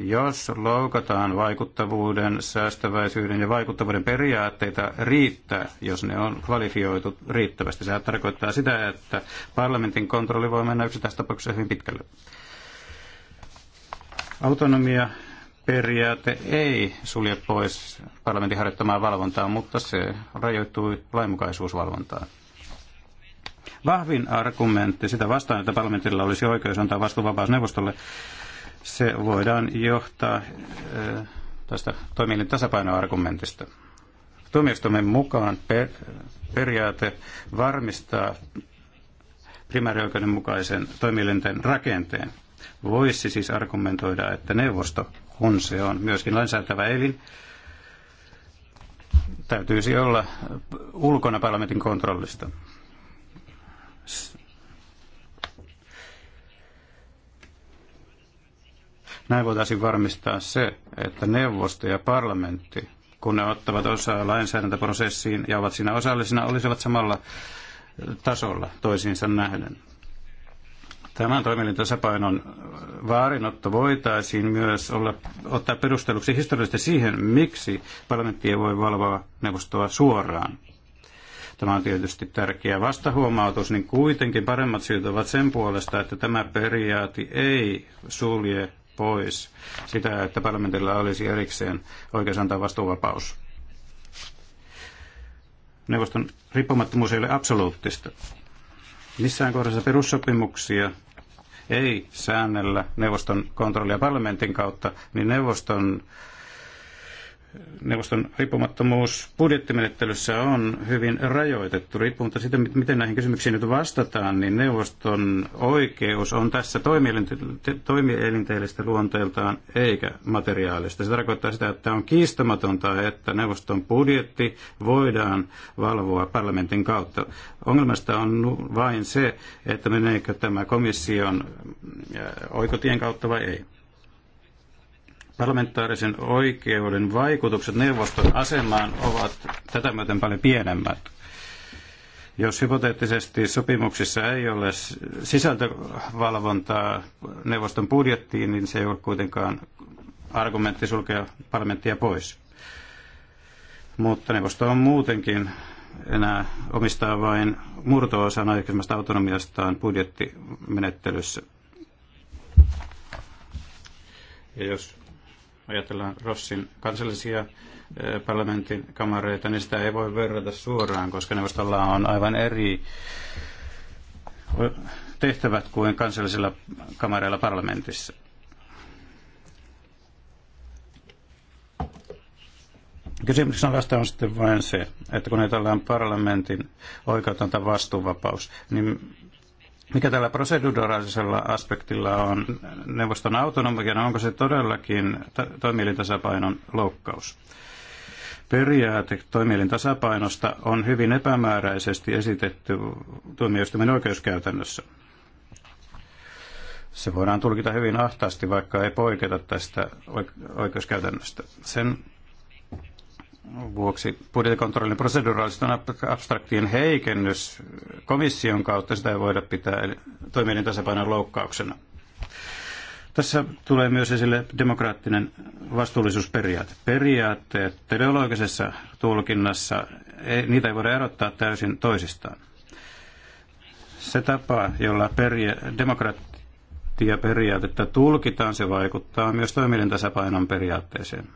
Jos loukataan vaikuttavuuden, säästäväisyyden ja vaikuttavuuden periaatteita riittää, jos ne on kvalifioitu riittävästi, se tarkoittaa sitä, että parlamentin kontrolli voi mennä yksittäisessä tapauksessa hyvin pitkälle. Autonomia periaate ei sulje pois parlamentin harjoittamaa valvontaa, mutta se rajoittuu lainmukaisuusvalvontaan. Vahvin argumentti sitä vastaan, että parlamentilla olisi oikeus antaa vastuuvapaus neuvostolle, se voidaan johtaa eh, tästä toimielin tasapainoargumentista. Tuomioistuimen mukaan per, periaate varmistaa primäärioikeudenmukaisen toimielinten rakenteen. Voisi siis argumentoida, että neuvosto, kun se on myöskin lainsäätävä elin, täytyisi olla ulkona parlamentin kontrollista. Näin voitaisiin varmistaa se, että neuvosto ja parlamentti, kun ne ottavat osaa lainsäädäntöprosessiin ja ovat siinä osallisina, olisivat samalla tasolla toisiinsa nähden. Tämän toimielin tasapainon vaarinotto voitaisiin myös olla, ottaa perusteluksi historiallisesti siihen, miksi parlamentti ei voi valvoa neuvostoa suoraan. Tämä on tietysti tärkeä vastahuomautus, niin kuitenkin paremmat syyt ovat sen puolesta, että tämä periaate ei sulje pois sitä, että parlamentilla olisi erikseen oikeus antaa vastuuvapaus. Neuvoston riippumattomuus ei ole absoluuttista. Missään kohdassa perussopimuksia ei säännellä neuvoston kontrollia parlamentin kautta, niin neuvoston neuvoston riippumattomuus budjettimenettelyssä on hyvin rajoitettu. Riippumatta siitä, miten näihin kysymyksiin nyt vastataan, niin neuvoston oikeus on tässä toimielinteellistä luonteeltaan eikä materiaalista. Se tarkoittaa sitä, että on kiistamatonta, että neuvoston budjetti voidaan valvoa parlamentin kautta. Ongelmasta on vain se, että meneekö tämä komission oikotien kautta vai ei parlamentaarisen oikeuden vaikutukset neuvoston asemaan ovat tätä myöten paljon pienemmät. Jos hypoteettisesti sopimuksissa ei ole sisältövalvontaa neuvoston budjettiin, niin se ei ole kuitenkaan argumentti sulkea parlamenttia pois. Mutta neuvosto on muutenkin enää omistaa vain murto-osan aikaisemmasta autonomiastaan budjettimenettelyssä. Ja jos ajatellaan Rossin kansallisia eh, parlamentin kamareita, niin sitä ei voi verrata suoraan, koska neuvostolla on aivan eri eh, tehtävät kuin kansallisilla kamareilla parlamentissa. Kysymyksen vasta on sitten vain se, että kun ajatellaan parlamentin oikeutonta vastuuvapaus, niin mikä tällä proseduraalisella aspektilla on neuvoston autonomiana, onko se todellakin toimielintasapainon loukkaus? Periaate toimielin tasapainosta on hyvin epämääräisesti esitetty tuomioistuimen oikeuskäytännössä. Se voidaan tulkita hyvin ahtaasti, vaikka ei poiketa tästä oikeuskäytännöstä. Sen vuoksi budjettikontrollin proseduraalista on abstraktiin heikennys komission kautta. Sitä ei voida pitää toimielin tasapainon loukkauksena. Tässä tulee myös esille demokraattinen vastuullisuusperiaate. Periaatteet teleologisessa tulkinnassa, ei, niitä ei voida erottaa täysin toisistaan. Se tapa, jolla peria, demokratiaperiaatetta tulkitaan, se vaikuttaa myös toimielin tasapainon periaatteeseen.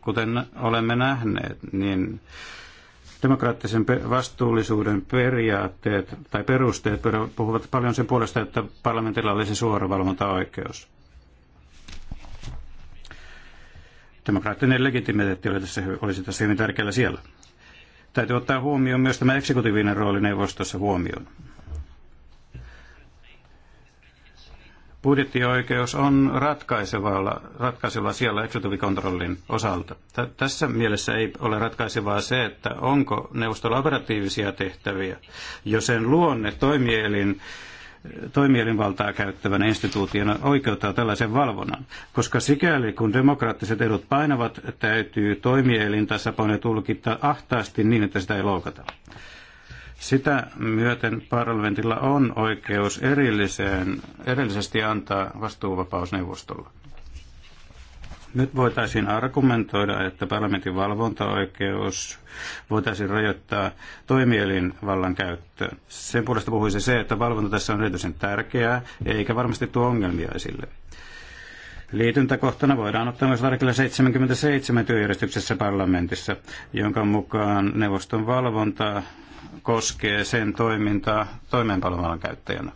Kuten olemme nähneet, niin demokraattisen vastuullisuuden periaatteet tai perusteet puhuvat paljon sen puolesta, että parlamentilla olisi suora valvontaoikeus. Demokraattinen legitimiteetti oli tässä, olisi tässä hyvin tärkeällä siellä. Täytyy ottaa huomioon myös tämä eksekutiivinen rooli neuvostossa huomioon. Budjettioikeus on ratkaisevalla, ratkaisevalla siellä exekutuvikontrollin osalta. tässä mielessä ei ole ratkaisevaa se, että onko neuvostolla operatiivisia tehtäviä, jos sen luonne toimielin toimielinvaltaa käyttävän instituutiona oikeuttaa tällaisen valvonnan, koska sikäli kun demokraattiset edut painavat, täytyy toimielin tasapaino tulkita ahtaasti niin, että sitä ei loukata. Sitä myöten parlamentilla on oikeus erilliseen, erillisesti antaa vastuuvapaus Nyt voitaisiin argumentoida, että parlamentin valvontaoikeus voitaisiin rajoittaa toimielin vallan käyttöön. Sen puolesta puhuisi se, että valvonta tässä on erityisen tärkeää, eikä varmasti tuo ongelmia esille. Liityntäkohtana voidaan ottaa myös artikla 77 työjärjestyksessä parlamentissa, jonka mukaan neuvoston valvonta koskee sen toimintaa toimeenpanovallan käyttäjänä.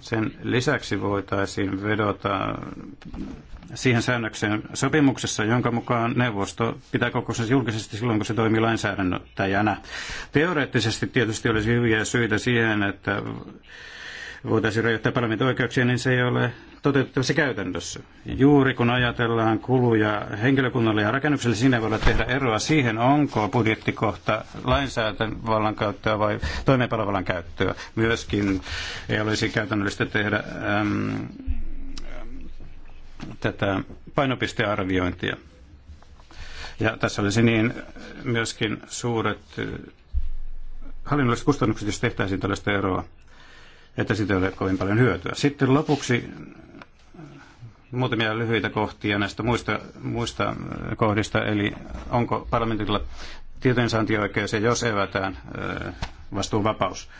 Sen lisäksi voitaisiin vedota siihen säännökseen sopimuksessa, jonka mukaan neuvosto pitää kokouksensa julkisesti silloin, kun se toimii lainsäädäntäjänä. Teoreettisesti tietysti olisi hyviä syitä siihen, että voitaisiin rajoittaa parlamentin oikeuksia, niin se ei ole toteutettavissa käytännössä. Juuri kun ajatellaan kuluja henkilökunnalle ja rakennukselle, siinä voi tehdä eroa siihen, onko budjettikohta lainsäädäntövallan käyttöä vai toimeenpanovallan käyttöä. Myöskin ei olisi käytännöllistä tehdä äm, tätä painopistearviointia. Ja tässä olisi niin myöskin suuret äh, hallinnolliset kustannukset, jos tehtäisiin tällaista eroa että siitä ei ole kovin paljon hyötyä. Sitten lopuksi muutamia lyhyitä kohtia näistä muista, muista äh, kohdista, eli onko parlamentilla tietojensaantioikeus ja jos evätään äh, vastuuvapaus.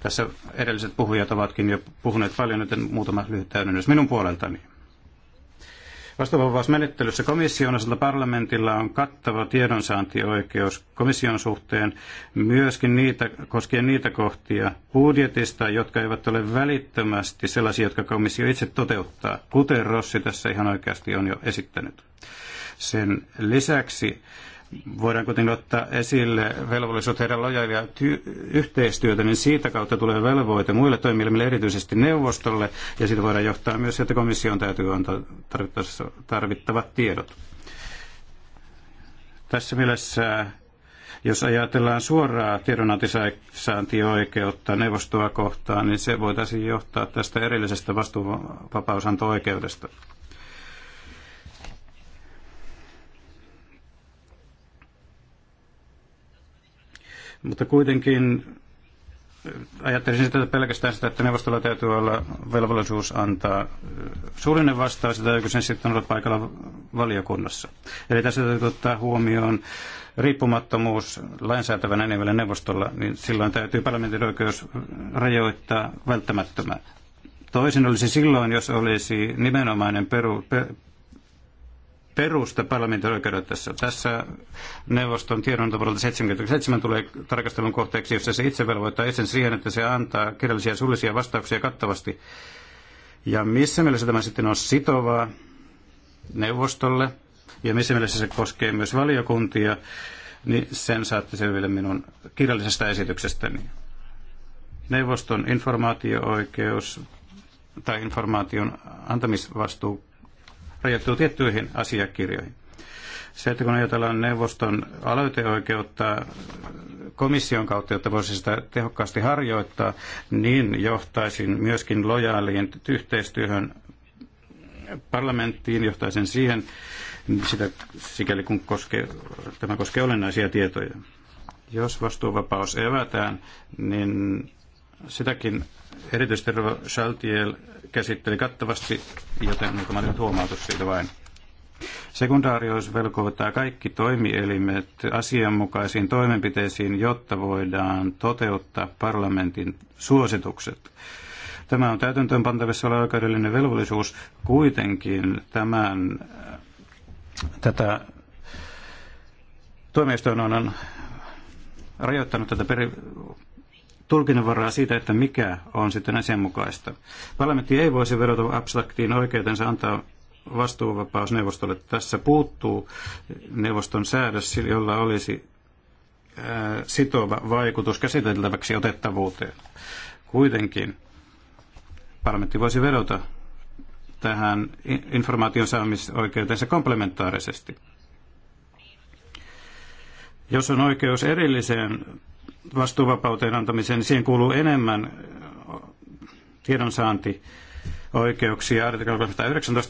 Tässä edelliset puhujat ovatkin jo puhuneet paljon, joten muutama lyhyt täydennys minun puoleltani. Vastuuvapausmenettelyssä komission osalta parlamentilla on kattava tiedonsaantioikeus komission suhteen myöskin niitä, koskien niitä kohtia budjetista, jotka eivät ole välittömästi sellaisia, jotka komissio itse toteuttaa, kuten Rossi tässä ihan oikeasti on jo esittänyt. Sen lisäksi voidaan kuitenkin ottaa esille velvollisuus tehdä lojaalia yhteistyötä, niin siitä kautta tulee velvoite muille toimielimille, erityisesti neuvostolle, ja siitä voidaan johtaa myös, että komission täytyy antaa tarvittavat tiedot. Tässä mielessä, jos ajatellaan suoraa tiedonantisaantioikeutta neuvostoa kohtaan, niin se voitaisiin johtaa tästä erillisestä vastuuvapausanto-oikeudesta. Mutta kuitenkin äh, ajattelisin sitä pelkästään sitä, että neuvostolla täytyy olla velvollisuus antaa äh, suullinen vastaus, että täytyykö sen sitten olla paikalla valiokunnassa. Eli tässä täytyy ottaa huomioon riippumattomuus lainsäätävänä enemmän neuvostolla, niin silloin täytyy parlamentin oikeus rajoittaa välttämättömän. Toisin olisi silloin, jos olisi nimenomainen peru, pe, perusta parlamentin tässä. Tässä neuvoston tiedonanto vuodelta 77 tulee tarkastelun kohteeksi, jossa se itse velvoittaa itsen siihen, että se antaa kirjallisia ja suullisia vastauksia kattavasti. Ja missä mielessä tämä sitten on sitovaa neuvostolle ja missä mielessä se koskee myös valiokuntia, niin sen saatte selville minun kirjallisesta esityksestäni. Neuvoston informaatio-oikeus tai informaation antamisvastuu rajoittuu tiettyihin asiakirjoihin. Se, että kun ajatellaan neuvoston aloiteoikeutta komission kautta, jotta voisi sitä tehokkaasti harjoittaa, niin johtaisin myöskin lojaaliin yhteistyöhön parlamenttiin, johtaisin siihen, sitä, sikäli kun koske, tämä koskee olennaisia tietoja. Jos vastuuvapaus evätään, niin sitäkin Erityisesti Rova Chaltiel käsitteli kattavasti, joten muutama nyt huomautus siitä vain. Sekundaarius velkoittaa kaikki toimielimet asianmukaisiin toimenpiteisiin, jotta voidaan toteuttaa parlamentin suositukset. Tämä on täytäntöönpantavissa oleva oikeudellinen velvollisuus. Kuitenkin tämän, tätä tuomioistuin on rajoittanut tätä peri, tulkinnanvaraa siitä, että mikä on sitten asianmukaista. Parlamentti ei voisi vedota abstraktiin oikeutensa antaa vastuuvapaus neuvostolle. Tässä puuttuu neuvoston säädös, jolla olisi äh, sitova vaikutus käsiteltäväksi otettavuuteen. Kuitenkin parlamentti voisi vedota tähän informaation saamisoikeutensa komplementaarisesti. Jos on oikeus erilliseen vastuuvapauteen antamiseen, niin siihen kuuluu enemmän tiedonsaantioikeuksia. oikeuksia artikla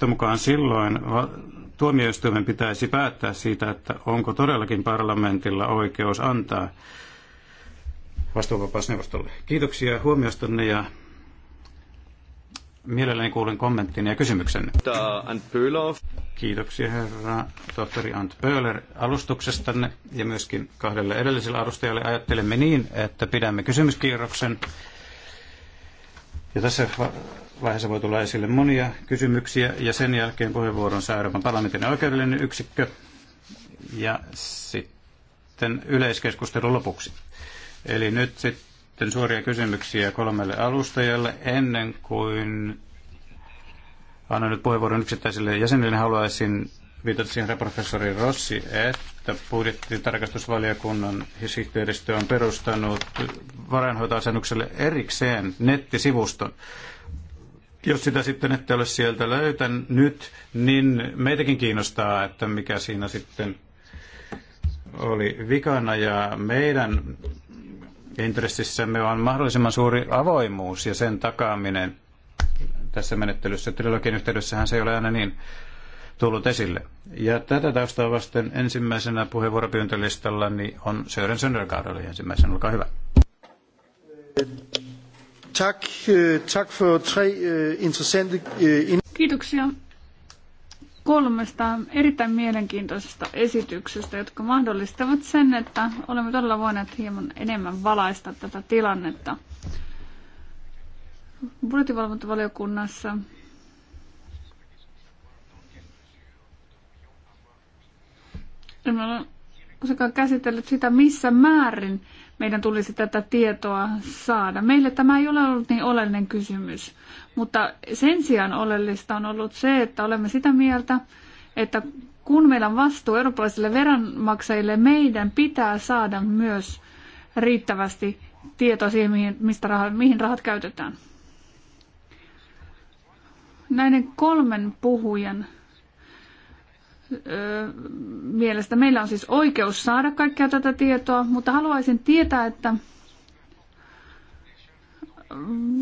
mukaan silloin tuomioistuimen pitäisi päättää siitä, että onko todellakin parlamentilla oikeus antaa vastuuvapausneuvostolle. Kiitoksia huomiostanne ja Mielelläni kuulen kommenttini ja kysymyksen. Kiitoksia herra tohtori Ant Pöhler alustuksestanne ja myöskin kahdelle edelliselle alustajalle. Ajattelemme niin, että pidämme kysymyskierroksen. Ja tässä vaiheessa voi tulla esille monia kysymyksiä ja sen jälkeen puheenvuoron saa Euroopan parlamentin oikeudellinen yksikkö ja sitten yleiskeskustelu lopuksi. Eli nyt sitten sitten suoria kysymyksiä kolmelle alustajalle ennen kuin annan nyt puheenvuoron yksittäisille jäsenille. Haluaisin viitata siihen professori Rossi, että budjettitarkastusvaliokunnan sihteeristö on perustanut varainhoitoasennukselle erikseen nettisivuston. Jos sitä sitten ette ole sieltä löytänyt, niin meitäkin kiinnostaa, että mikä siinä sitten oli vikana ja meidän intressissämme on mahdollisimman suuri avoimuus ja sen takaaminen tässä menettelyssä. Trilogin yhteydessähän se ei ole aina niin tullut esille. Ja tätä taustaa vasten ensimmäisenä puheenvuoropyyntölistalla niin on Sören Söndergaard oli ensimmäisen, Olkaa hyvä. Tack, eh, tack for tre eh, intressanta... Eh, Kiitoksia kolmesta erittäin mielenkiintoisesta esityksestä, jotka mahdollistavat sen, että olemme todella voineet hieman enemmän valaista tätä tilannetta. Budjetivalvontavaliokunnassa emme ole koskaan käsitellyt sitä, missä määrin meidän tulisi tätä tietoa saada. Meille tämä ei ole ollut niin oleellinen kysymys. Mutta sen sijaan oleellista on ollut se, että olemme sitä mieltä, että kun meillä on vastuu eurooppalaisille veronmaksajille, meidän pitää saada myös riittävästi tietoa siihen, mihin, mistä rahat, mihin rahat käytetään. Näiden kolmen puhujan ö, mielestä meillä on siis oikeus saada kaikkea tätä tietoa, mutta haluaisin tietää, että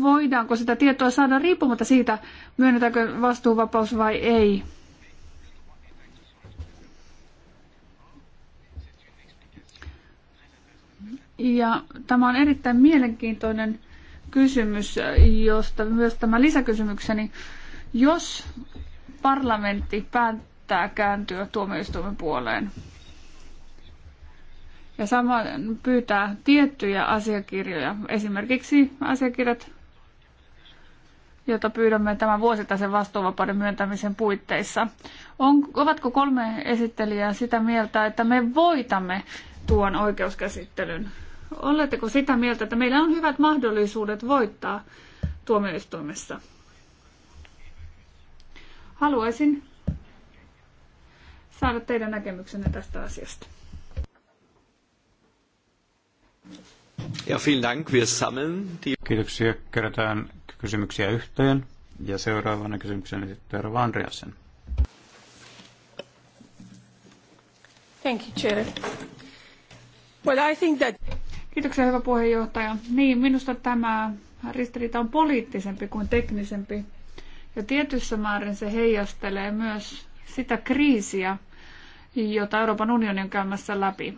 voidaanko sitä tietoa saada riippumatta siitä, myönnetäänkö vastuuvapaus vai ei. Ja tämä on erittäin mielenkiintoinen kysymys, josta myös tämä lisäkysymykseni. Jos parlamentti päättää kääntyä tuomioistuimen puoleen, ja sama pyytää tiettyjä asiakirjoja, esimerkiksi asiakirjat, joita pyydämme tämän vuosittaisen vastuuvapauden myöntämisen puitteissa. On, ovatko kolme esittelijää sitä mieltä, että me voitamme tuon oikeuskäsittelyn? Oletteko sitä mieltä, että meillä on hyvät mahdollisuudet voittaa tuomioistuimessa? Haluaisin saada teidän näkemyksenne tästä asiasta. Ja vielen Dank, wir sammeln die... Kiitoksia. Kerätään kysymyksiä yhteen. Ja seuraavana kysymyksenä sitten Rova Andreasen. Thank you, Chair. Well, I think that... Kiitoksia, hyvä puheenjohtaja. Niin, minusta tämä ristiriita on poliittisempi kuin teknisempi. Ja tietyssä määrin se heijastelee myös sitä kriisiä, jota Euroopan unioni on käymässä läpi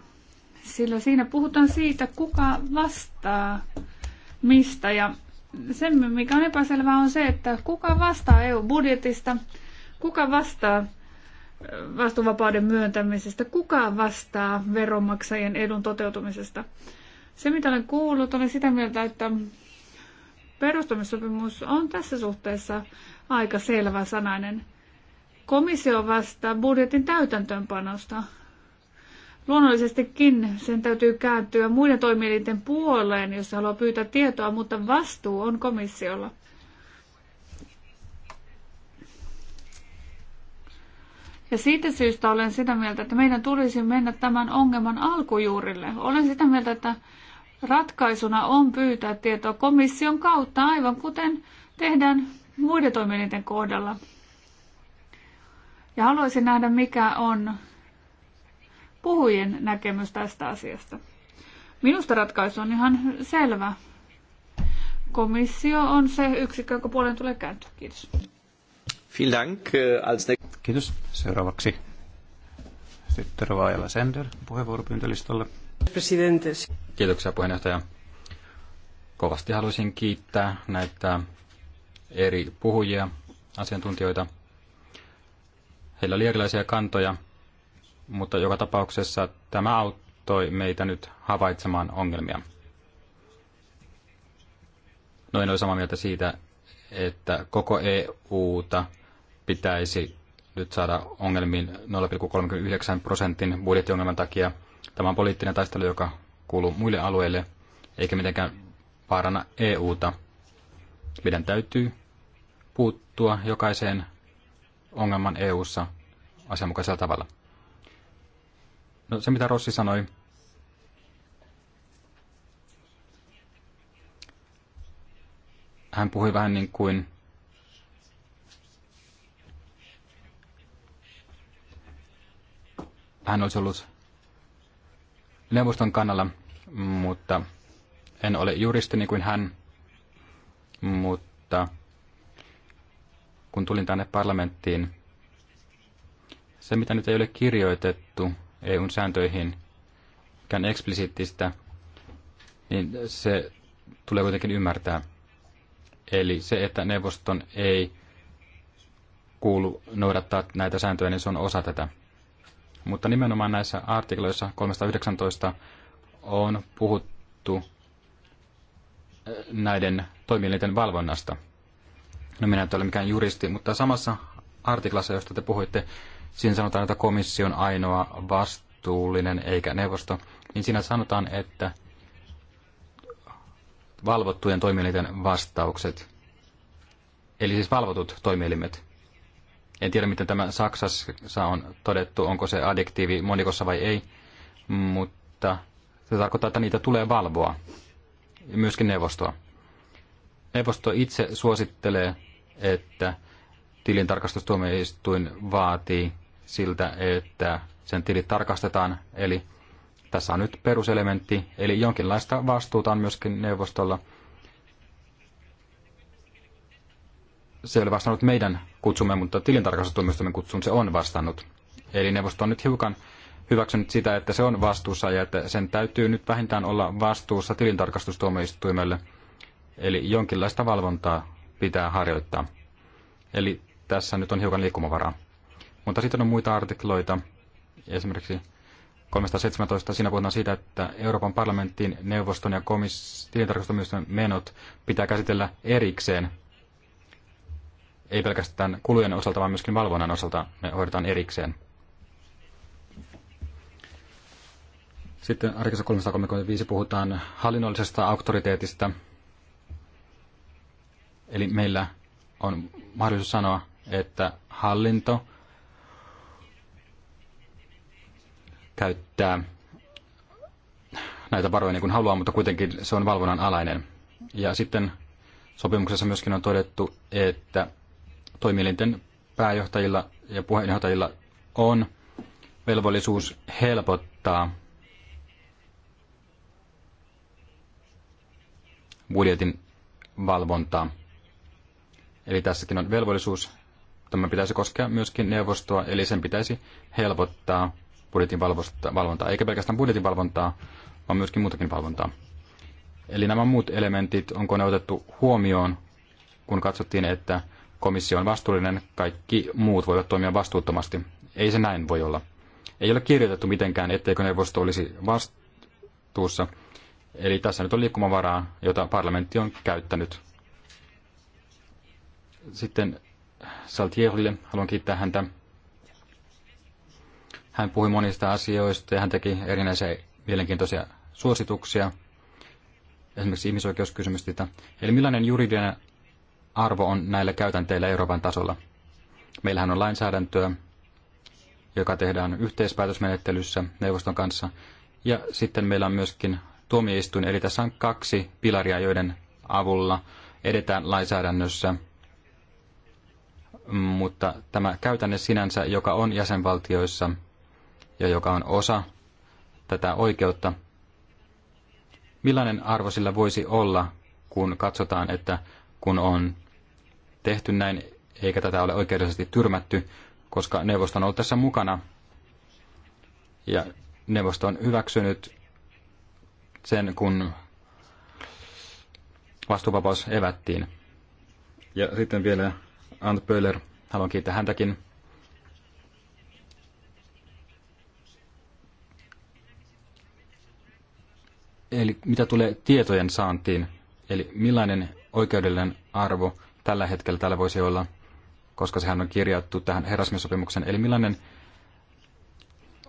sillä siinä puhutaan siitä, kuka vastaa mistä. Ja se, mikä on epäselvää, on se, että kuka vastaa EU-budjetista, kuka vastaa vastuvapauden myöntämisestä, kuka vastaa veronmaksajien edun toteutumisesta. Se, mitä olen kuullut, olen sitä mieltä, että perustamissopimus on tässä suhteessa aika selvä sanainen. Komissio vastaa budjetin täytäntöönpanosta. Luonnollisestikin sen täytyy kääntyä muiden toimielinten puoleen, jos haluaa pyytää tietoa, mutta vastuu on komissiolla. Ja siitä syystä olen sitä mieltä, että meidän tulisi mennä tämän ongelman alkujuurille. Olen sitä mieltä, että ratkaisuna on pyytää tietoa komission kautta, aivan kuten tehdään muiden toimielinten kohdalla. Ja haluaisin nähdä, mikä on puhujien näkemys tästä asiasta. Minusta ratkaisu on ihan selvä. Komissio on se yksikkö, jonka puolen tulee kääntyä. Kiitos. Äh, Kiitos. Seuraavaksi sitten Rovaajala Sender puheenvuoropyyntölistalle. Kiitoksia puheenjohtaja. Kovasti haluaisin kiittää näitä eri puhujia, asiantuntijoita. Heillä oli erilaisia kantoja mutta joka tapauksessa tämä auttoi meitä nyt havaitsemaan ongelmia. Noin en samaa mieltä siitä, että koko EUta pitäisi nyt saada ongelmiin 0,39 prosentin budjettiongelman takia. Tämä on poliittinen taistelu, joka kuuluu muille alueille, eikä mitenkään vaarana EUta. Meidän täytyy puuttua jokaiseen ongelman EUssa asianmukaisella tavalla. No se, mitä Rossi sanoi, hän puhui vähän niin kuin hän olisi ollut neuvoston kannalla, mutta en ole juristi niin kuin hän, mutta kun tulin tänne parlamenttiin, se mitä nyt ei ole kirjoitettu EUn sääntöihin, mikään eksplisiittistä, niin se tulee kuitenkin ymmärtää. Eli se, että neuvoston ei kuulu noudattaa näitä sääntöjä, niin se on osa tätä. Mutta nimenomaan näissä artikloissa 319 on puhuttu eh, näiden toimielinten valvonnasta. No minä en ole mikään juristi, mutta samassa artiklassa, josta te puhuitte, siinä sanotaan, että komissio on ainoa vastuullinen eikä neuvosto, niin siinä sanotaan, että valvottujen toimielinten vastaukset, eli siis valvotut toimielimet. En tiedä, miten tämä Saksassa on todettu, onko se adjektiivi monikossa vai ei, mutta se tarkoittaa, että niitä tulee valvoa, myöskin neuvostoa. Neuvosto itse suosittelee, että tilintarkastustuomioistuin vaatii siltä, että sen tilit tarkastetaan. Eli tässä on nyt peruselementti, eli jonkinlaista vastuuta on myöskin neuvostolla. Se ei ole vastannut meidän kutsumme, mutta tilintarkastustuomioistuimen kutsun se on vastannut. Eli neuvosto on nyt hiukan hyväksynyt sitä, että se on vastuussa ja että sen täytyy nyt vähintään olla vastuussa tilintarkastustuomioistuimelle. Eli jonkinlaista valvontaa pitää harjoittaa. Eli tässä nyt on hiukan liikkumavaraa. Mutta sitten on muita artikloita, esimerkiksi 317, siinä puhutaan siitä, että Euroopan parlamentin, neuvoston ja komis- menot pitää käsitellä erikseen. Ei pelkästään kulujen osalta, vaan myöskin valvonnan osalta ne hoidetaan erikseen. Sitten arkissa 335 puhutaan hallinnollisesta auktoriteetista. Eli meillä on mahdollisuus sanoa, että hallinto käyttää näitä varoja niin kuin haluaa, mutta kuitenkin se on valvonnan alainen. Ja sitten sopimuksessa myöskin on todettu, että toimielinten pääjohtajilla ja puheenjohtajilla on velvollisuus helpottaa budjetin valvontaa. Eli tässäkin on velvollisuus. Tämä pitäisi koskea myöskin neuvostoa, eli sen pitäisi helpottaa budjetin valvontaa, eikä pelkästään budjetin valvontaa, vaan myöskin muutakin valvontaa. Eli nämä muut elementit, onko ne otettu huomioon, kun katsottiin, että komissio on vastuullinen, kaikki muut voivat toimia vastuuttomasti. Ei se näin voi olla. Ei ole kirjoitettu mitenkään, etteikö neuvosto olisi vastuussa. Eli tässä nyt on liikkumavaraa, jota parlamentti on käyttänyt. Sitten Saltierille haluan kiittää häntä hän puhui monista asioista ja hän teki erinäisiä mielenkiintoisia suosituksia, esimerkiksi ihmisoikeuskysymystä. Eli millainen juridinen arvo on näillä käytänteillä Euroopan tasolla? Meillähän on lainsäädäntöä, joka tehdään yhteispäätösmenettelyssä neuvoston kanssa. Ja sitten meillä on myöskin tuomioistuin, eli tässä on kaksi pilaria, joiden avulla edetään lainsäädännössä. Mutta tämä käytänne sinänsä, joka on jäsenvaltioissa, ja joka on osa tätä oikeutta, millainen arvo sillä voisi olla, kun katsotaan, että kun on tehty näin, eikä tätä ole oikeudellisesti tyrmätty, koska neuvosto on ollut tässä mukana ja neuvosto on hyväksynyt sen, kun vastuuvapaus evättiin. Ja sitten vielä Ant Pöller, haluan kiittää häntäkin Eli mitä tulee tietojen saantiin, eli millainen oikeudellinen arvo tällä hetkellä tällä voisi olla, koska sehän on kirjattu tähän herrasmiessopimukseen, eli millainen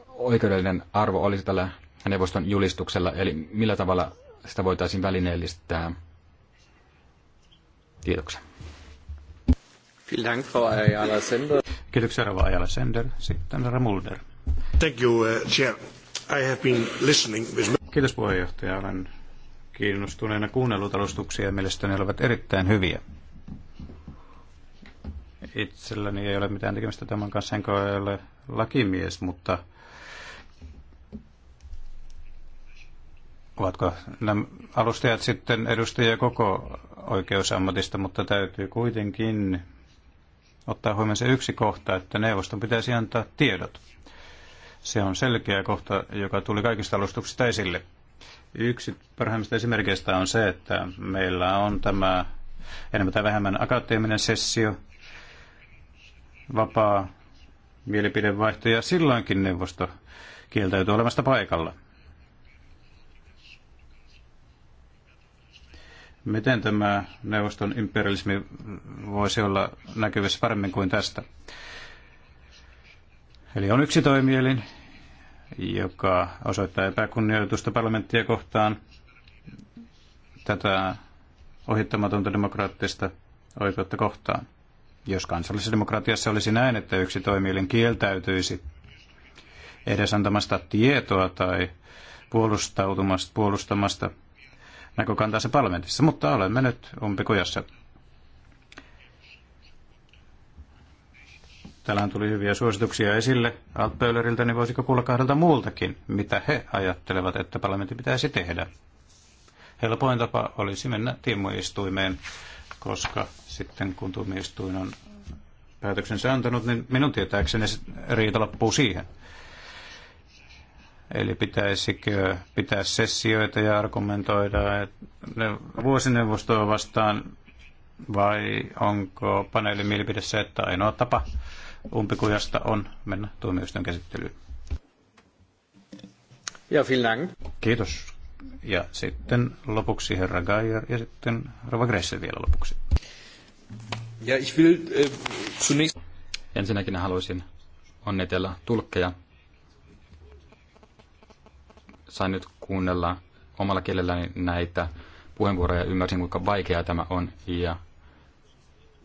oikeudellinen arvo olisi tällä neuvoston julistuksella, eli millä tavalla sitä voitaisiin välineellistää. Kiitoksia. Kiitoksia, Rova Ajala Sender. Sitten Ramulder. Thank you, uh, Chair. I have been listening with... Kiitos puheenjohtaja. Olen kiinnostuneena kuunnellut alustuksia ja mielestäni ne olivat erittäin hyviä. Itselläni ei ole mitään tekemistä tämän kanssa, enkä ole lakimies, mutta ovatko nämä alustajat sitten edustajia koko oikeusammatista, mutta täytyy kuitenkin ottaa huomioon se yksi kohta, että neuvoston pitäisi antaa tiedot se on selkeä kohta, joka tuli kaikista alustuksista esille. Yksi parhaimmista esimerkkeistä on se, että meillä on tämä enemmän tai vähemmän akateeminen sessio, vapaa mielipidevaihto, ja silloinkin neuvosto kieltäytyy olemasta paikalla. Miten tämä neuvoston imperialismi voisi olla näkyvissä paremmin kuin tästä? Eli on yksi toimielin, joka osoittaa epäkunnioitusta parlamenttia kohtaan tätä ohittamatonta demokraattista oikeutta kohtaan. Jos kansallisessa demokratiassa olisi näin, että yksi toimielin kieltäytyisi edes antamasta tietoa tai puolustautumasta, puolustamasta se parlamentissa, mutta olemme nyt umpikujassa. Täällähän tuli hyviä suosituksia esille Altpöyleriltä, niin voisiko kuulla kahdelta muultakin, mitä he ajattelevat, että parlamentti pitäisi tehdä. Helpoin tapa olisi mennä tiimoistuimeen, koska sitten kun tuomioistuin on päätöksensä antanut, niin minun tietääkseni riita loppuu siihen. Eli pitäisikö pitää sessioita ja argumentoida että ne vuosineuvostoa vastaan vai onko paneelin mielipidessä, että ainoa tapa umpikujasta on mennä tuomioistuin käsittelyyn. Ja, vielen Kiitos. Ja sitten lopuksi herra Geier ja sitten Rova Gressel vielä lopuksi. Ja, ich will, äh, zunächst... Ensinnäkin haluaisin onnitella tulkkeja. Sain nyt kuunnella omalla kielelläni näitä puheenvuoroja ja ymmärsin, kuinka vaikeaa tämä on. Ja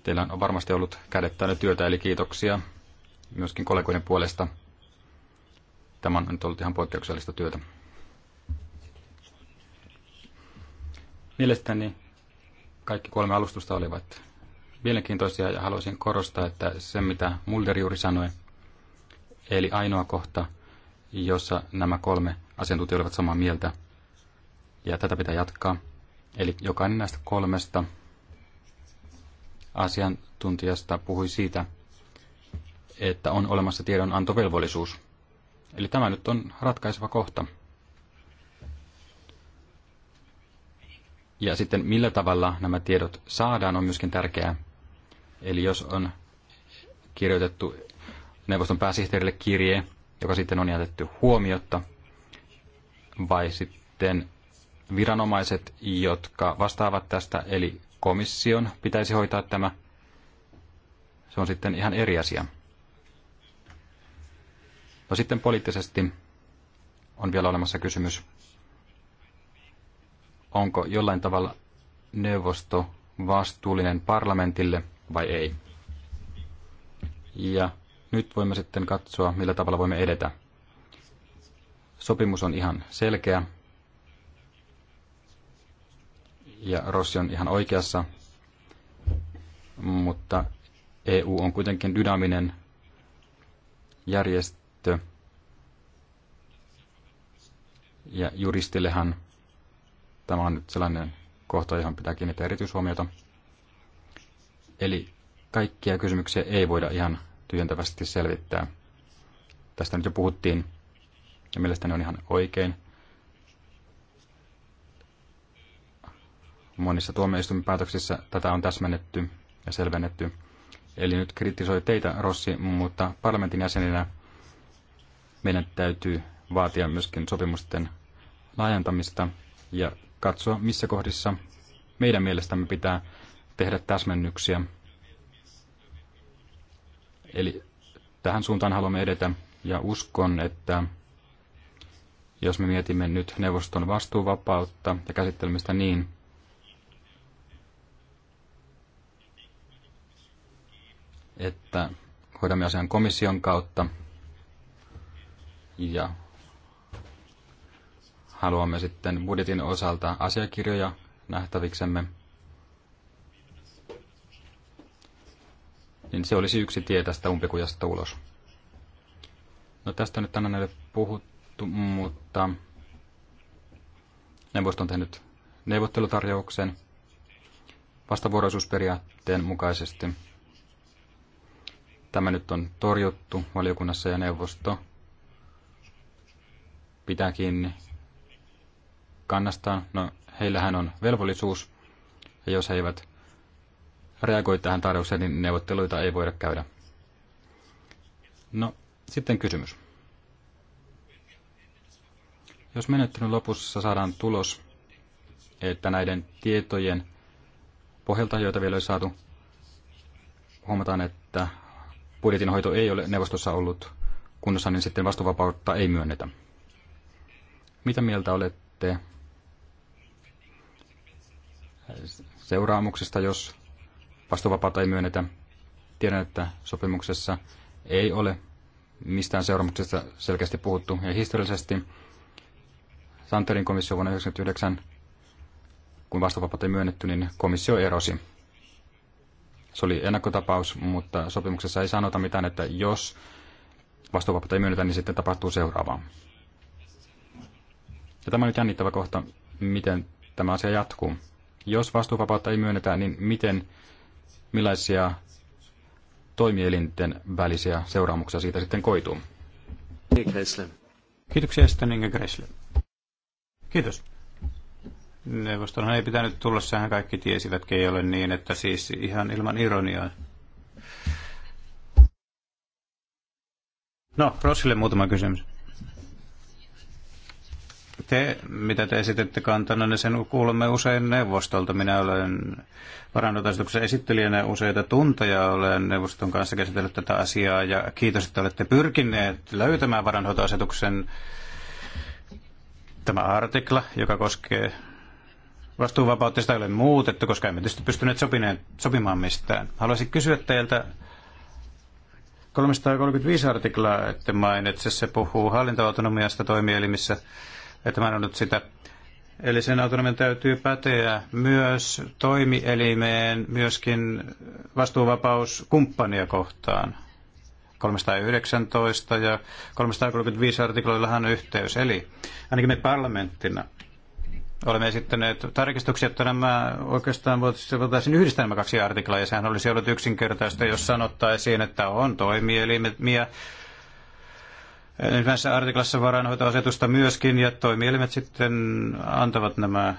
Teillä on varmasti ollut kädet täynnä työtä, eli kiitoksia myöskin kollegoiden puolesta. Tämä on nyt ollut ihan poikkeuksellista työtä. Mielestäni kaikki kolme alustusta olivat mielenkiintoisia ja haluaisin korostaa, että se mitä Mulder juuri sanoi, eli ainoa kohta, jossa nämä kolme asiantuntijaa olivat samaa mieltä, ja tätä pitää jatkaa. Eli jokainen näistä kolmesta asiantuntijasta puhui siitä, että on olemassa tiedonantovelvollisuus. Eli tämä nyt on ratkaiseva kohta. Ja sitten millä tavalla nämä tiedot saadaan on myöskin tärkeää. Eli jos on kirjoitettu neuvoston pääsihteerille kirje, joka sitten on jätetty huomiotta, vai sitten viranomaiset, jotka vastaavat tästä, eli komission pitäisi hoitaa tämä. Se on sitten ihan eri asia. No sitten poliittisesti on vielä olemassa kysymys, onko jollain tavalla neuvosto vastuullinen parlamentille vai ei. Ja nyt voimme sitten katsoa, millä tavalla voimme edetä. Sopimus on ihan selkeä, ja Rossi on ihan oikeassa, mutta EU on kuitenkin dynaaminen järjestö. Ja juristillehan tämä on nyt sellainen kohta, johon pitää kiinnittää erityishuomiota. Eli kaikkia kysymyksiä ei voida ihan tyhjentävästi selvittää. Tästä nyt jo puhuttiin, ja mielestäni on ihan oikein – Monissa päätöksissä tätä on täsmennetty ja selvennetty. Eli nyt kritisoi teitä, Rossi, mutta parlamentin jäsenenä meidän täytyy vaatia myöskin sopimusten laajentamista ja katsoa, missä kohdissa meidän mielestämme pitää tehdä täsmennyksiä. Eli tähän suuntaan haluamme edetä ja uskon, että jos me mietimme nyt neuvoston vastuuvapautta ja käsittelemistä niin, että hoidamme asian komission kautta ja haluamme sitten budjetin osalta asiakirjoja nähtäviksemme. Niin se olisi yksi tie tästä umpikujasta ulos. No tästä nyt tänään näille puhuttu, mutta neuvosto on tehnyt neuvottelutarjouksen vastavuoroisuusperiaatteen mukaisesti – Tämä nyt on torjuttu valiokunnassa ja neuvosto pitää kiinni kannastaan. No, heillähän on velvollisuus, ja jos he eivät reagoi tähän tarjoukseen, niin neuvotteluita ei voida käydä. No, sitten kysymys. Jos menettelyn lopussa saadaan tulos, että näiden tietojen pohjalta, joita vielä ei saatu, huomataan, että budjetinhoito ei ole neuvostossa ollut kunnossa, niin sitten vastuvapautta ei myönnetä. Mitä mieltä olette seuraamuksista, jos vastuvapautta ei myönnetä? Tiedän, että sopimuksessa ei ole mistään seuraamuksesta selkeästi puhuttu. Ja historiallisesti Santerin komissio vuonna 1999, kun vastuvapautta ei myönnetty, niin komissio erosi. Se oli ennakkotapaus, mutta sopimuksessa ei sanota mitään, että jos vastuuvapautta ei myönnetä, niin sitten tapahtuu seuraavaa. Ja tämä on nyt jännittävä kohta, miten tämä asia jatkuu. Jos vastuuvapautta ei myönnetä, niin miten, millaisia toimielinten välisiä seuraamuksia siitä sitten koituu? Kiitoksia, Stenning ja Kiitos. Neuvostonhan ei pitänyt tulla, sehän kaikki tiesivätkin, ei ole niin, että siis ihan ilman ironiaa. No, Rossille muutama kysymys. Te, mitä te esitette kantana, niin sen kuulemme usein neuvostolta. Minä olen varannotasituksen esittelijänä useita tunteja, olen neuvoston kanssa käsitellyt tätä asiaa ja kiitos, että olette pyrkineet löytämään varanhoitoasetuksen tämä artikla, joka koskee Vastuuvapautta sitä ei ole muutettu, koska emme tietysti pystyneet sopimaan mistään. Haluaisin kysyä teiltä 335 artiklaa, että mainitse, se puhuu hallintoautonomiasta toimielimissä, että mä en nyt sitä. Eli sen autonomian täytyy päteä myös toimielimeen, myöskin vastuuvapaus kumppania kohtaan. 319 ja 335 artikloillahan on yhteys. Eli ainakin me parlamenttina – Olemme esittäneet tarkistuksia, että nämä oikeastaan voitaisiin yhdistää nämä kaksi artiklaa, ja sehän olisi ollut yksinkertaista, jos sanottaisiin, että on toimielimiä, Ensimmäisessä artiklassa varainhoitoasetusta myöskin, ja toimielimet sitten antavat nämä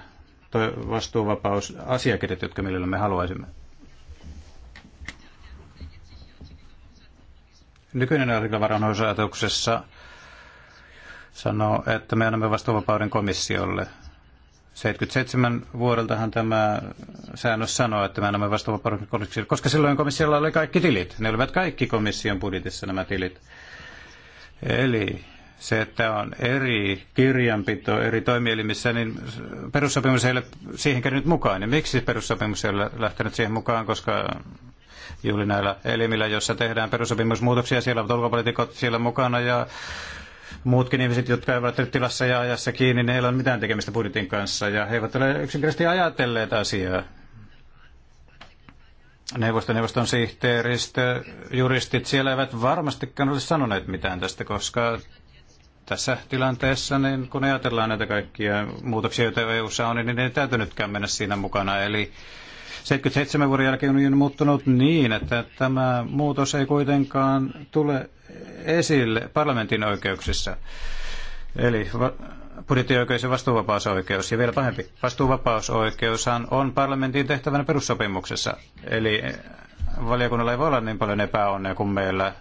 vastuuvapausasiakirjat, jotka millä me haluaisimme. Nykyinen artikla varainhoitoasetuksessa sanoo, että me annamme vastuuvapauden komissiolle – 77 vuodeltahan tämä säännös sanoo, että mä nämä vastaava komissiolle, koska silloin komissiolla oli kaikki tilit. Ne olivat kaikki komission budjetissa nämä tilit. Eli se, että on eri kirjanpito eri toimielimissä, niin perussopimus ei ole siihen käynyt mukaan. Ja niin miksi perussopimus ei ole lähtenyt siihen mukaan, koska juuri näillä elimillä, joissa tehdään perussopimusmuutoksia, siellä on ulkopolitiikot siellä mukana ja muutkin ihmiset, jotka eivät ole tilassa ja ajassa kiinni, ne niin ei ole mitään tekemistä budjetin kanssa ja he eivät ole yksinkertaisesti ajatelleet asiaa. Neuvostoneuvoston sihteeristö, juristit siellä eivät varmastikaan ole sanoneet mitään tästä, koska tässä tilanteessa, niin kun ajatellaan näitä kaikkia muutoksia, joita EUssa on, niin ne ei täytynytkään mennä siinä mukana. Eli 77 vuoden jälkeen unioni on muuttunut niin, että tämä muutos ei kuitenkaan tule esille parlamentin oikeuksissa. Eli va- budjettioikeus ja vastuuvapausoikeus. Ja vielä pahempi, vastuuvapausoikeushan on parlamentin tehtävänä perussopimuksessa. Eli eh, valiokunnalla ei voi olla niin paljon epäonnea kuin meillä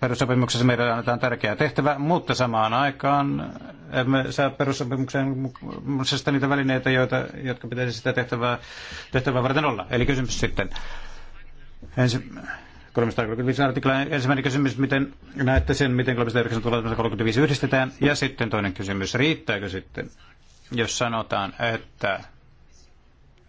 perussopimuksessa meidän annetaan tärkeä tehtävä, mutta samaan aikaan emme saa perussopimuksen mukaisesti niitä välineitä, joita, jotka pitäisi sitä tehtävää, tehtävää varten olla. Eli kysymys sitten. Ensi, 335 artikla. Ensimmäinen kysymys, miten näette sen, miten 335 yhdistetään? Ja sitten toinen kysymys, riittääkö sitten, jos sanotaan, että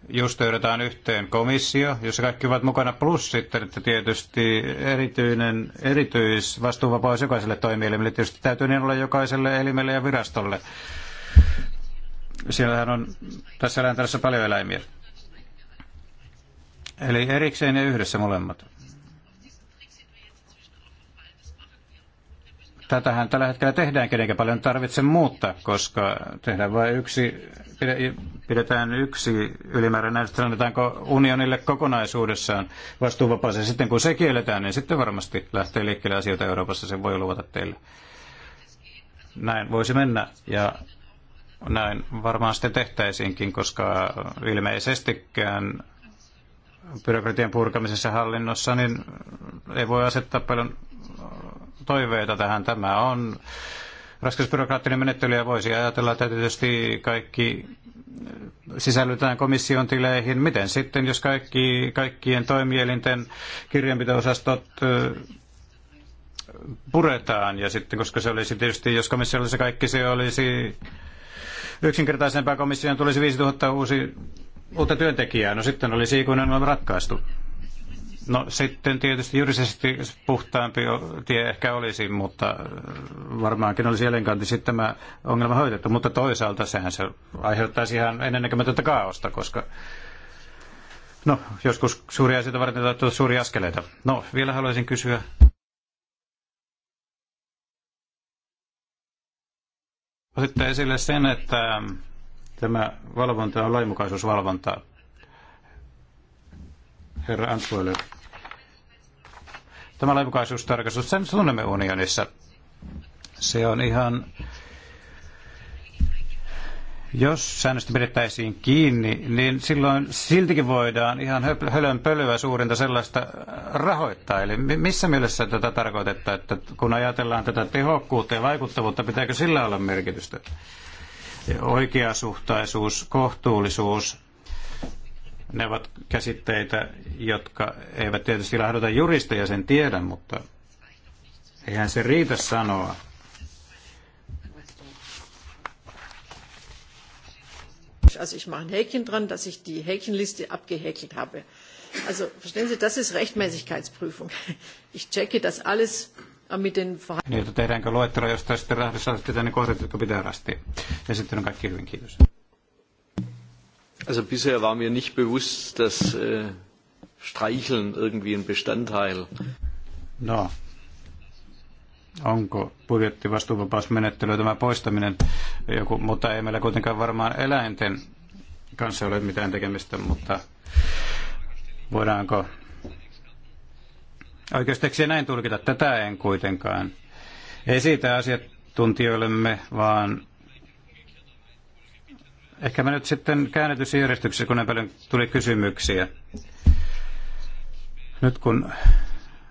jos töydetään yhteen komissio, jossa kaikki ovat mukana, plus sitten, että tietysti erityinen, erityisvastuuvapaus jokaiselle toimielimelle, tietysti täytyy niin olla jokaiselle elimelle ja virastolle. Siellähän on tässä eläintarassa paljon eläimiä. Eli erikseen ja yhdessä molemmat. Tätähän tällä hetkellä tehdäänkin, kenenkä paljon tarvitse muuttaa, koska tehdään vain yksi, pidetään yksi ylimääräinen, että annetaanko unionille kokonaisuudessaan vastuuvapaus. Ja sitten kun se kielletään, niin sitten varmasti lähtee liikkeelle asioita Euroopassa, sen voi luvata teille. Näin voisi mennä ja näin varmaan sitten tehtäisiinkin, koska ilmeisestikään byrokratian purkamisessa hallinnossa, niin ei voi asettaa paljon toiveita tähän. Tämä on raskas byrokraattinen menettely ja voisi ajatella, että tietysti kaikki eh, sisällytetään komission tileihin. Miten sitten, jos kaikki, kaikkien toimielinten kirjanpito-osastot eh, puretaan ja sitten, koska se olisi tietysti, jos komissio olisi kaikki, se olisi yksinkertaisempaa komission tulisi 5000 uusi, uutta työntekijää. No sitten olisi ikuinen ratkaistu. No sitten tietysti juridisesti puhtaampi tie ehkä olisi, mutta äh, varmaankin olisi elinkaanti sitten tämä ongelma hoitettu. Mutta toisaalta sehän se aiheuttaisi ihan ennennäkemätöntä kaaosta, koska no, joskus suuria asioita varten täytyy suuria askeleita. No, vielä haluaisin kysyä Otitte esille sen, että ähm, tämä valvonta on laimukaisuusvalvonta, Herra Antwoiler, Tämä lainmukaisuustarkastus, sen tunnemme unionissa. Se on ihan jos säännöstä pidettäisiin kiinni, niin silloin siltikin voidaan ihan pölyä suurinta sellaista rahoittaa. Eli missä mielessä tätä tarkoitetta, että kun ajatellaan tätä tehokkuutta ja vaikuttavuutta, pitääkö sillä olla merkitystä? Oikeasuhtaisuus, kohtuullisuus, ne ovat käsitteitä, jotka eivät tietysti lahduta juristeja, sen tiedä, mutta eihän se riitä sanoa. Also ich mache ein Häkchen dran, dass ich die Häkchenliste abgehäkelt habe. Also verstehen Sie, das ist Rechtmäßigkeitsprüfung. Ich checke das alles mit den Verhandlungen. Niitä tehdäänkö luettelo, jos tästä rahdessa pitää ne Ja sitten on kaikki hyvin, kiitos. Also bisher war mir nicht bewusst, dass äh, Streicheln irgendwie ein Bestandteil. No. Onko budjettivastuuvapausmenettely tämä poistaminen, joku, mutta ei meillä kuitenkaan varmaan eläinten kanssa ole mitään tekemistä, mutta voidaanko oikeusteksiä näin tulkita? Tätä en kuitenkaan. Ei siitä asiantuntijoillemme, vaan Ehkä mä nyt sitten käännetysjärjestyksessä, kun näin paljon tuli kysymyksiä. Nyt kun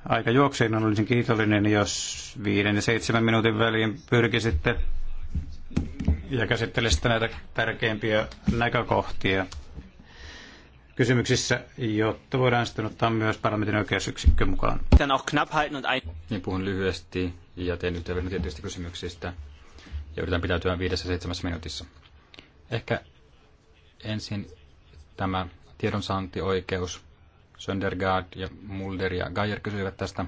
aika juoksee, niin olisin kiitollinen, jos viiden ja seitsemän minuutin väliin pyrkisitte ja käsittelisitte näitä tärkeimpiä näkökohtia kysymyksissä, jotta voidaan sitten ottaa myös parlamentin oikeusyksikkö mukaan. Niin puhun lyhyesti ja teen yhteenvedon tietysti kysymyksistä ja yritän pitäytyä viidessä seitsemässä minuutissa. Ehkä ensin tämä tiedonsaantioikeus. Söndergaard ja Mulder ja Geyer kysyivät tästä.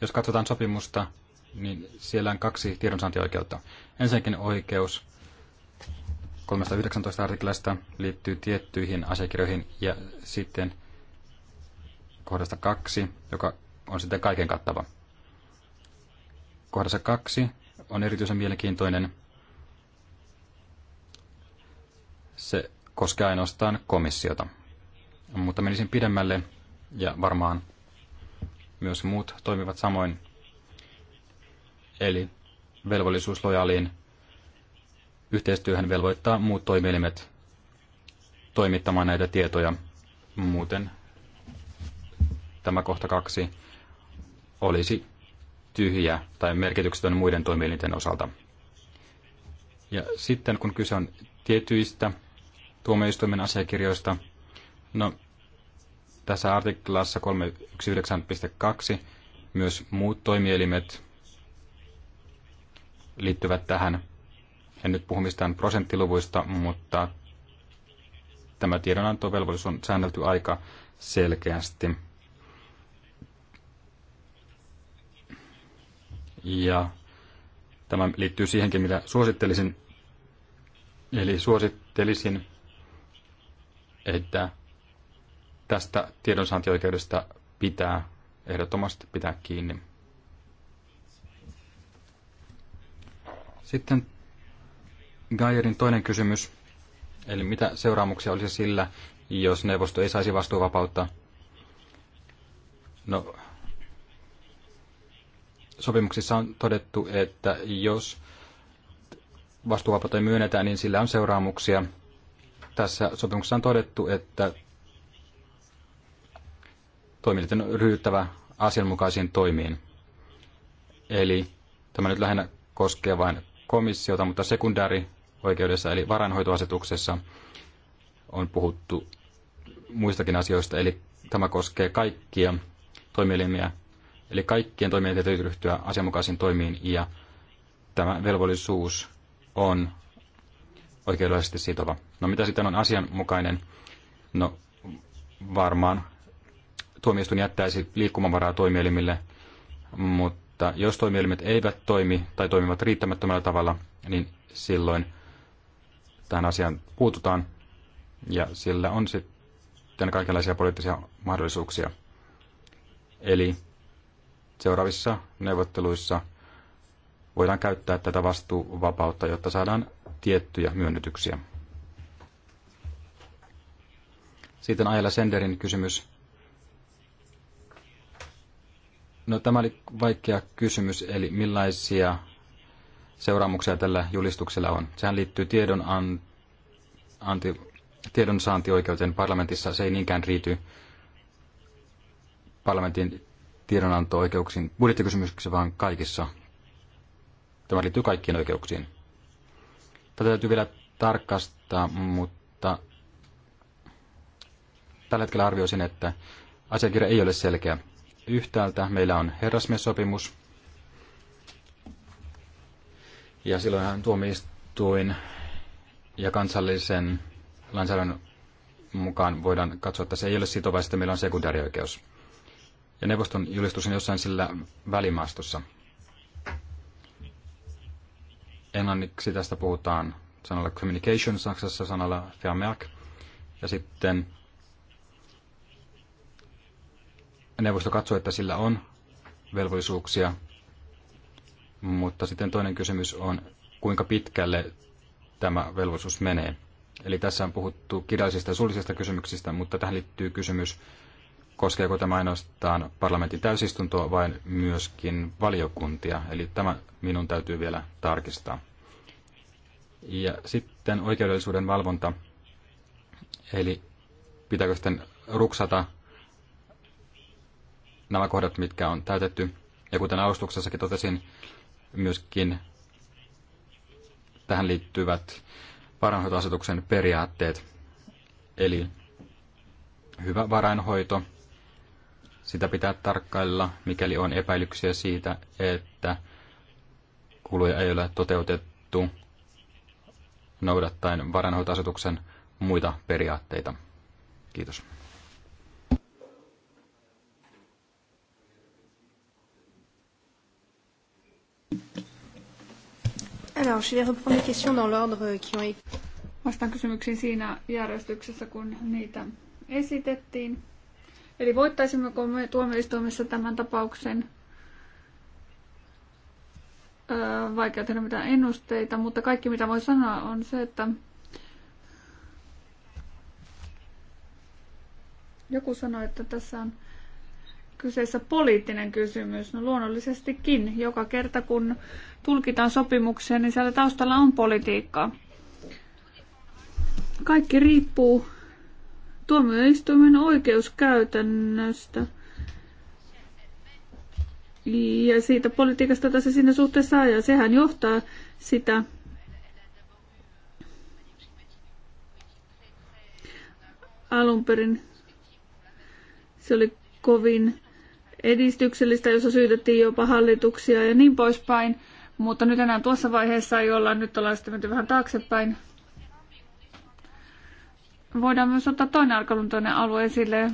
Jos katsotaan sopimusta, niin siellä on kaksi tiedonsaantioikeutta. Ensinnäkin oikeus 319 artiklasta liittyy tiettyihin asiakirjoihin ja sitten kohdasta kaksi, joka on sitten kaiken kattava. Kohdassa kaksi on erityisen mielenkiintoinen. Se koskee ainoastaan komissiota. Mutta menisin pidemmälle ja varmaan myös muut toimivat samoin. Eli velvollisuus lojaaliin yhteistyöhön velvoittaa muut toimielimet toimittamaan näitä tietoja. Muuten tämä kohta kaksi olisi tyhjä tai merkityksetön muiden toimielinten osalta. Ja sitten kun kyse on tietyistä tuomioistuimen asiakirjoista, no tässä artiklassa 319.2 myös muut toimielimet liittyvät tähän. En nyt puhu mistään prosenttiluvuista, mutta tämä tiedonantovelvollisuus on säännelty aika selkeästi. ja tämä liittyy siihenkin, mitä suosittelisin. Eli suosittelisin, että tästä tiedonsaantioikeudesta pitää ehdottomasti pitää kiinni. Sitten Gaierin toinen kysymys, eli mitä seuraamuksia olisi sillä, jos neuvosto ei saisi vastuuvapautta? No, sopimuksissa on todettu, että jos vastuuvapautta myönnetään, niin sillä on seuraamuksia. Tässä sopimuksessa on todettu, että toimijat on ryhdyttävä asianmukaisiin toimiin. Eli tämä nyt lähinnä koskee vain komissiota, mutta sekundääri oikeudessa eli varainhoitoasetuksessa on puhuttu muistakin asioista, eli tämä koskee kaikkia toimielimiä Eli kaikkien toimijoiden täytyy ryhtyä asianmukaisiin toimiin ja tämä velvollisuus on oikeudellisesti sitova. No mitä sitten on asianmukainen? No varmaan tuomioistuin jättäisi liikkumavaraa toimielimille, mutta jos toimielimet eivät toimi tai toimivat riittämättömällä tavalla, niin silloin tähän asiaan puututaan ja sillä on sitten kaikenlaisia poliittisia mahdollisuuksia. Eli seuraavissa neuvotteluissa voidaan käyttää tätä vastuuvapautta, jotta saadaan tiettyjä myönnytyksiä. Sitten Ajala Senderin kysymys. No, tämä oli vaikea kysymys, eli millaisia seuraamuksia tällä julistuksella on. Sehän liittyy tiedon an, anti, tiedonsaantioikeuteen parlamentissa. Se ei niinkään riity parlamentin tiedonanto-oikeuksiin budjettikysymyksissä, vaan kaikissa. Tämä liittyy kaikkiin oikeuksiin. Tätä täytyy vielä tarkastaa, mutta tällä hetkellä arvioisin, että asiakirja ei ole selkeä. Yhtäältä meillä on herrasmiesopimus, ja silloinhan tuomioistuin ja kansallisen lainsäädännön mukaan voidaan katsoa, että se ei ole sitovaa, sitten meillä on sekundäärioikeus ja neuvoston julistus on jossain sillä välimaastossa. Englanniksi tästä puhutaan sanalla communication, Saksassa sanalla Vermerk, ja sitten neuvosto katsoo, että sillä on velvollisuuksia, mutta sitten toinen kysymys on, kuinka pitkälle tämä velvollisuus menee. Eli tässä on puhuttu kirjallisista ja suullisista kysymyksistä, mutta tähän liittyy kysymys koskeeko tämä ainoastaan parlamentin täysistuntoa vai myöskin valiokuntia. Eli tämä minun täytyy vielä tarkistaa. Ja sitten oikeudellisuuden valvonta. Eli pitääkö sitten ruksata nämä kohdat, mitkä on täytetty. Ja kuten alustuksessakin totesin, myöskin tähän liittyvät varainhoitoasetuksen periaatteet. Eli hyvä varainhoito – sitä pitää tarkkailla, mikäli on epäilyksiä siitä, että kuluja ei ole toteutettu noudattaen varanhoitoasetuksen muita periaatteita. Kiitos. Alors, je vais reprendre les questions dans l'ordre qui ont été... Vastaan kysymyksiin siinä järjestyksessä, kun niitä esitettiin. Eli voittaisimmeko me tuomioistuimessa tämän tapauksen öö, vaikea tehdä mitään ennusteita, mutta kaikki mitä voi sanoa on se, että joku sanoi, että tässä on kyseessä poliittinen kysymys. No luonnollisestikin, joka kerta kun tulkitaan sopimuksia, niin siellä taustalla on politiikkaa. Kaikki riippuu tuomioistuimen oikeuskäytännöstä ja siitä politiikasta, jota se siinä suhteessa ajaa. Sehän johtaa sitä alun perin se oli kovin edistyksellistä, jossa syytettiin jopa hallituksia ja niin poispäin. Mutta nyt enää tuossa vaiheessa ei olla, nyt ollaan sitten menty vähän taaksepäin voidaan myös ottaa toinen arkaluontoinen alue esille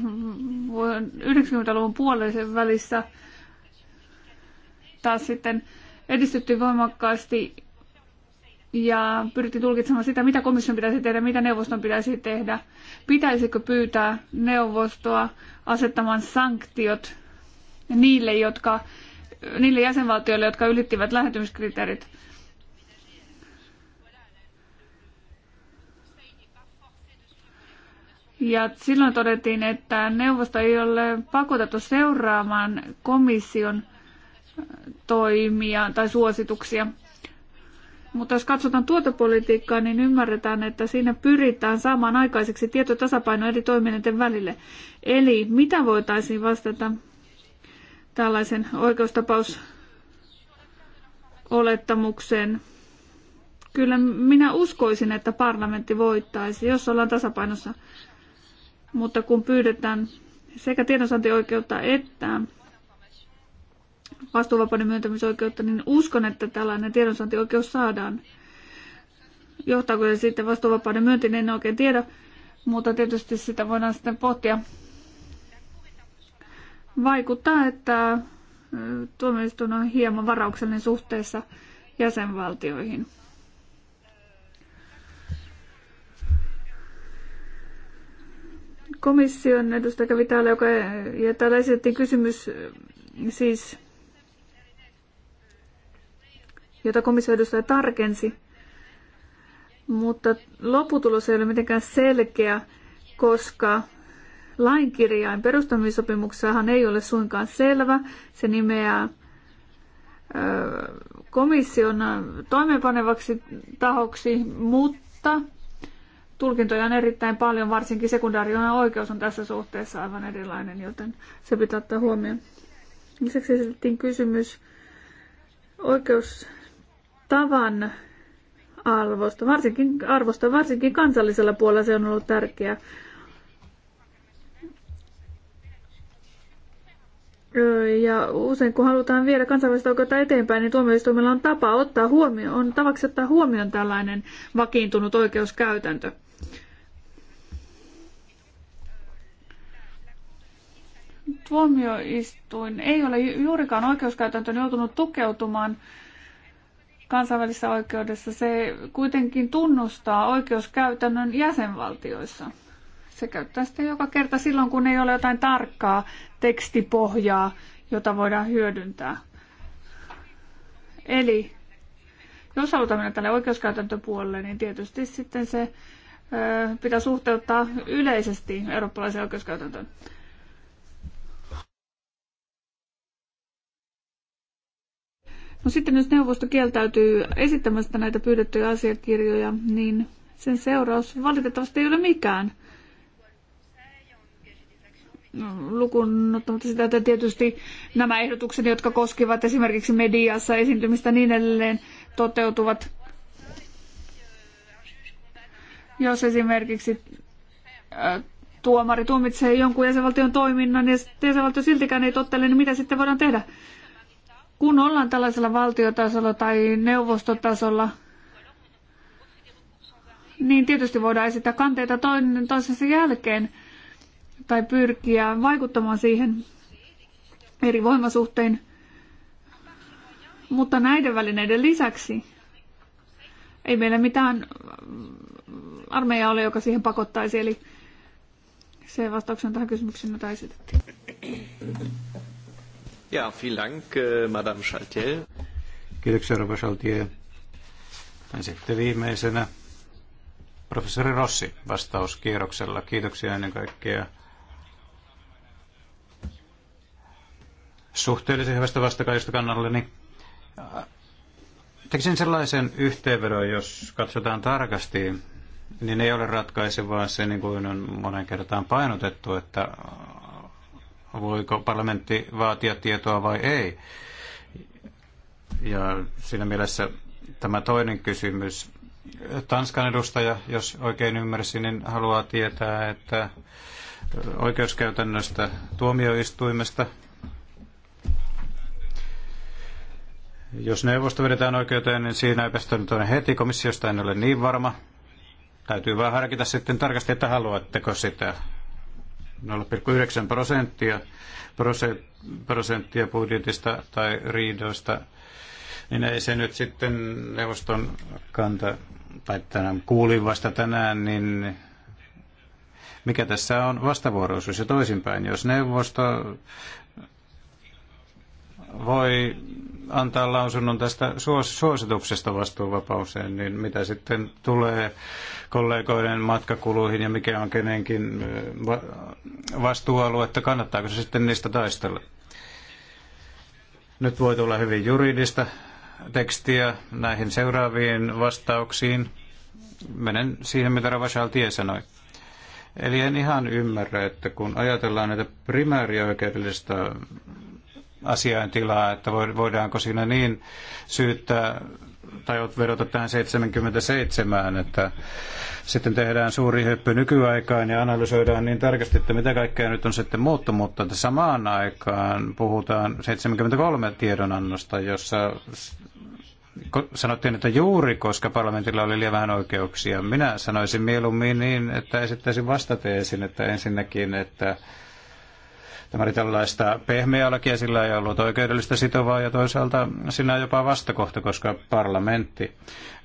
90-luvun puolisen välissä. Taas sitten edistyttiin voimakkaasti ja pyrittiin tulkitsemaan sitä, mitä komission pitäisi tehdä, mitä neuvoston pitäisi tehdä. Pitäisikö pyytää neuvostoa asettamaan sanktiot niille, jotka, niille jäsenvaltioille, jotka ylittivät lähetymiskriteerit? Ja silloin todettiin, että neuvosto ei ole pakotettu seuraamaan komission äh, toimia tai suosituksia. Mutta jos katsotaan tuotopolitiikkaa, niin ymmärretään, että siinä pyritään saamaan aikaiseksi tietotasapaino eri toimijoiden välille. Eli mitä voitaisiin vastata tällaisen oikeustapaus olettamukseen? Kyllä minä uskoisin, että parlamentti voittaisi, jos ollaan tasapainossa mutta kun pyydetään sekä tiedonsaantioikeutta että vastuuvapauden myöntämisoikeutta, niin uskon, että tällainen tiedonsaantioikeus saadaan. Johtaako se sitten vastuuvapauden myönti, niin en oikein tiedä, mutta tietysti sitä voidaan sitten pohtia. Vaikuttaa, että tuomioistuin on hieman varauksellinen suhteessa jäsenvaltioihin. Komission edustaja kävi täällä, joka, ja täällä esitettiin kysymys siis, jota komission edustaja tarkensi, mutta lopputulos ei ole mitenkään selkeä, koska lainkirjain perustamissopimuksessahan ei ole suinkaan selvä. Se nimeää komission toimeenpanevaksi tahoksi, mutta tulkintoja on erittäin paljon, varsinkin sekundaarinen oikeus on tässä suhteessa aivan erilainen, joten se pitää ottaa huomioon. Lisäksi esitettiin kysymys oikeustavan arvosta, varsinkin, arvosta, varsinkin kansallisella puolella se on ollut tärkeää Ja usein kun halutaan viedä kansainvälistä oikeutta eteenpäin, niin tuomioistuimella on tapa ottaa huomioon, on tavaksi ottaa huomioon tällainen vakiintunut oikeuskäytäntö. Tuomioistuin ei ole juurikaan oikeuskäytäntöön joutunut tukeutumaan kansainvälisessä oikeudessa. Se kuitenkin tunnustaa oikeuskäytännön jäsenvaltioissa – se käyttää sitä joka kerta silloin, kun ei ole jotain tarkkaa tekstipohjaa, jota voidaan hyödyntää. Eli jos halutaan mennä tälle oikeuskäytäntöpuolelle, niin tietysti sitten se ö, pitää suhteuttaa yleisesti eurooppalaisen oikeuskäytäntöön. No sitten jos neuvosto kieltäytyy esittämästä näitä pyydettyjä asiakirjoja, niin sen seuraus valitettavasti ei ole mikään lukuun ottamatta sitä, että tietysti nämä ehdotukset, jotka koskivat esimerkiksi mediassa esiintymistä niin edelleen, toteutuvat. Jos esimerkiksi äh, tuomari tuomitsee jonkun jäsenvaltion toiminnan ja jäsenvaltio siltikään ei tottele, niin mitä sitten voidaan tehdä? Kun ollaan tällaisella valtiotasolla tai neuvostotasolla, niin tietysti voidaan esittää kanteita toinen toisensa jälkeen – tai pyrkiä vaikuttamaan siihen eri voimasuhtein. Mutta näiden välineiden lisäksi ei meillä mitään armeija ole, joka siihen pakottaisi. Eli se vastauksena tähän kysymykseen, jota esitettiin. Ja, vielen Dank, äh, Madame Chaltier. Kiitoksia, Rova Chaltier. Ja sitten viimeisenä professori Rossi vastauskierroksella. Kiitoksia ennen kaikkea suhteellisen hyvästä vastakaista niin äh, Tekisin sellaisen yhteenvedon, jos katsotaan tarkasti, niin ei ole ratkaisevaa se, niin kuin on monen kertaan painotettu, että äh, voiko parlamentti vaatia tietoa vai ei. Ja siinä mielessä tämä toinen kysymys. Tanskan edustaja, jos oikein ymmärsin, niin haluaa tietää, että äh, oikeuskäytännöstä tuomioistuimesta Jos neuvosto vedetään oikeuteen, niin siinä ei päästä nyt heti. Komissiosta en ole niin varma. Täytyy vähän harkita sitten tarkasti, että haluatteko sitä. 0,9 prosenttia, prosenttia budjetista tai riidoista, niin ei se nyt sitten neuvoston kanta, tai tänään kuulin vasta tänään, niin mikä tässä on vastavuoroisuus ja toisinpäin. Jos neuvosto voi antaa lausunnon tästä suosituksesta vastuuvapauseen, niin mitä sitten tulee kollegoiden matkakuluihin ja mikä on kenenkin että kannattaako se sitten niistä taistella? Nyt voi tulla hyvin juridista tekstiä näihin seuraaviin vastauksiin. Menen siihen, mitä tie sanoi. Eli en ihan ymmärrä, että kun ajatellaan näitä primäärioikeudellista asiaintilaa, että voidaanko siinä niin syyttää tai vedota tähän 77, että sitten tehdään suuri hyppy nykyaikaan ja analysoidaan niin tarkasti, että mitä kaikkea nyt on sitten muuttu, mutta samaan aikaan puhutaan 73 tiedonannosta, jossa sanottiin, että juuri koska parlamentilla oli liian vähän oikeuksia. Minä sanoisin mieluummin niin, että esittäisin vastateesin, että ensinnäkin, että Tämä oli tällaista pehmeää lakia, sillä ei ollut oikeudellista sitovaa ja toisaalta sinä on jopa vastakohta, koska parlamentti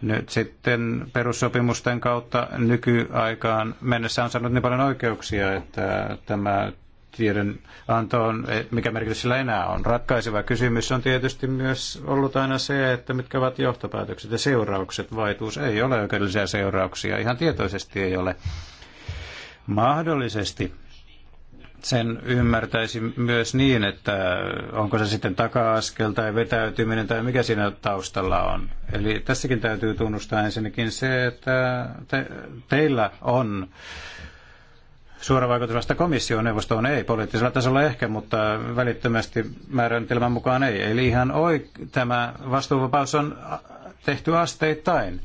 nyt sitten perussopimusten kautta nykyaikaan mennessä on saanut niin paljon oikeuksia, että tämä tiedon antoon, mikä merkitys sillä enää on. Ratkaiseva kysymys on tietysti myös ollut aina se, että mitkä ovat johtopäätökset ja seuraukset. Vaituus ei ole oikeudellisia seurauksia, ihan tietoisesti ei ole. Mahdollisesti sen ymmärtäisi myös niin, että onko se sitten taka-askel tai vetäytyminen tai mikä siinä taustalla on. Eli tässäkin täytyy tunnustaa ensinnäkin se, että te, teillä on suora vaikutus vasta komissioon, neuvostoon ei, poliittisella tasolla ehkä, mutta välittömästi määräntelmän mukaan ei. Eli ihan oikein tämä vastuuvapaus on tehty asteittain.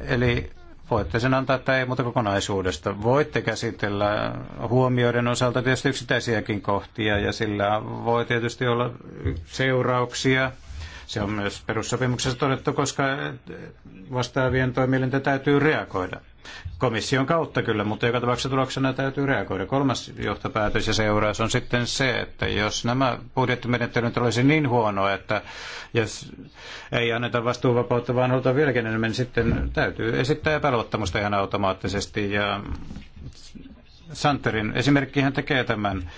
Eli Voitte sen antaa tai ei, muuta kokonaisuudesta. Voitte käsitellä huomioiden osalta tietysti yksittäisiäkin kohtia ja sillä voi tietysti olla seurauksia. Se on myös perussopimuksessa todettu, koska vastaavien toimielinten täytyy reagoida komission kautta kyllä, mutta joka tapauksessa tuloksena täytyy reagoida. Kolmas johtopäätös ja seuraus on sitten se, että jos nämä budjettimenettelyt olisi niin huono, että jos ei anneta vastuuvapautta, vaan halutaan vieläkin enemmän, niin sitten täytyy esittää epäluottamusta ihan automaattisesti. Ja Santerin esimerkki hän tekee tämän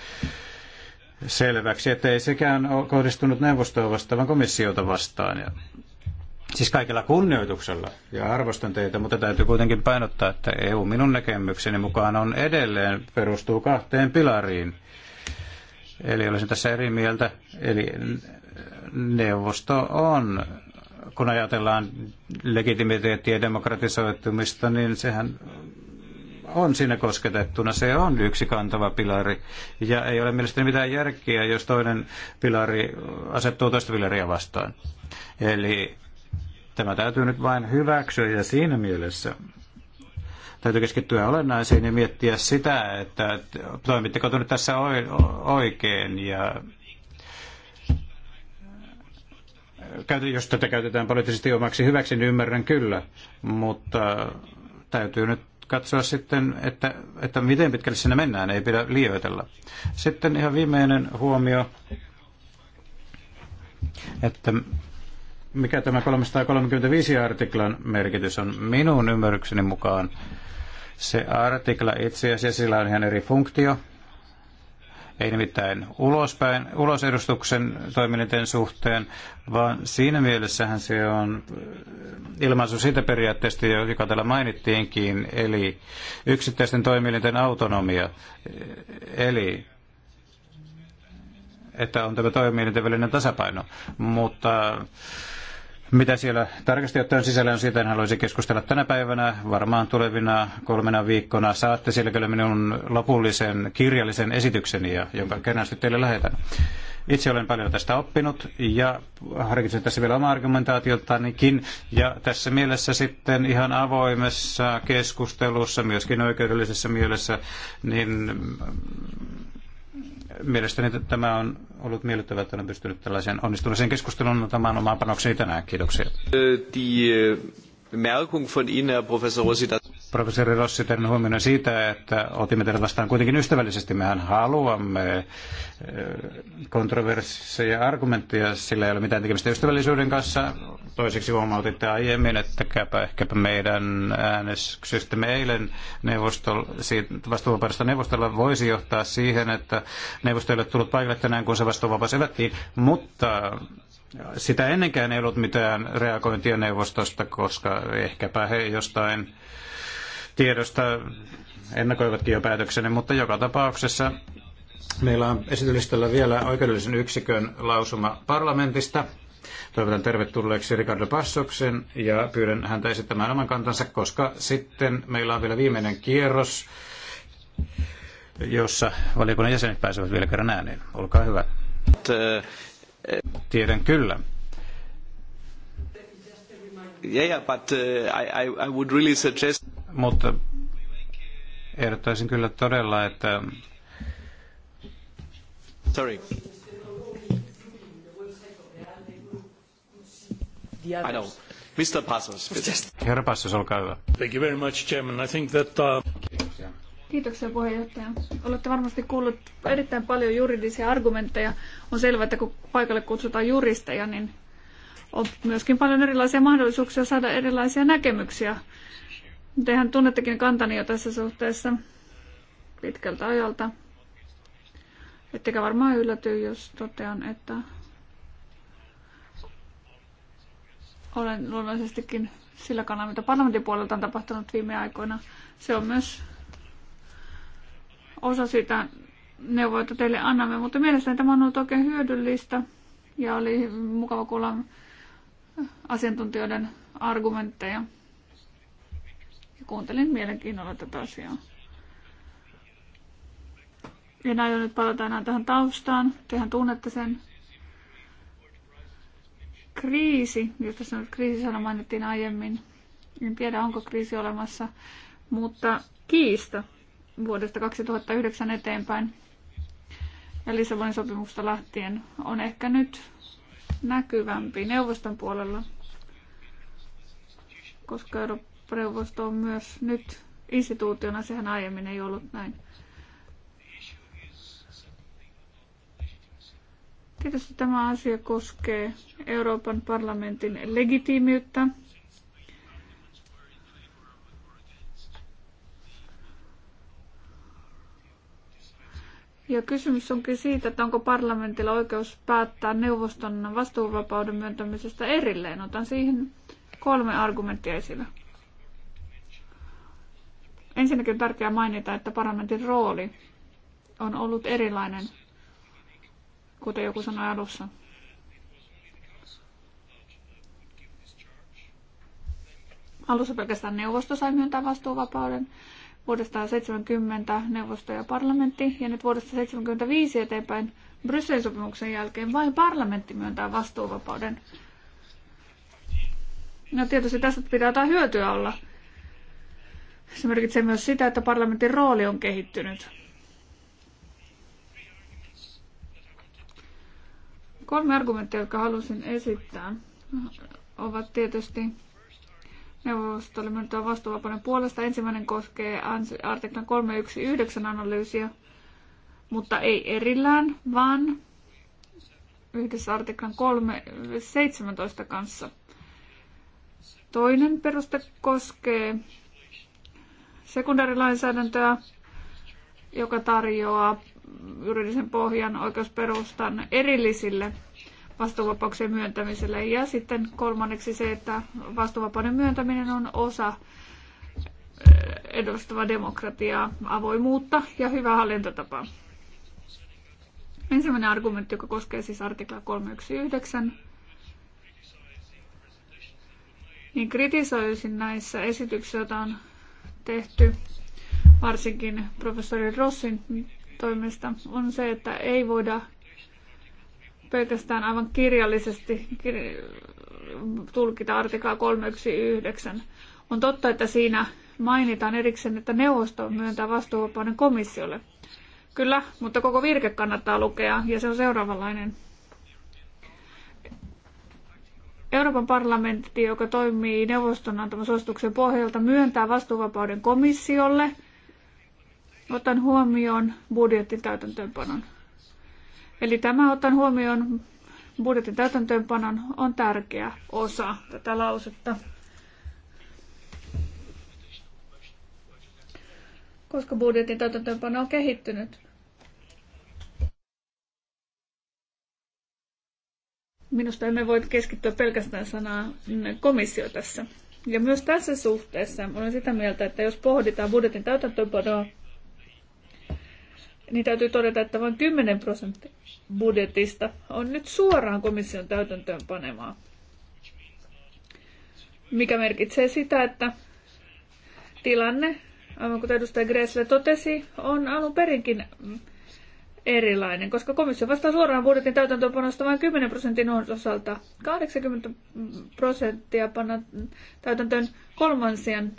selväksi, että ei sekään ole kohdistunut neuvostoa vastaan, vaan komissiota vastaan. Ja Siis kaikella kunnioituksella ja arvostan teitä, mutta täytyy kuitenkin painottaa, että EU minun näkemykseni mukaan on edelleen perustuu kahteen pilariin. Eli olisin tässä eri mieltä. Eli neuvosto on, kun ajatellaan legitimiteettiä ja demokratisoitumista, niin sehän on siinä kosketettuna. Se on yksi kantava pilari. Ja ei ole mielestäni mitään järkeä, jos toinen pilari asettuu toista pilaria vastaan. Eli Tämä täytyy nyt vain hyväksyä ja siinä mielessä täytyy keskittyä olennaisiin ja miettiä sitä, että toimitteko te nyt tässä oikein ja jos tätä käytetään poliittisesti omaksi hyväksi, niin ymmärrän kyllä, mutta täytyy nyt katsoa sitten, että, että miten pitkälle sinne mennään, ei pidä liioitella. Sitten ihan viimeinen huomio, että mikä tämä 335 artiklan merkitys on minun ymmärrykseni mukaan. Se artikla itse asiassa sillä on ihan eri funktio. Ei nimittäin ulospäin, ulosedustuksen toiminnan suhteen, vaan siinä mielessähän se on ilmaisu siitä periaatteesta, joka täällä mainittiinkin, eli yksittäisten toiminnan autonomia. Eli että on tämä toimielinten välinen tasapaino. Mutta mitä siellä tarkasti ottaen sisällä on, siitä en haluaisi keskustella tänä päivänä. Varmaan tulevina kolmena viikkona saatte siellä kyllä minun lopullisen kirjallisen esitykseni, ja, jonka sitten teille lähetän. Itse olen paljon tästä oppinut ja harkitsen tässä vielä omaa argumentaatiotanikin. Ja tässä mielessä sitten ihan avoimessa keskustelussa, myöskin oikeudellisessa mielessä, niin mielestäni tämä on ollut miellyttävää, että olen pystynyt tällaisen onnistuneeseen keskusteluun antamaan omaa panokseni tänään. Kiitoksia. Äh, Professori Rossi, teidän huomioon siitä, että otimme teidät vastaan kuitenkin ystävällisesti. Mehän haluamme äh, kontroverseja argumentteja, sillä ei ole mitään tekemistä ystävällisyyden kanssa. Toiseksi huomautitte aiemmin, että ehkäpä meidän äänestyksestämme eilen vastuuvapaudesta neuvostolla voisi johtaa siihen, että neuvosto ei ole tullut paikalle tänään, kun se vastuuvapaus evättiin, mutta sitä ennenkään ei ollut mitään reagointia neuvostosta, koska ehkäpä he jostain tiedosta ennakoivatkin jo päätöksenne, mutta joka tapauksessa meillä on esitylistalla vielä oikeudellisen yksikön lausuma parlamentista Toivotan tervetulleeksi Ricardo Passoksen ja pyydän häntä esittämään oman kantansa, koska sitten meillä on vielä viimeinen kierros, jossa valiokunnan jäsenet pääsevät vielä kerran ääneen. Olkaa hyvä. Tiedän kyllä. Yeah, yeah, but uh, I, I would really suggest... Mutta ehdottaisin kyllä todella, että... Sorry. the others. I know. Mr. Passos, Herra Passos, olkaa hyvä. Thank you very much, Chairman. I think that, uh... Kiitoksia puheenjohtaja. Olette varmasti kuullut erittäin paljon juridisia argumentteja. On selvää, että kun paikalle kutsutaan juristeja, niin on myöskin paljon erilaisia mahdollisuuksia saada erilaisia näkemyksiä. Tehän tunnettekin kantani jo tässä suhteessa pitkältä ajalta. Ettekä varmaan ylläty, jos totean, että olen luonnollisestikin sillä kannalla, mitä parlamentin puolelta on tapahtunut viime aikoina. Se on myös osa sitä neuvoa, jota teille annamme, mutta mielestäni tämä on ollut oikein hyödyllistä ja oli mukava kuulla asiantuntijoiden argumentteja. Ja kuuntelin mielenkiinnolla tätä asiaa. En aio nyt palata enää tähän taustaan. Tehän tunnette sen kriisi, josta kriisi, kriisisana mainittiin aiemmin, en tiedä onko kriisi olemassa, mutta kiista vuodesta 2009 eteenpäin ja Lissabonin sopimuksesta lähtien on ehkä nyt näkyvämpi neuvoston puolella, koska Euroopan neuvosto on myös nyt instituutiona, sehän aiemmin ei ollut näin. Tietysti tämä asia koskee Euroopan parlamentin legitiimiyttä. Ja kysymys onkin siitä, että onko parlamentilla oikeus päättää neuvoston vastuuvapauden myöntämisestä erilleen. Otan siihen kolme argumenttia esille. Ensinnäkin on tärkeää mainita, että parlamentin rooli on ollut erilainen kuten joku sanoi alussa. Alussa pelkästään neuvosto sai myöntää vastuuvapauden. Vuodesta 70 neuvosto ja parlamentti, ja nyt vuodesta 75 eteenpäin Brysselin sopimuksen jälkeen vain parlamentti myöntää vastuuvapauden. No tietysti tästä pitää jotain hyötyä olla. Se merkitsee myös sitä, että parlamentin rooli on kehittynyt. Kolme argumenttia, jotka halusin esittää, ovat tietysti neuvostolle myöntöä vastuuvapauden puolesta. Ensimmäinen koskee artiklan 319 analyysiä, mutta ei erillään, vaan yhdessä artiklan 317 kanssa. Toinen peruste koskee sekundaarilainsäädäntöä, joka tarjoaa juridisen pohjan, oikeusperustan erillisille vastuuvapauksien myöntämiselle. Ja sitten kolmanneksi se, että vastuuvapauden myöntäminen on osa eh, edustavaa demokratiaa, avoimuutta ja hyvää hallintotapaa. Ensimmäinen argumentti, joka koskee siis artikla 319, niin kritisoisin näissä esityksissä, joita on tehty, varsinkin professori Rossin toimesta on se, että ei voida pelkästään aivan kirjallisesti tulkita artiklaa 319. On totta, että siinä mainitaan erikseen, että neuvosto myöntää vastuuvapauden komissiolle. Kyllä, mutta koko virke kannattaa lukea ja se on seuraavanlainen. Euroopan parlamentti, joka toimii neuvoston antaman suosituksen pohjalta, myöntää vastuuvapauden komissiolle – otan huomioon budjetin täytäntöönpanon. Eli tämä otan huomioon budjetin täytäntöönpanon on tärkeä osa tätä lausetta. Koska budjetin täytäntöönpano on kehittynyt. Minusta emme voi keskittyä pelkästään sanaan komissio tässä. Ja myös tässä suhteessa olen sitä mieltä, että jos pohditaan budjetin täytäntöönpanoa niin täytyy todeta, että vain 10 prosenttia budjetista on nyt suoraan komission täytäntöön panemaa. Mikä merkitsee sitä, että tilanne, aivan kuten edustaja Gressle totesi, on alun perinkin erilainen, koska komissio vastaa suoraan budjetin täytäntöönpanosta vain 10 prosentin osalta. 80 prosenttia pannaan täytäntöön kolmansien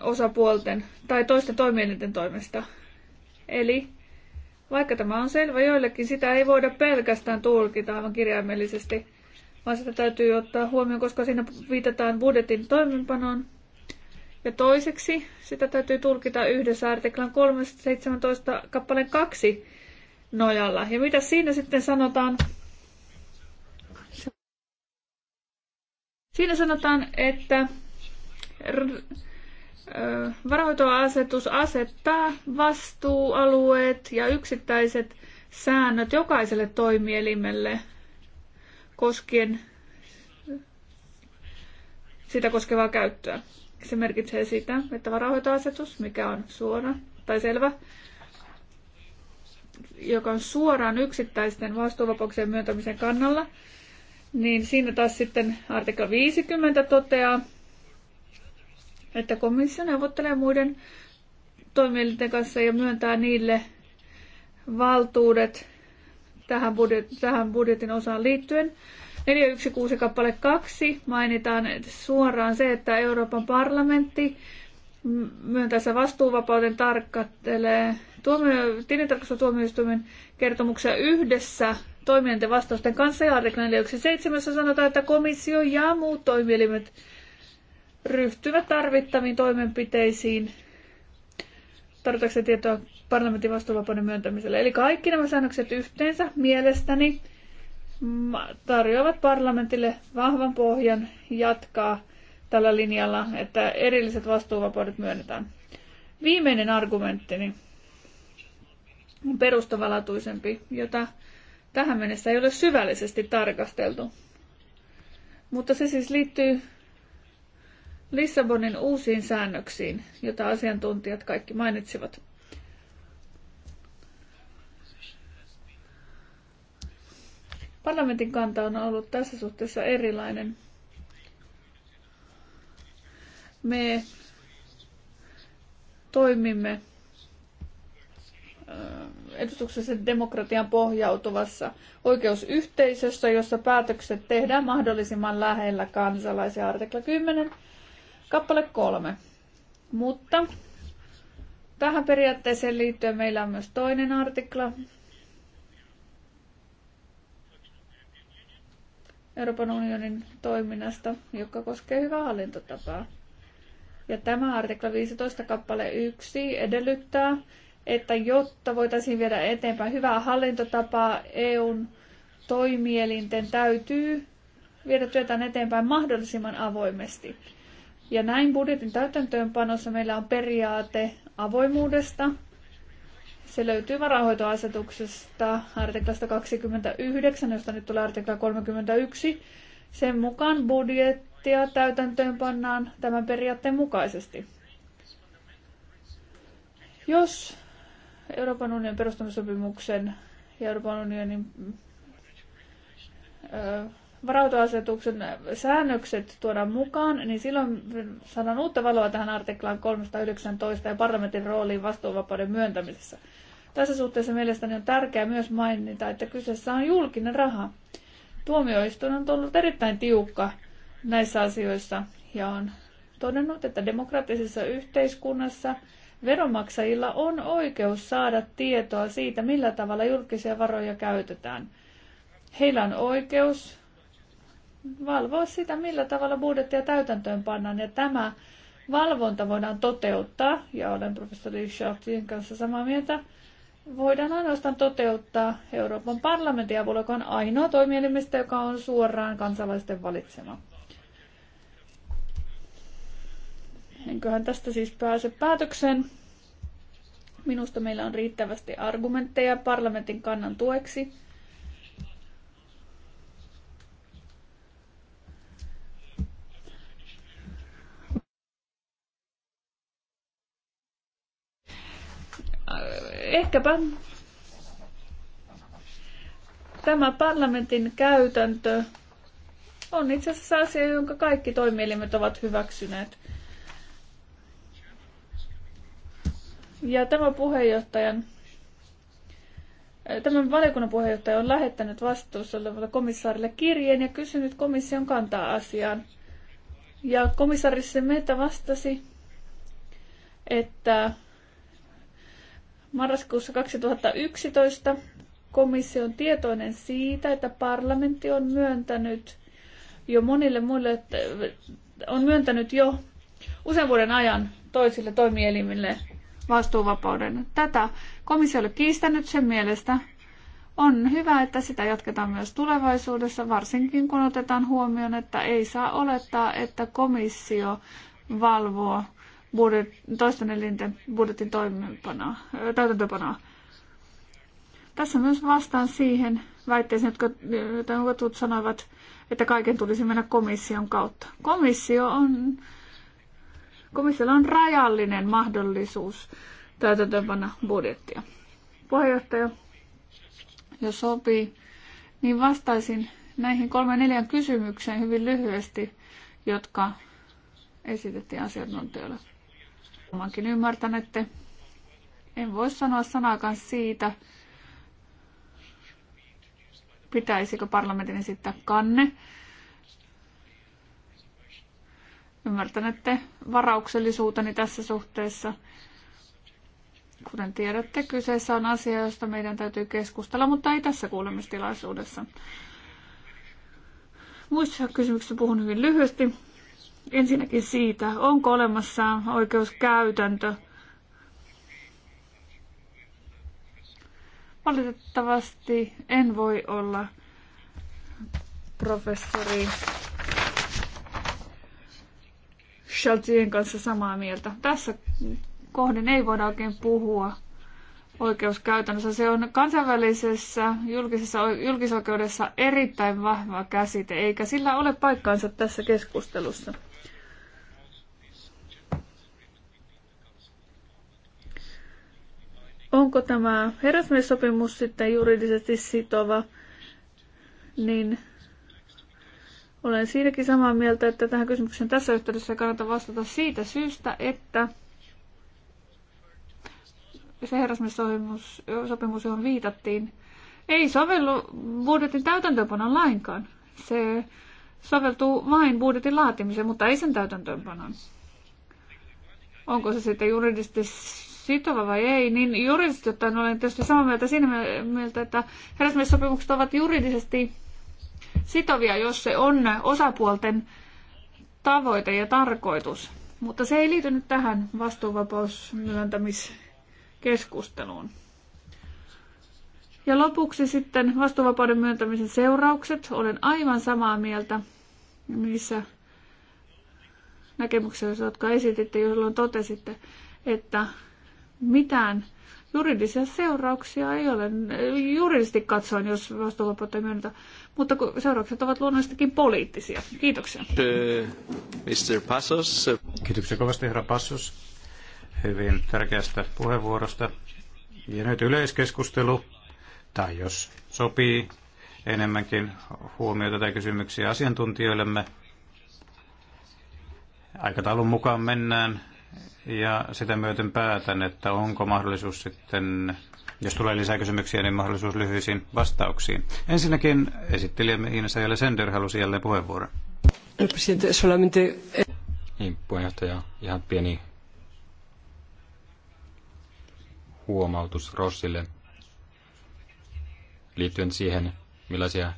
osapuolten tai toisten toimielinten toimesta. Eli vaikka tämä on selvä joillekin, sitä ei voida pelkästään tulkita aivan kirjaimellisesti, vaan sitä täytyy ottaa huomioon, koska siinä viitataan budjetin toimenpanoon. Ja toiseksi sitä täytyy tulkita yhdessä artiklan 317 kappaleen 2 nojalla. Ja mitä siinä sitten sanotaan? Siinä sanotaan, että Varahoitoasetus asettaa vastuualueet ja yksittäiset säännöt jokaiselle toimielimelle koskien sitä koskevaa käyttöä. Se merkitsee sitä, että varahoitoasetus, mikä on suora tai selvä, joka on suoraan yksittäisten vastuuvapauksien myöntämisen kannalla, niin siinä taas sitten artikla 50 toteaa, että komissio neuvottelee muiden toimielinten kanssa ja myöntää niille valtuudet tähän, budjet- tähän budjetin osaan liittyen. 416 kappale 2 mainitaan suoraan se, että Euroopan parlamentti myöntäessä vastuuvapauden tarkkattelee tuomio- tilintarkastustuomioistuimen kertomuksia yhdessä toimijoiden vastausten kanssa ja artikla 417 sanotaan, että komissio ja muut toimielimet ryhtyvät tarvittaviin toimenpiteisiin tarjotakseen tietoa parlamentin vastuuvapauden myöntämiselle. Eli kaikki nämä säännökset yhteensä mielestäni tarjoavat parlamentille vahvan pohjan jatkaa tällä linjalla, että erilliset vastuuvapaudet myönnetään. Viimeinen argumenttini on perustavalatuisempi, jota tähän mennessä ei ole syvällisesti tarkasteltu. Mutta se siis liittyy Lissabonin uusiin säännöksiin, jota asiantuntijat kaikki mainitsivat. Parlamentin kanta on ollut tässä suhteessa erilainen. Me toimimme edustuksellisen demokratian pohjautuvassa oikeusyhteisössä, jossa päätökset tehdään mahdollisimman lähellä kansalaisia. Artikla 10 Kappale kolme. Mutta tähän periaatteeseen liittyen meillä on myös toinen artikla. Euroopan unionin toiminnasta, joka koskee hyvää hallintotapaa. Ja tämä artikla 15 kappale 1 edellyttää, että jotta voitaisiin viedä eteenpäin hyvää hallintotapaa, EUn toimielinten täytyy viedä työtään eteenpäin mahdollisimman avoimesti. Ja näin budjetin täytäntöönpanossa meillä on periaate avoimuudesta. Se löytyy varahoitoasetuksesta artiklasta 29, josta nyt tulee artikla 31. Sen mukaan budjettia pannaan tämän periaatteen mukaisesti. Jos Euroopan unionin perustamissopimuksen ja Euroopan unionin varautoasetuksen säännökset tuodaan mukaan, niin silloin saadaan uutta valoa tähän artiklaan 319 ja parlamentin rooliin vastuuvapauden myöntämisessä. Tässä suhteessa mielestäni on tärkeää myös mainita, että kyseessä on julkinen raha. Tuomioistuin on ollut erittäin tiukka näissä asioissa ja on todennut, että demokraattisessa yhteiskunnassa veronmaksajilla on oikeus saada tietoa siitä, millä tavalla julkisia varoja käytetään. Heillä on oikeus valvoa sitä, millä tavalla budjettia täytäntöön pannaan. Ja tämä valvonta voidaan toteuttaa, ja olen professori Schaftin kanssa samaa mieltä, voidaan ainoastaan toteuttaa Euroopan parlamentin avulla, joka on ainoa toimielimistä, joka on suoraan kansalaisten valitsema. Enköhän tästä siis pääse päätökseen. Minusta meillä on riittävästi argumentteja parlamentin kannan tueksi. ehkäpä tämä parlamentin käytäntö on itse asiassa asia, jonka kaikki toimielimet ovat hyväksyneet. Ja tämä puheenjohtajan, tämän valiokunnan puheenjohtaja on lähettänyt vastuussa olevalle komissaarille kirjeen ja kysynyt komission kantaa asiaan. Ja komissaari meitä vastasi, että Marraskuussa 2011 komissio on tietoinen siitä, että parlamentti on myöntänyt jo monille muille, on myöntänyt jo usean vuoden ajan toisille toimielimille vastuuvapauden. Tätä komissio oli kiistänyt sen mielestä. On hyvä, että sitä jatketaan myös tulevaisuudessa, varsinkin kun otetaan huomioon, että ei saa olettaa, että komissio valvoo budjet, toisten elinten budjetin toimeenpanoa, täytäntöpanoa. Tässä myös vastaan siihen väitteeseen, jotka, joita sanoivat, että kaiken tulisi mennä komission kautta. Komissio on, komissiolla on rajallinen mahdollisuus täytäntöönpanna budjettia. Puheenjohtaja, jos sopii, niin vastaisin näihin kolme neljän kysymykseen hyvin lyhyesti, jotka esitettiin asiantuntijoille ymmärtänyt, että En voi sanoa sanaakaan siitä, pitäisikö parlamentin esittää kanne. Ymmärtänette varauksellisuuteni tässä suhteessa. Kuten tiedätte, kyseessä on asia, josta meidän täytyy keskustella, mutta ei tässä kuulemistilaisuudessa. Muissa kysymyksissä puhun hyvin lyhyesti. Ensinnäkin siitä, onko olemassa oikeuskäytäntö. Valitettavasti en voi olla professori Schaltien kanssa samaa mieltä. Tässä kohden ei voida oikein puhua oikeuskäytännössä. Se on kansainvälisessä julkisessa, julkisoikeudessa erittäin vahva käsite, eikä sillä ole paikkaansa tässä keskustelussa. onko tämä herrasmiessopimus sitten juridisesti sitova, niin olen siinäkin samaa mieltä, että tähän kysymykseen tässä yhteydessä kannattaa vastata siitä syystä, että se herrasmiessopimus, sopimus johon viitattiin, ei sovellu budjetin täytäntöönpanon lainkaan. Se soveltuu vain budjetin laatimiseen, mutta ei sen täytäntöönpanon. Onko se sitten juridisesti sitova vai ei, niin juridisesti ottaen olen tietysti samaa mieltä siinä mieltä, että herrasmiessopimukset ovat juridisesti sitovia, jos se on osapuolten tavoite ja tarkoitus. Mutta se ei liity nyt tähän vastuuvapausmyöntämiskeskusteluun. Ja lopuksi sitten vastuuvapauden myöntämisen seuraukset. Olen aivan samaa mieltä niissä näkemyksissä, jotka esititte, jolloin totesitte, että mitään juridisia seurauksia ei ole. Juridisesti katsoen, jos vastuuvapautta ei myönnetä, mutta kun seuraukset ovat luonnollisestikin poliittisia. Kiitoksia. Mr. Passos. Kiitoksia kovasti, herra Passos, hyvin tärkeästä puheenvuorosta. Ja nyt yleiskeskustelu, tai jos sopii, enemmänkin huomiota tai kysymyksiä asiantuntijoillemme. Aikataulun mukaan mennään. Ja sitä myöten päätän, että onko mahdollisuus sitten, jos tulee lisää kysymyksiä, niin mahdollisuus lyhyisiin vastauksiin. Ensinnäkin esittelijämme Ines Ajala Sender halusi jälleen puheenvuoron. Eh, eh. Niin, puheenjohtaja, ihan pieni huomautus Rossille liittyen siihen, millaisia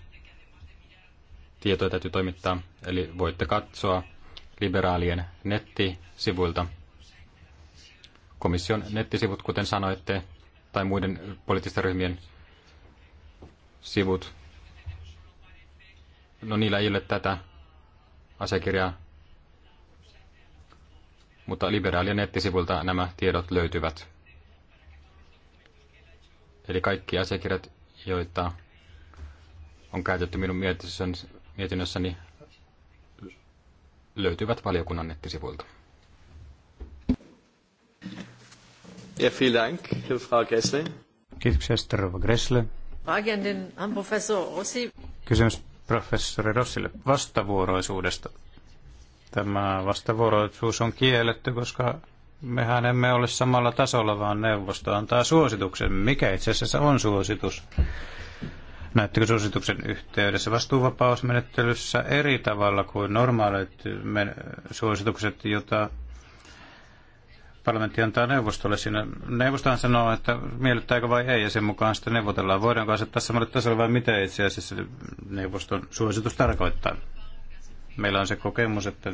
tietoja täytyy toimittaa. Eli voitte katsoa liberaalien nettisivuilta komission nettisivut, kuten sanoitte, tai muiden poliittisten ryhmien sivut. No niillä ei ole tätä asiakirjaa, mutta liberaalien nettisivulta nämä tiedot löytyvät. Eli kaikki asiakirjat, joita on käytetty minun mietinnössäni, löytyvät valiokunnan nettisivuilta. Ja, vielen Dank, Frau Gressle. Kiitoksia, Rouva Gressle. Kysymys professori Rossille vastavuoroisuudesta. Tämä vastavuoroisuus on kielletty, koska mehän emme ole samalla tasolla, vaan neuvosto antaa suosituksen. Mikä itse asiassa on suositus? Näyttikö suosituksen yhteydessä vastuuvapausmenettelyssä eri tavalla kuin normaalit suositukset, joita parlamentti antaa neuvostolle siinä. Neuvostohan sanoo, että miellyttääkö vai ei, ja sen mukaan sitten neuvotellaan. Voidaanko asettaa samalle tasolle vai mitä itse asiassa neuvoston suositus tarkoittaa? Meillä on se kokemus, että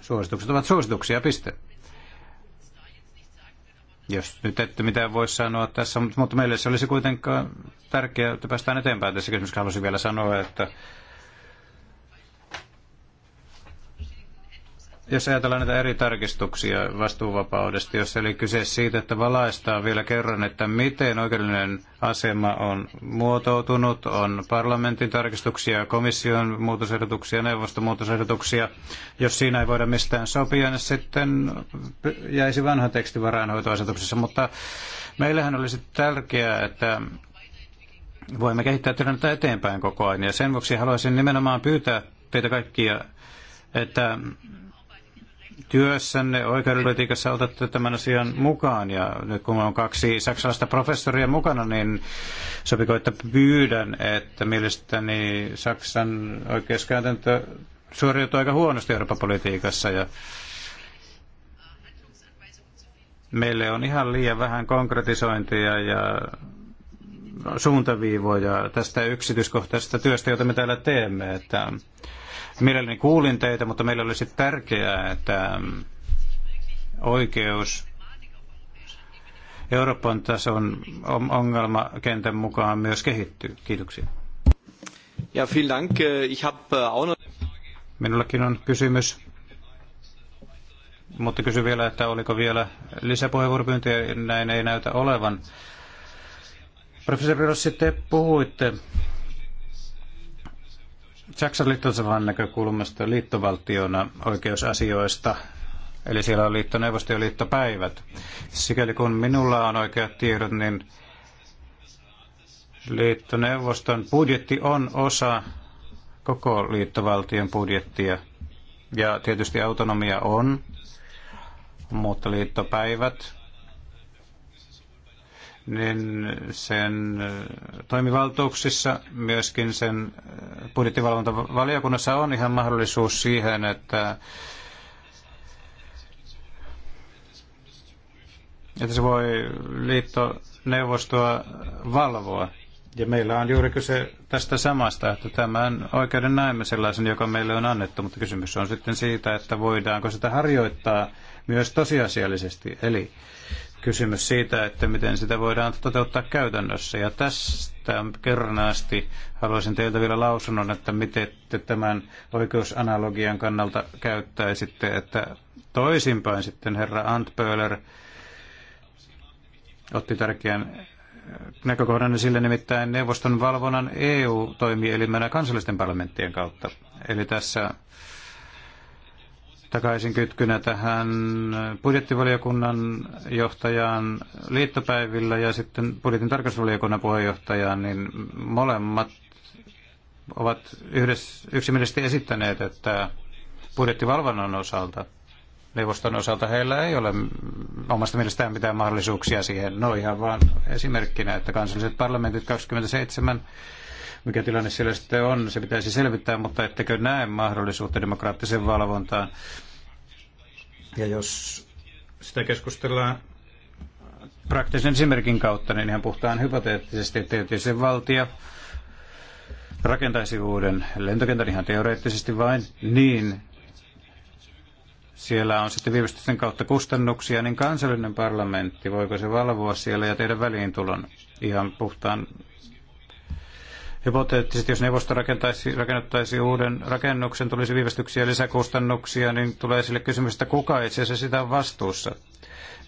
suositukset ovat suosituksia, piste. Jos nyt ette mitään voi sanoa tässä, mutta meille se olisi kuitenkaan tärkeää, että päästään eteenpäin tässä kysymyksessä. Haluaisin vielä sanoa, että Jos ajatellaan näitä eri tarkistuksia vastuuvapaudesta, jos eli kyse siitä, että valaistaan vielä kerran, että miten oikeudellinen asema on muotoutunut, on parlamentin tarkistuksia, komission muutosehdotuksia, neuvoston muutosehdotuksia. Jos siinä ei voida mistään sopia, niin sitten jäisi vanha teksti varainhoitoasetuksessa. Mutta meillähän olisi tärkeää, että voimme kehittää tilannetta eteenpäin koko ajan. Ja sen vuoksi haluaisin nimenomaan pyytää teitä kaikkia, että työssänne oikeudenpolitiikassa otatte tämän asian mukaan ja nyt kun on kaksi saksalaista professoria mukana, niin sopiko, että pyydän, että mielestäni Saksan oikeuskäytäntö suoriutuu aika huonosti Euroopan politiikassa ja meille on ihan liian vähän konkretisointia ja suuntaviivoja tästä yksityiskohtaisesta työstä, jota me täällä teemme, että Mielelläni kuulin teitä, mutta meillä olisi tärkeää, että oikeus Euroopan tason ongelmakentän mukaan myös kehittyy. Kiitoksia. Ja, vielen Dank. Ich habe äh, auch noch... Minullakin on kysymys, mutta kysyn vielä, että oliko vielä lisäpuheenvuoropyyntöjä, näin ei näytä olevan. Professori Rossi, te puhuitte Saksan liittotasavallan näkökulmasta liittovaltiona oikeusasioista, eli siellä on liittoneuvosto ja liittopäivät. Sikäli kun minulla on oikeat tiedot, niin liittoneuvoston budjetti on osa koko liittovaltion budjettia. Ja tietysti autonomia on, mutta liittopäivät niin sen toimivaltuuksissa, myöskin sen budjettivalvontavaliokunnassa on ihan mahdollisuus siihen, että että se voi liittoneuvostoa valvoa. Ja meillä on juuri kyse tästä samasta, että tämän oikeuden näemme sellaisen, joka meille on annettu, mutta kysymys on sitten siitä, että voidaanko sitä harjoittaa myös tosiasiallisesti. Eli kysymys siitä, että miten sitä voidaan toteuttaa käytännössä. Ja tästä kernaasti haluaisin teiltä vielä lausunnon, että miten te tämän oikeusanalogian kannalta käyttäisitte, että toisinpäin sitten herra Antpöller otti tärkeän näkökohdan sille nimittäin neuvoston valvonnan EU-toimielimenä kansallisten parlamenttien kautta. Eli tässä takaisin kytkynä tähän budjettivaliokunnan johtajaan liittopäivillä ja sitten budjetin tarkastusvaliokunnan puheenjohtajaan, niin molemmat ovat yhdessä, yksimielisesti esittäneet, että budjettivalvonnan osalta, neuvoston osalta heillä ei ole omasta mielestään mitään mahdollisuuksia siihen. No ihan vaan esimerkkinä, että kansalliset parlamentit 27 mikä tilanne siellä sitten on. Se pitäisi selvittää, mutta ettekö näe mahdollisuutta demokraattiseen valvontaan. Ja jos sitä keskustellaan praktisen esimerkin kautta, niin ihan puhtaan hypoteettisesti tietysti valtio rakentaisi uuden lentokentän ihan teoreettisesti vain niin, siellä on sitten viivästysten kautta kustannuksia, niin kansallinen parlamentti, voiko se valvoa siellä ja tehdä väliintulon ihan puhtaan Hypoteettisesti, jos neuvosto rakentaisi, rakennettaisi uuden rakennuksen, tulisi viivästyksiä ja lisäkustannuksia, niin tulee sille kysymys, että kuka itse asiassa sitä on vastuussa.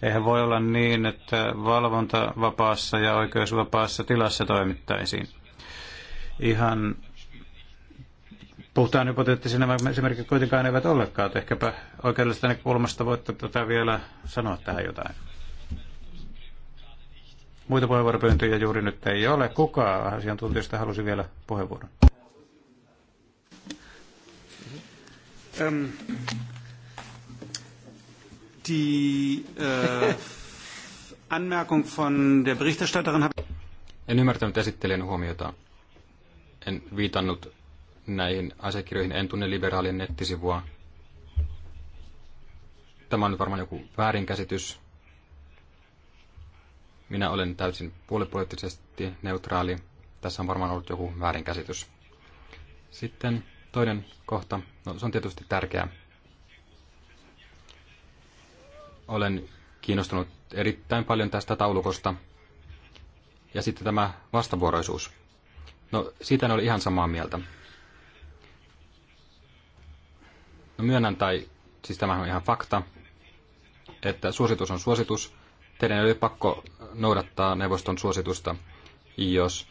Eihän voi olla niin, että valvonta vapaassa ja oikeusvapaassa tilassa toimittaisiin. Ihan puhtaan hypoteettisina nämä esimerkiksi kuitenkaan eivät olekaan. Ehkäpä oikeudellisesta näkökulmasta voitte tätä vielä sanoa tähän jotain. Muita puheenvuoropyyntöjä juuri nyt ei ole. Kuka asiantuntijasta halusi vielä puheenvuoron? Ähm, die äh, Anmerkung von der Berichterstatterin habe en ymmärtänyt esittelijän huomiota. En viitannut näihin asiakirjoihin. En tunne liberaalien nettisivua. Tämä on varmaan joku väärinkäsitys. Minä olen täysin puolipoliittisesti neutraali. Tässä on varmaan ollut joku väärinkäsitys. Sitten toinen kohta. No, se on tietysti tärkeää. Olen kiinnostunut erittäin paljon tästä taulukosta. Ja sitten tämä vastavuoroisuus. No, siitä en ole ihan samaa mieltä. No myönnän, tai siis tämähän on ihan fakta, että suositus on suositus. Teidän ei ole pakko noudattaa neuvoston suositusta. Jos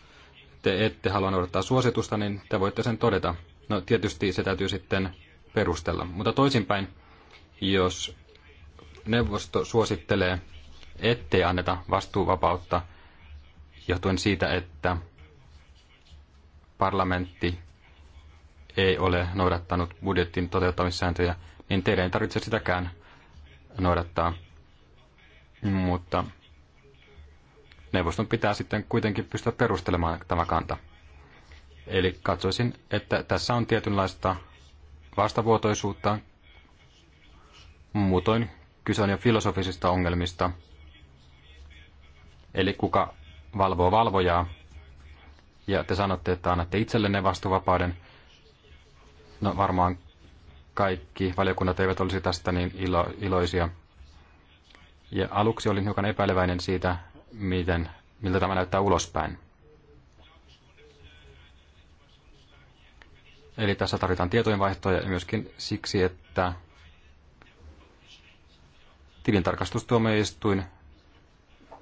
te ette halua noudattaa suositusta, niin te voitte sen todeta. No tietysti se täytyy sitten perustella. Mutta toisinpäin, jos neuvosto suosittelee, ettei anneta vastuuvapautta johtuen siitä, että parlamentti ei ole noudattanut budjetin toteuttamissääntöjä, niin teidän ei tarvitse sitäkään noudattaa. Mutta neuvoston pitää sitten kuitenkin pystyä perustelemaan tämä kanta. Eli katsoisin, että tässä on tietynlaista vastavuotoisuutta. Muutoin kyse on jo filosofisista ongelmista. Eli kuka valvoo valvojaa. Ja te sanotte, että annatte itsellenne vastuvapauden. No varmaan kaikki valiokunnat eivät olisi tästä niin ilo, iloisia. Ja aluksi olin hiukan epäileväinen siitä, miten, miltä tämä näyttää ulospäin. Eli tässä tarvitaan tietojenvaihtoja ja myöskin siksi, että tilintarkastustuomioistuin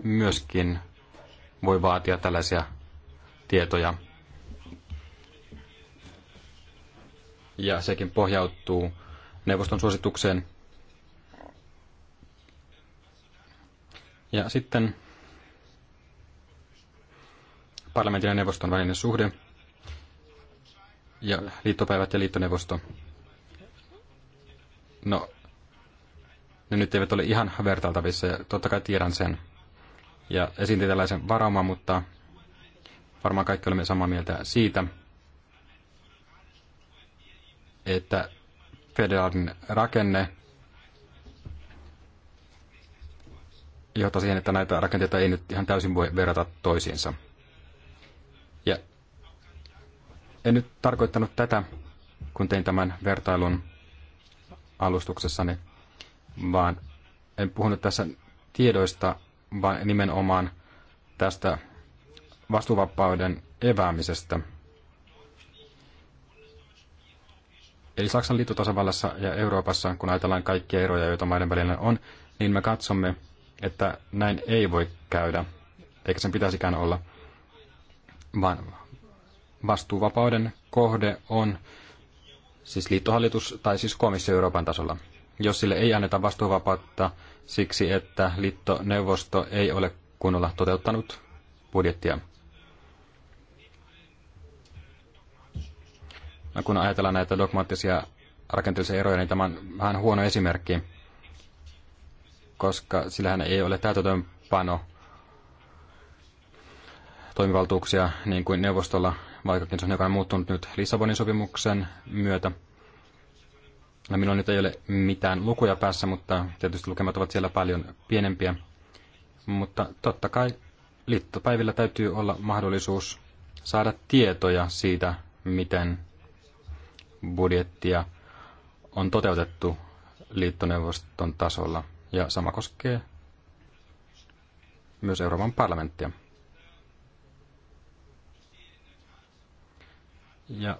myöskin voi vaatia tällaisia tietoja. Ja sekin pohjautuu neuvoston suositukseen. Ja sitten parlamentin ja neuvoston välinen suhde ja liittopäivät ja liittoneuvosto. No, ne nyt eivät ole ihan vertailtavissa ja totta kai tiedän sen. Ja esiintin tällaisen varauman, mutta varmaan kaikki olemme samaa mieltä siitä, että federaalinen rakenne johtaa siihen, että näitä rakenteita ei nyt ihan täysin voi verrata toisiinsa. Ja en nyt tarkoittanut tätä, kun tein tämän vertailun alustuksessani, vaan en puhunut tässä tiedoista, vaan nimenomaan tästä vastuuvapauden eväämisestä. Eli Saksan liittotasavallassa ja Euroopassa, kun ajatellaan kaikkia eroja, joita maiden välillä on, niin me katsomme, että näin ei voi käydä, eikä sen pitäisikään olla vaan vastuuvapauden kohde on siis liittohallitus tai siis komissio Euroopan tasolla. Jos sille ei anneta vastuuvapautta siksi, että liittoneuvosto ei ole kunnolla toteuttanut budjettia. No, kun ajatellaan näitä dogmaattisia rakenteellisia eroja, niin tämä on vähän huono esimerkki, koska sillähän ei ole täytäntöönpano toimivaltuuksia niin kuin neuvostolla, vaikkakin se on jokainen muuttunut nyt Lissabonin sopimuksen myötä. Ja no, minulla nyt ei ole mitään lukuja päässä, mutta tietysti lukemat ovat siellä paljon pienempiä. Mutta totta kai liittopäivillä täytyy olla mahdollisuus saada tietoja siitä, miten budjettia on toteutettu liittoneuvoston tasolla. Ja sama koskee myös Euroopan parlamenttia. Ja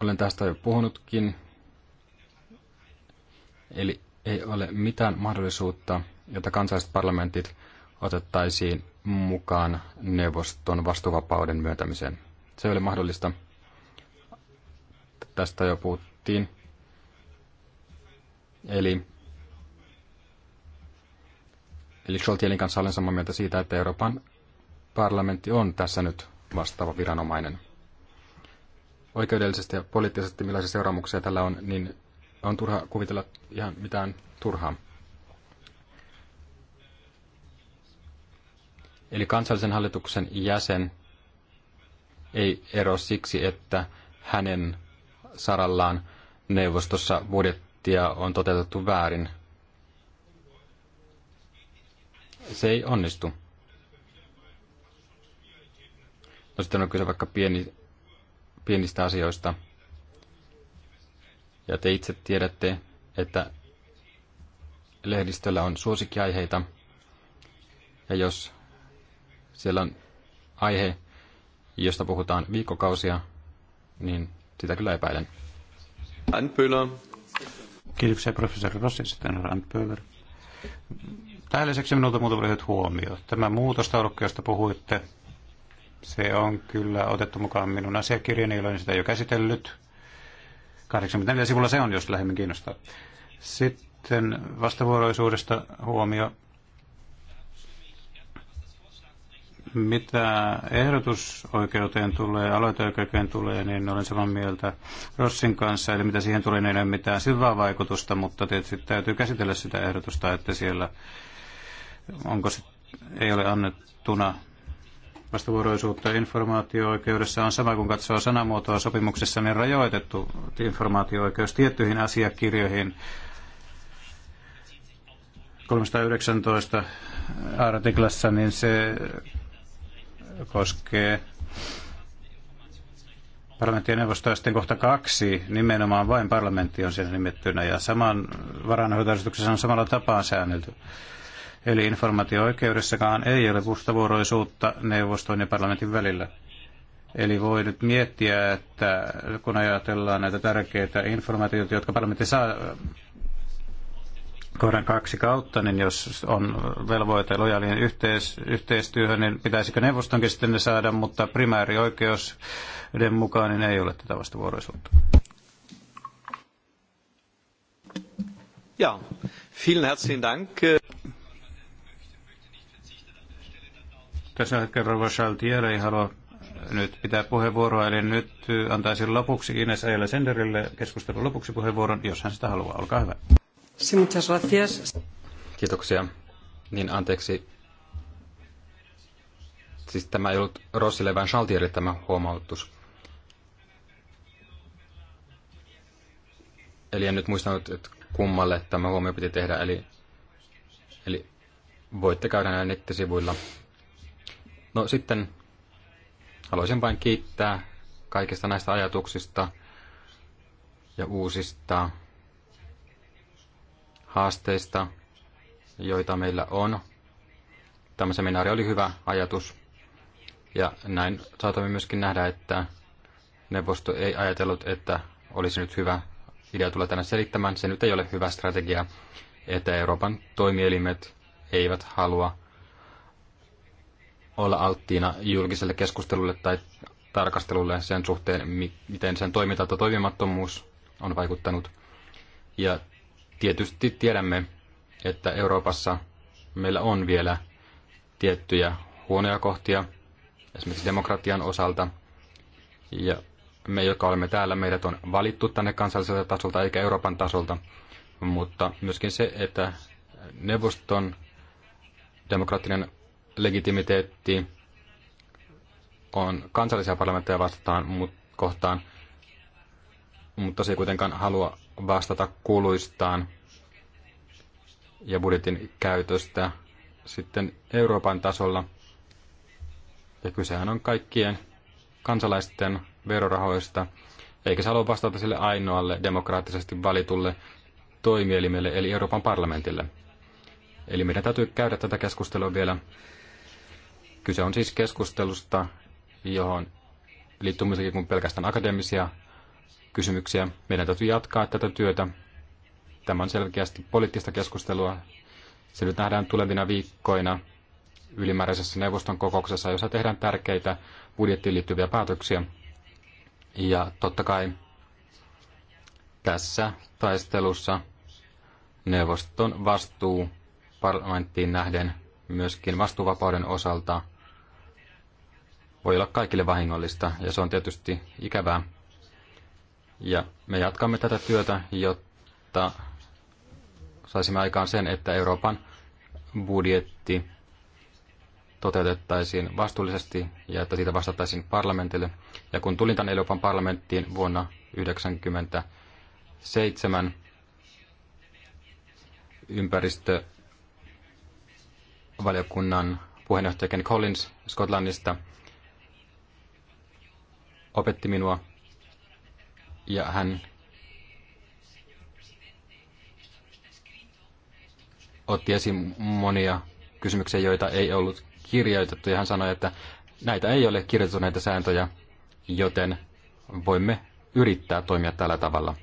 olen tästä jo puhunutkin. Eli ei ole mitään mahdollisuutta, jota kansalliset parlamentit otettaisiin mukaan neuvoston vastuvapauden myöntämiseen. Se ei ole mahdollista. Tästä jo puhuttiin. Eli, eli Scholtielin kanssa olen samaa mieltä siitä, että Euroopan parlamentti on tässä nyt vastaava viranomainen. Oikeudellisesti ja poliittisesti millaisia seuraamuksia tällä on, niin on turha kuvitella ihan mitään turhaa. Eli kansallisen hallituksen jäsen ei ero siksi, että hänen sarallaan neuvostossa budjettia on toteutettu väärin. Se ei onnistu. No sitten on kyse vaikka pieni, pienistä asioista. Ja te itse tiedätte, että lehdistöllä on suosikkiaiheita. Ja jos siellä on aihe, josta puhutaan viikkokausia, niin sitä kyllä epäilen. Antpylä. Kiitoksia professori Rossi, sitten Antpylä. Tähän lisäksi minulta muutama lyhyt huomio. Tämä muutostaulukko, josta puhuitte, se on kyllä otettu mukaan minun asiakirjani, olen sitä jo käsitellyt. 84 sivulla se on, jos lähemmin kiinnostaa. Sitten vastavuoroisuudesta huomio. Mitä ehdotusoikeuteen tulee, aloiteoikeuteen tulee, niin olen samaa mieltä Rossin kanssa. Eli mitä siihen tulee, niin ei ole mitään syvää vaikutusta, mutta tietysti täytyy käsitellä sitä ehdotusta, että siellä onko se, ei ole annettuna vastavuoroisuutta informaatio-oikeudessa on sama kuin katsoo sanamuotoa sopimuksessa, niin rajoitettu informaatio-oikeus tiettyihin asiakirjoihin 319 artiklassa, niin se koskee parlamenttien neuvostoa sitten kohta kaksi, nimenomaan vain parlamentti on siinä nimettynä ja saman varanhoitoasetuksessa on samalla tapaa säännelty. Eli informaatio-oikeudessakaan ei ole vustavuoroisuutta neuvoston ja parlamentin välillä. Eli voi nyt miettiä, että kun ajatellaan näitä tärkeitä informaatioita, jotka parlamentti saa kohdan kaksi kautta, niin jos on velvoite lojaalien yhteis- yhteistyöhön, niin pitäisikö neuvostonkin sitten ne saada, mutta primäärioikeuden mukaan niin ei ole tätä vastavuoroisuutta. Ja, vielen herzlichen Dank. Tässä hetkellä Rova Chaltier ei halua nyt pitää puheenvuoroa, eli nyt antaisin lopuksi Ines Ajala Senderille keskustelun lopuksi puheenvuoron, jos hän sitä haluaa. Olkaa hyvä. Kiitoksia. Niin anteeksi. Siis tämä ei ollut Rossille vaan Chaltierille tämä huomautus. Eli en nyt muistanut, että kummalle tämä huomio piti tehdä, eli, eli voitte käydä näin nettisivuilla No sitten haluaisin vain kiittää kaikista näistä ajatuksista ja uusista haasteista, joita meillä on. Tämä seminaari oli hyvä ajatus. Ja näin saatamme myöskin nähdä, että neuvosto ei ajatellut, että olisi nyt hyvä idea tulla tänne selittämään. Se nyt ei ole hyvä strategia, että Euroopan toimielimet eivät halua olla alttiina julkiselle keskustelulle tai tarkastelulle sen suhteen, miten sen toiminta tai toimimattomuus on vaikuttanut. Ja tietysti tiedämme, että Euroopassa meillä on vielä tiettyjä huonoja kohtia, esimerkiksi demokratian osalta. Ja me, jotka olemme täällä, meidät on valittu tänne kansalliselta tasolta eikä Euroopan tasolta, mutta myöskin se, että neuvoston demokraattinen legitimiteetti on kansallisia parlamentteja vastaan, mut, kohtaan, mutta se ei kuitenkaan halua vastata kuluistaan ja budjetin käytöstä sitten Euroopan tasolla. Ja kysehän on kaikkien kansalaisten verorahoista, eikä se halua vastata sille ainoalle demokraattisesti valitulle toimielimelle, eli Euroopan parlamentille. Eli meidän täytyy käydä tätä keskustelua vielä Kyse on siis keskustelusta, johon liittyy muitakin kuin pelkästään akateemisia kysymyksiä. Meidän täytyy jatkaa tätä työtä. Tämä on selkeästi poliittista keskustelua. Se nyt nähdään tulevina viikkoina ylimääräisessä neuvoston kokouksessa, jossa tehdään tärkeitä budjettiin liittyviä päätöksiä. Ja totta kai tässä taistelussa neuvoston vastuu parlamenttiin nähden myöskin vastuuvapauden osalta voi olla kaikille vahingollista ja se on tietysti ikävää. Ja me jatkamme tätä työtä, jotta saisimme aikaan sen, että Euroopan budjetti toteutettaisiin vastuullisesti ja että siitä vastattaisiin parlamentille. Ja kun tulin tänne Euroopan parlamenttiin vuonna 1997, ympäristövaliokunnan puheenjohtaja Ken Collins Skotlannista – opetti minua ja hän otti esiin monia kysymyksiä, joita ei ollut kirjoitettu ja hän sanoi, että näitä ei ole kirjoitettu näitä sääntöjä, joten voimme yrittää toimia tällä tavalla.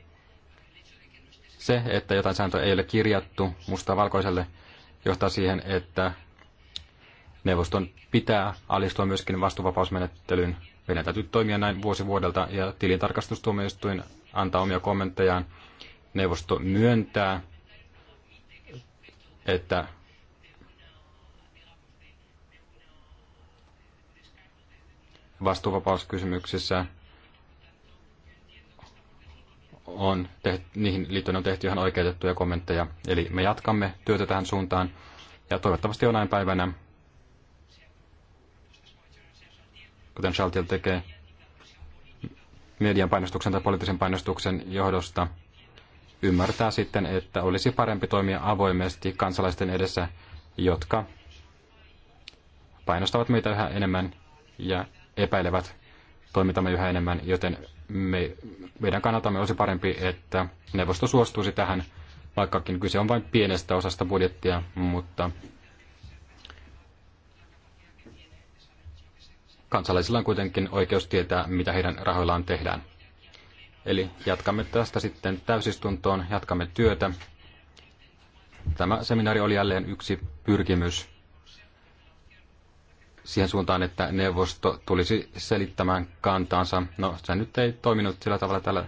Se, että jotain sääntöä ei ole kirjattu musta valkoiselle, johtaa siihen, että neuvoston pitää alistua myöskin vastuuvapausmenettelyyn meidän täytyy toimia näin vuosi vuodelta ja tilintarkastustuomioistuin antaa omia kommenttejaan. Neuvosto myöntää, että vastuuvapauskysymyksissä on tehty, niihin liittyen on tehty ihan oikeutettuja kommentteja. Eli me jatkamme työtä tähän suuntaan ja toivottavasti jonain päivänä kuten Schaltiel tekee median painostuksen tai poliittisen painostuksen johdosta, ymmärtää sitten, että olisi parempi toimia avoimesti kansalaisten edessä, jotka painostavat meitä yhä enemmän ja epäilevät toimintamme yhä enemmän, joten me, meidän kannaltamme olisi parempi, että neuvosto suostuisi tähän, vaikkakin kyse on vain pienestä osasta budjettia, mutta kansalaisilla on kuitenkin oikeus tietää, mitä heidän rahoillaan tehdään. Eli jatkamme tästä sitten täysistuntoon, jatkamme työtä. Tämä seminaari oli jälleen yksi pyrkimys siihen suuntaan, että neuvosto tulisi selittämään kantaansa. No, se nyt ei toiminut sillä tavalla tällä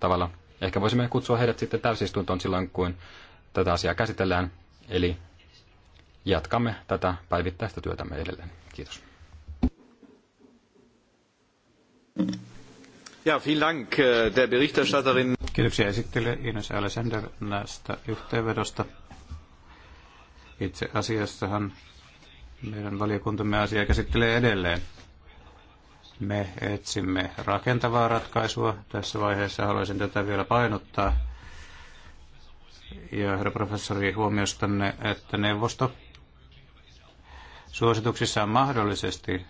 tavalla. Ehkä voisimme kutsua heidät sitten täysistuntoon silloin, kun tätä asiaa käsitellään. Eli jatkamme tätä päivittäistä työtämme edelleen. Kiitos. Ja, vielen Dank äh, der Berichterstatterin. Kiitoksia esittelijä Ines Alexander näistä yhteenvedosta. Itse asiassahan meidän valiokuntamme asia käsittelee edelleen. Me etsimme rakentavaa ratkaisua. Tässä vaiheessa haluaisin tätä vielä painottaa. Ja herra professori, huomiostanne, että neuvosto suosituksissaan mahdollisesti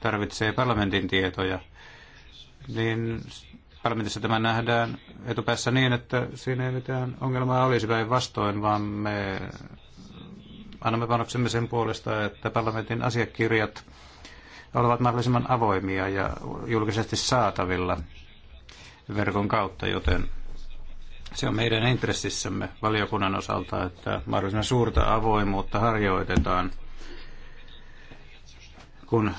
tarvitsee parlamentin tietoja, niin parlamentissa tämä nähdään etupäässä niin, että siinä ei mitään ongelmaa olisi päinvastoin, vaan me annamme panoksemme sen puolesta, että parlamentin asiakirjat ovat mahdollisimman avoimia ja julkisesti saatavilla verkon kautta, joten se on meidän intressissämme valiokunnan osalta, että mahdollisimman suurta avoimuutta harjoitetaan, kun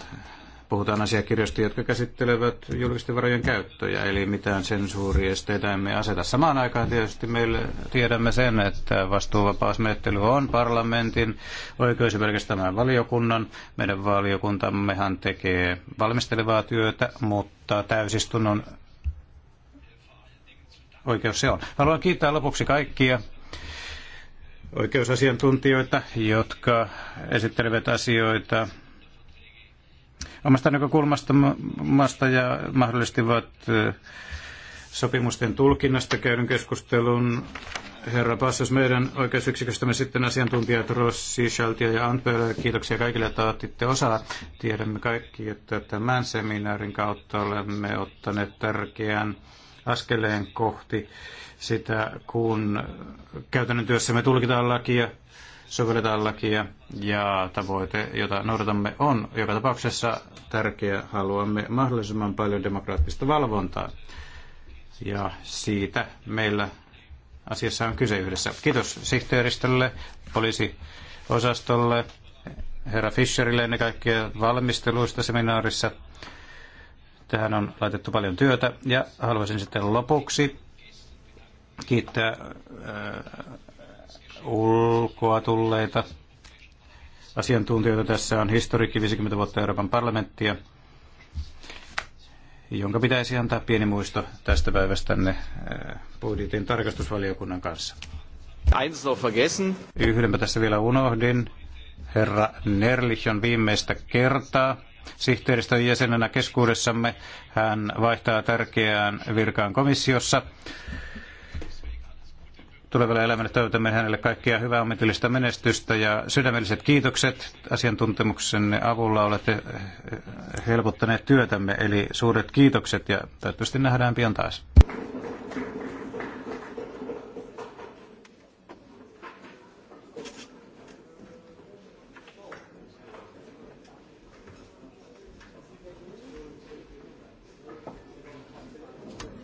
Puhutaan asiakirjoista, jotka käsittelevät julkisten varojen käyttöjä, eli mitään sensuuriesteitä emme aseta. Samaan aikaan tietysti meille tiedämme sen, että vastuuvapausmenettely on parlamentin oikeus pelkästään valiokunnan. Meidän valiokuntammehan tekee valmistelevaa työtä, mutta täysistunnon oikeus se on. Haluan kiittää lopuksi kaikkia oikeusasiantuntijoita, jotka esittelevät asioita omasta näkökulmasta ja mahdollistivat sopimusten tulkinnasta käydyn keskustelun. Herra Passos, meidän oikeusyksiköstämme sitten asiantuntijat Rossi, Schaltio ja Antwerp. Kiitoksia kaikille, että otitte osaa. Tiedämme kaikki, että tämän seminaarin kautta olemme ottaneet tärkeän askeleen kohti sitä, kun käytännön työssämme tulkitaan lakia sovelletaan lakia ja tavoite, jota noudatamme, on joka tapauksessa tärkeä. Haluamme mahdollisimman paljon demokraattista valvontaa. Ja siitä meillä asiassa on kyse yhdessä. Kiitos sihteeristölle, poliisiosastolle, herra Fischerille ennen kaikkea valmisteluista seminaarissa. Tähän on laitettu paljon työtä ja haluaisin sitten lopuksi kiittää äh, ulkoa tulleita asiantuntijoita. Tässä on historiikki 50 vuotta Euroopan parlamenttia, jonka pitäisi antaa pieni muisto tästä päivästä tänne äh, budjetin tarkastusvaliokunnan kanssa. Eins noch vergessen. Yhdenpä tässä vielä unohdin. Herra Nerlich on viimeistä kertaa sihteeristön jäsenenä keskuudessamme. Hän vaihtaa tärkeään virkaan komissiossa tulevalle elämälle toivotamme hänelle kaikkia hyvää omitelista menestystä ja sydämelliset kiitokset. Asiantuntemuksenne avulla olette helpottaneet työtämme, eli suuret kiitokset ja toivottavasti nähdään pian taas.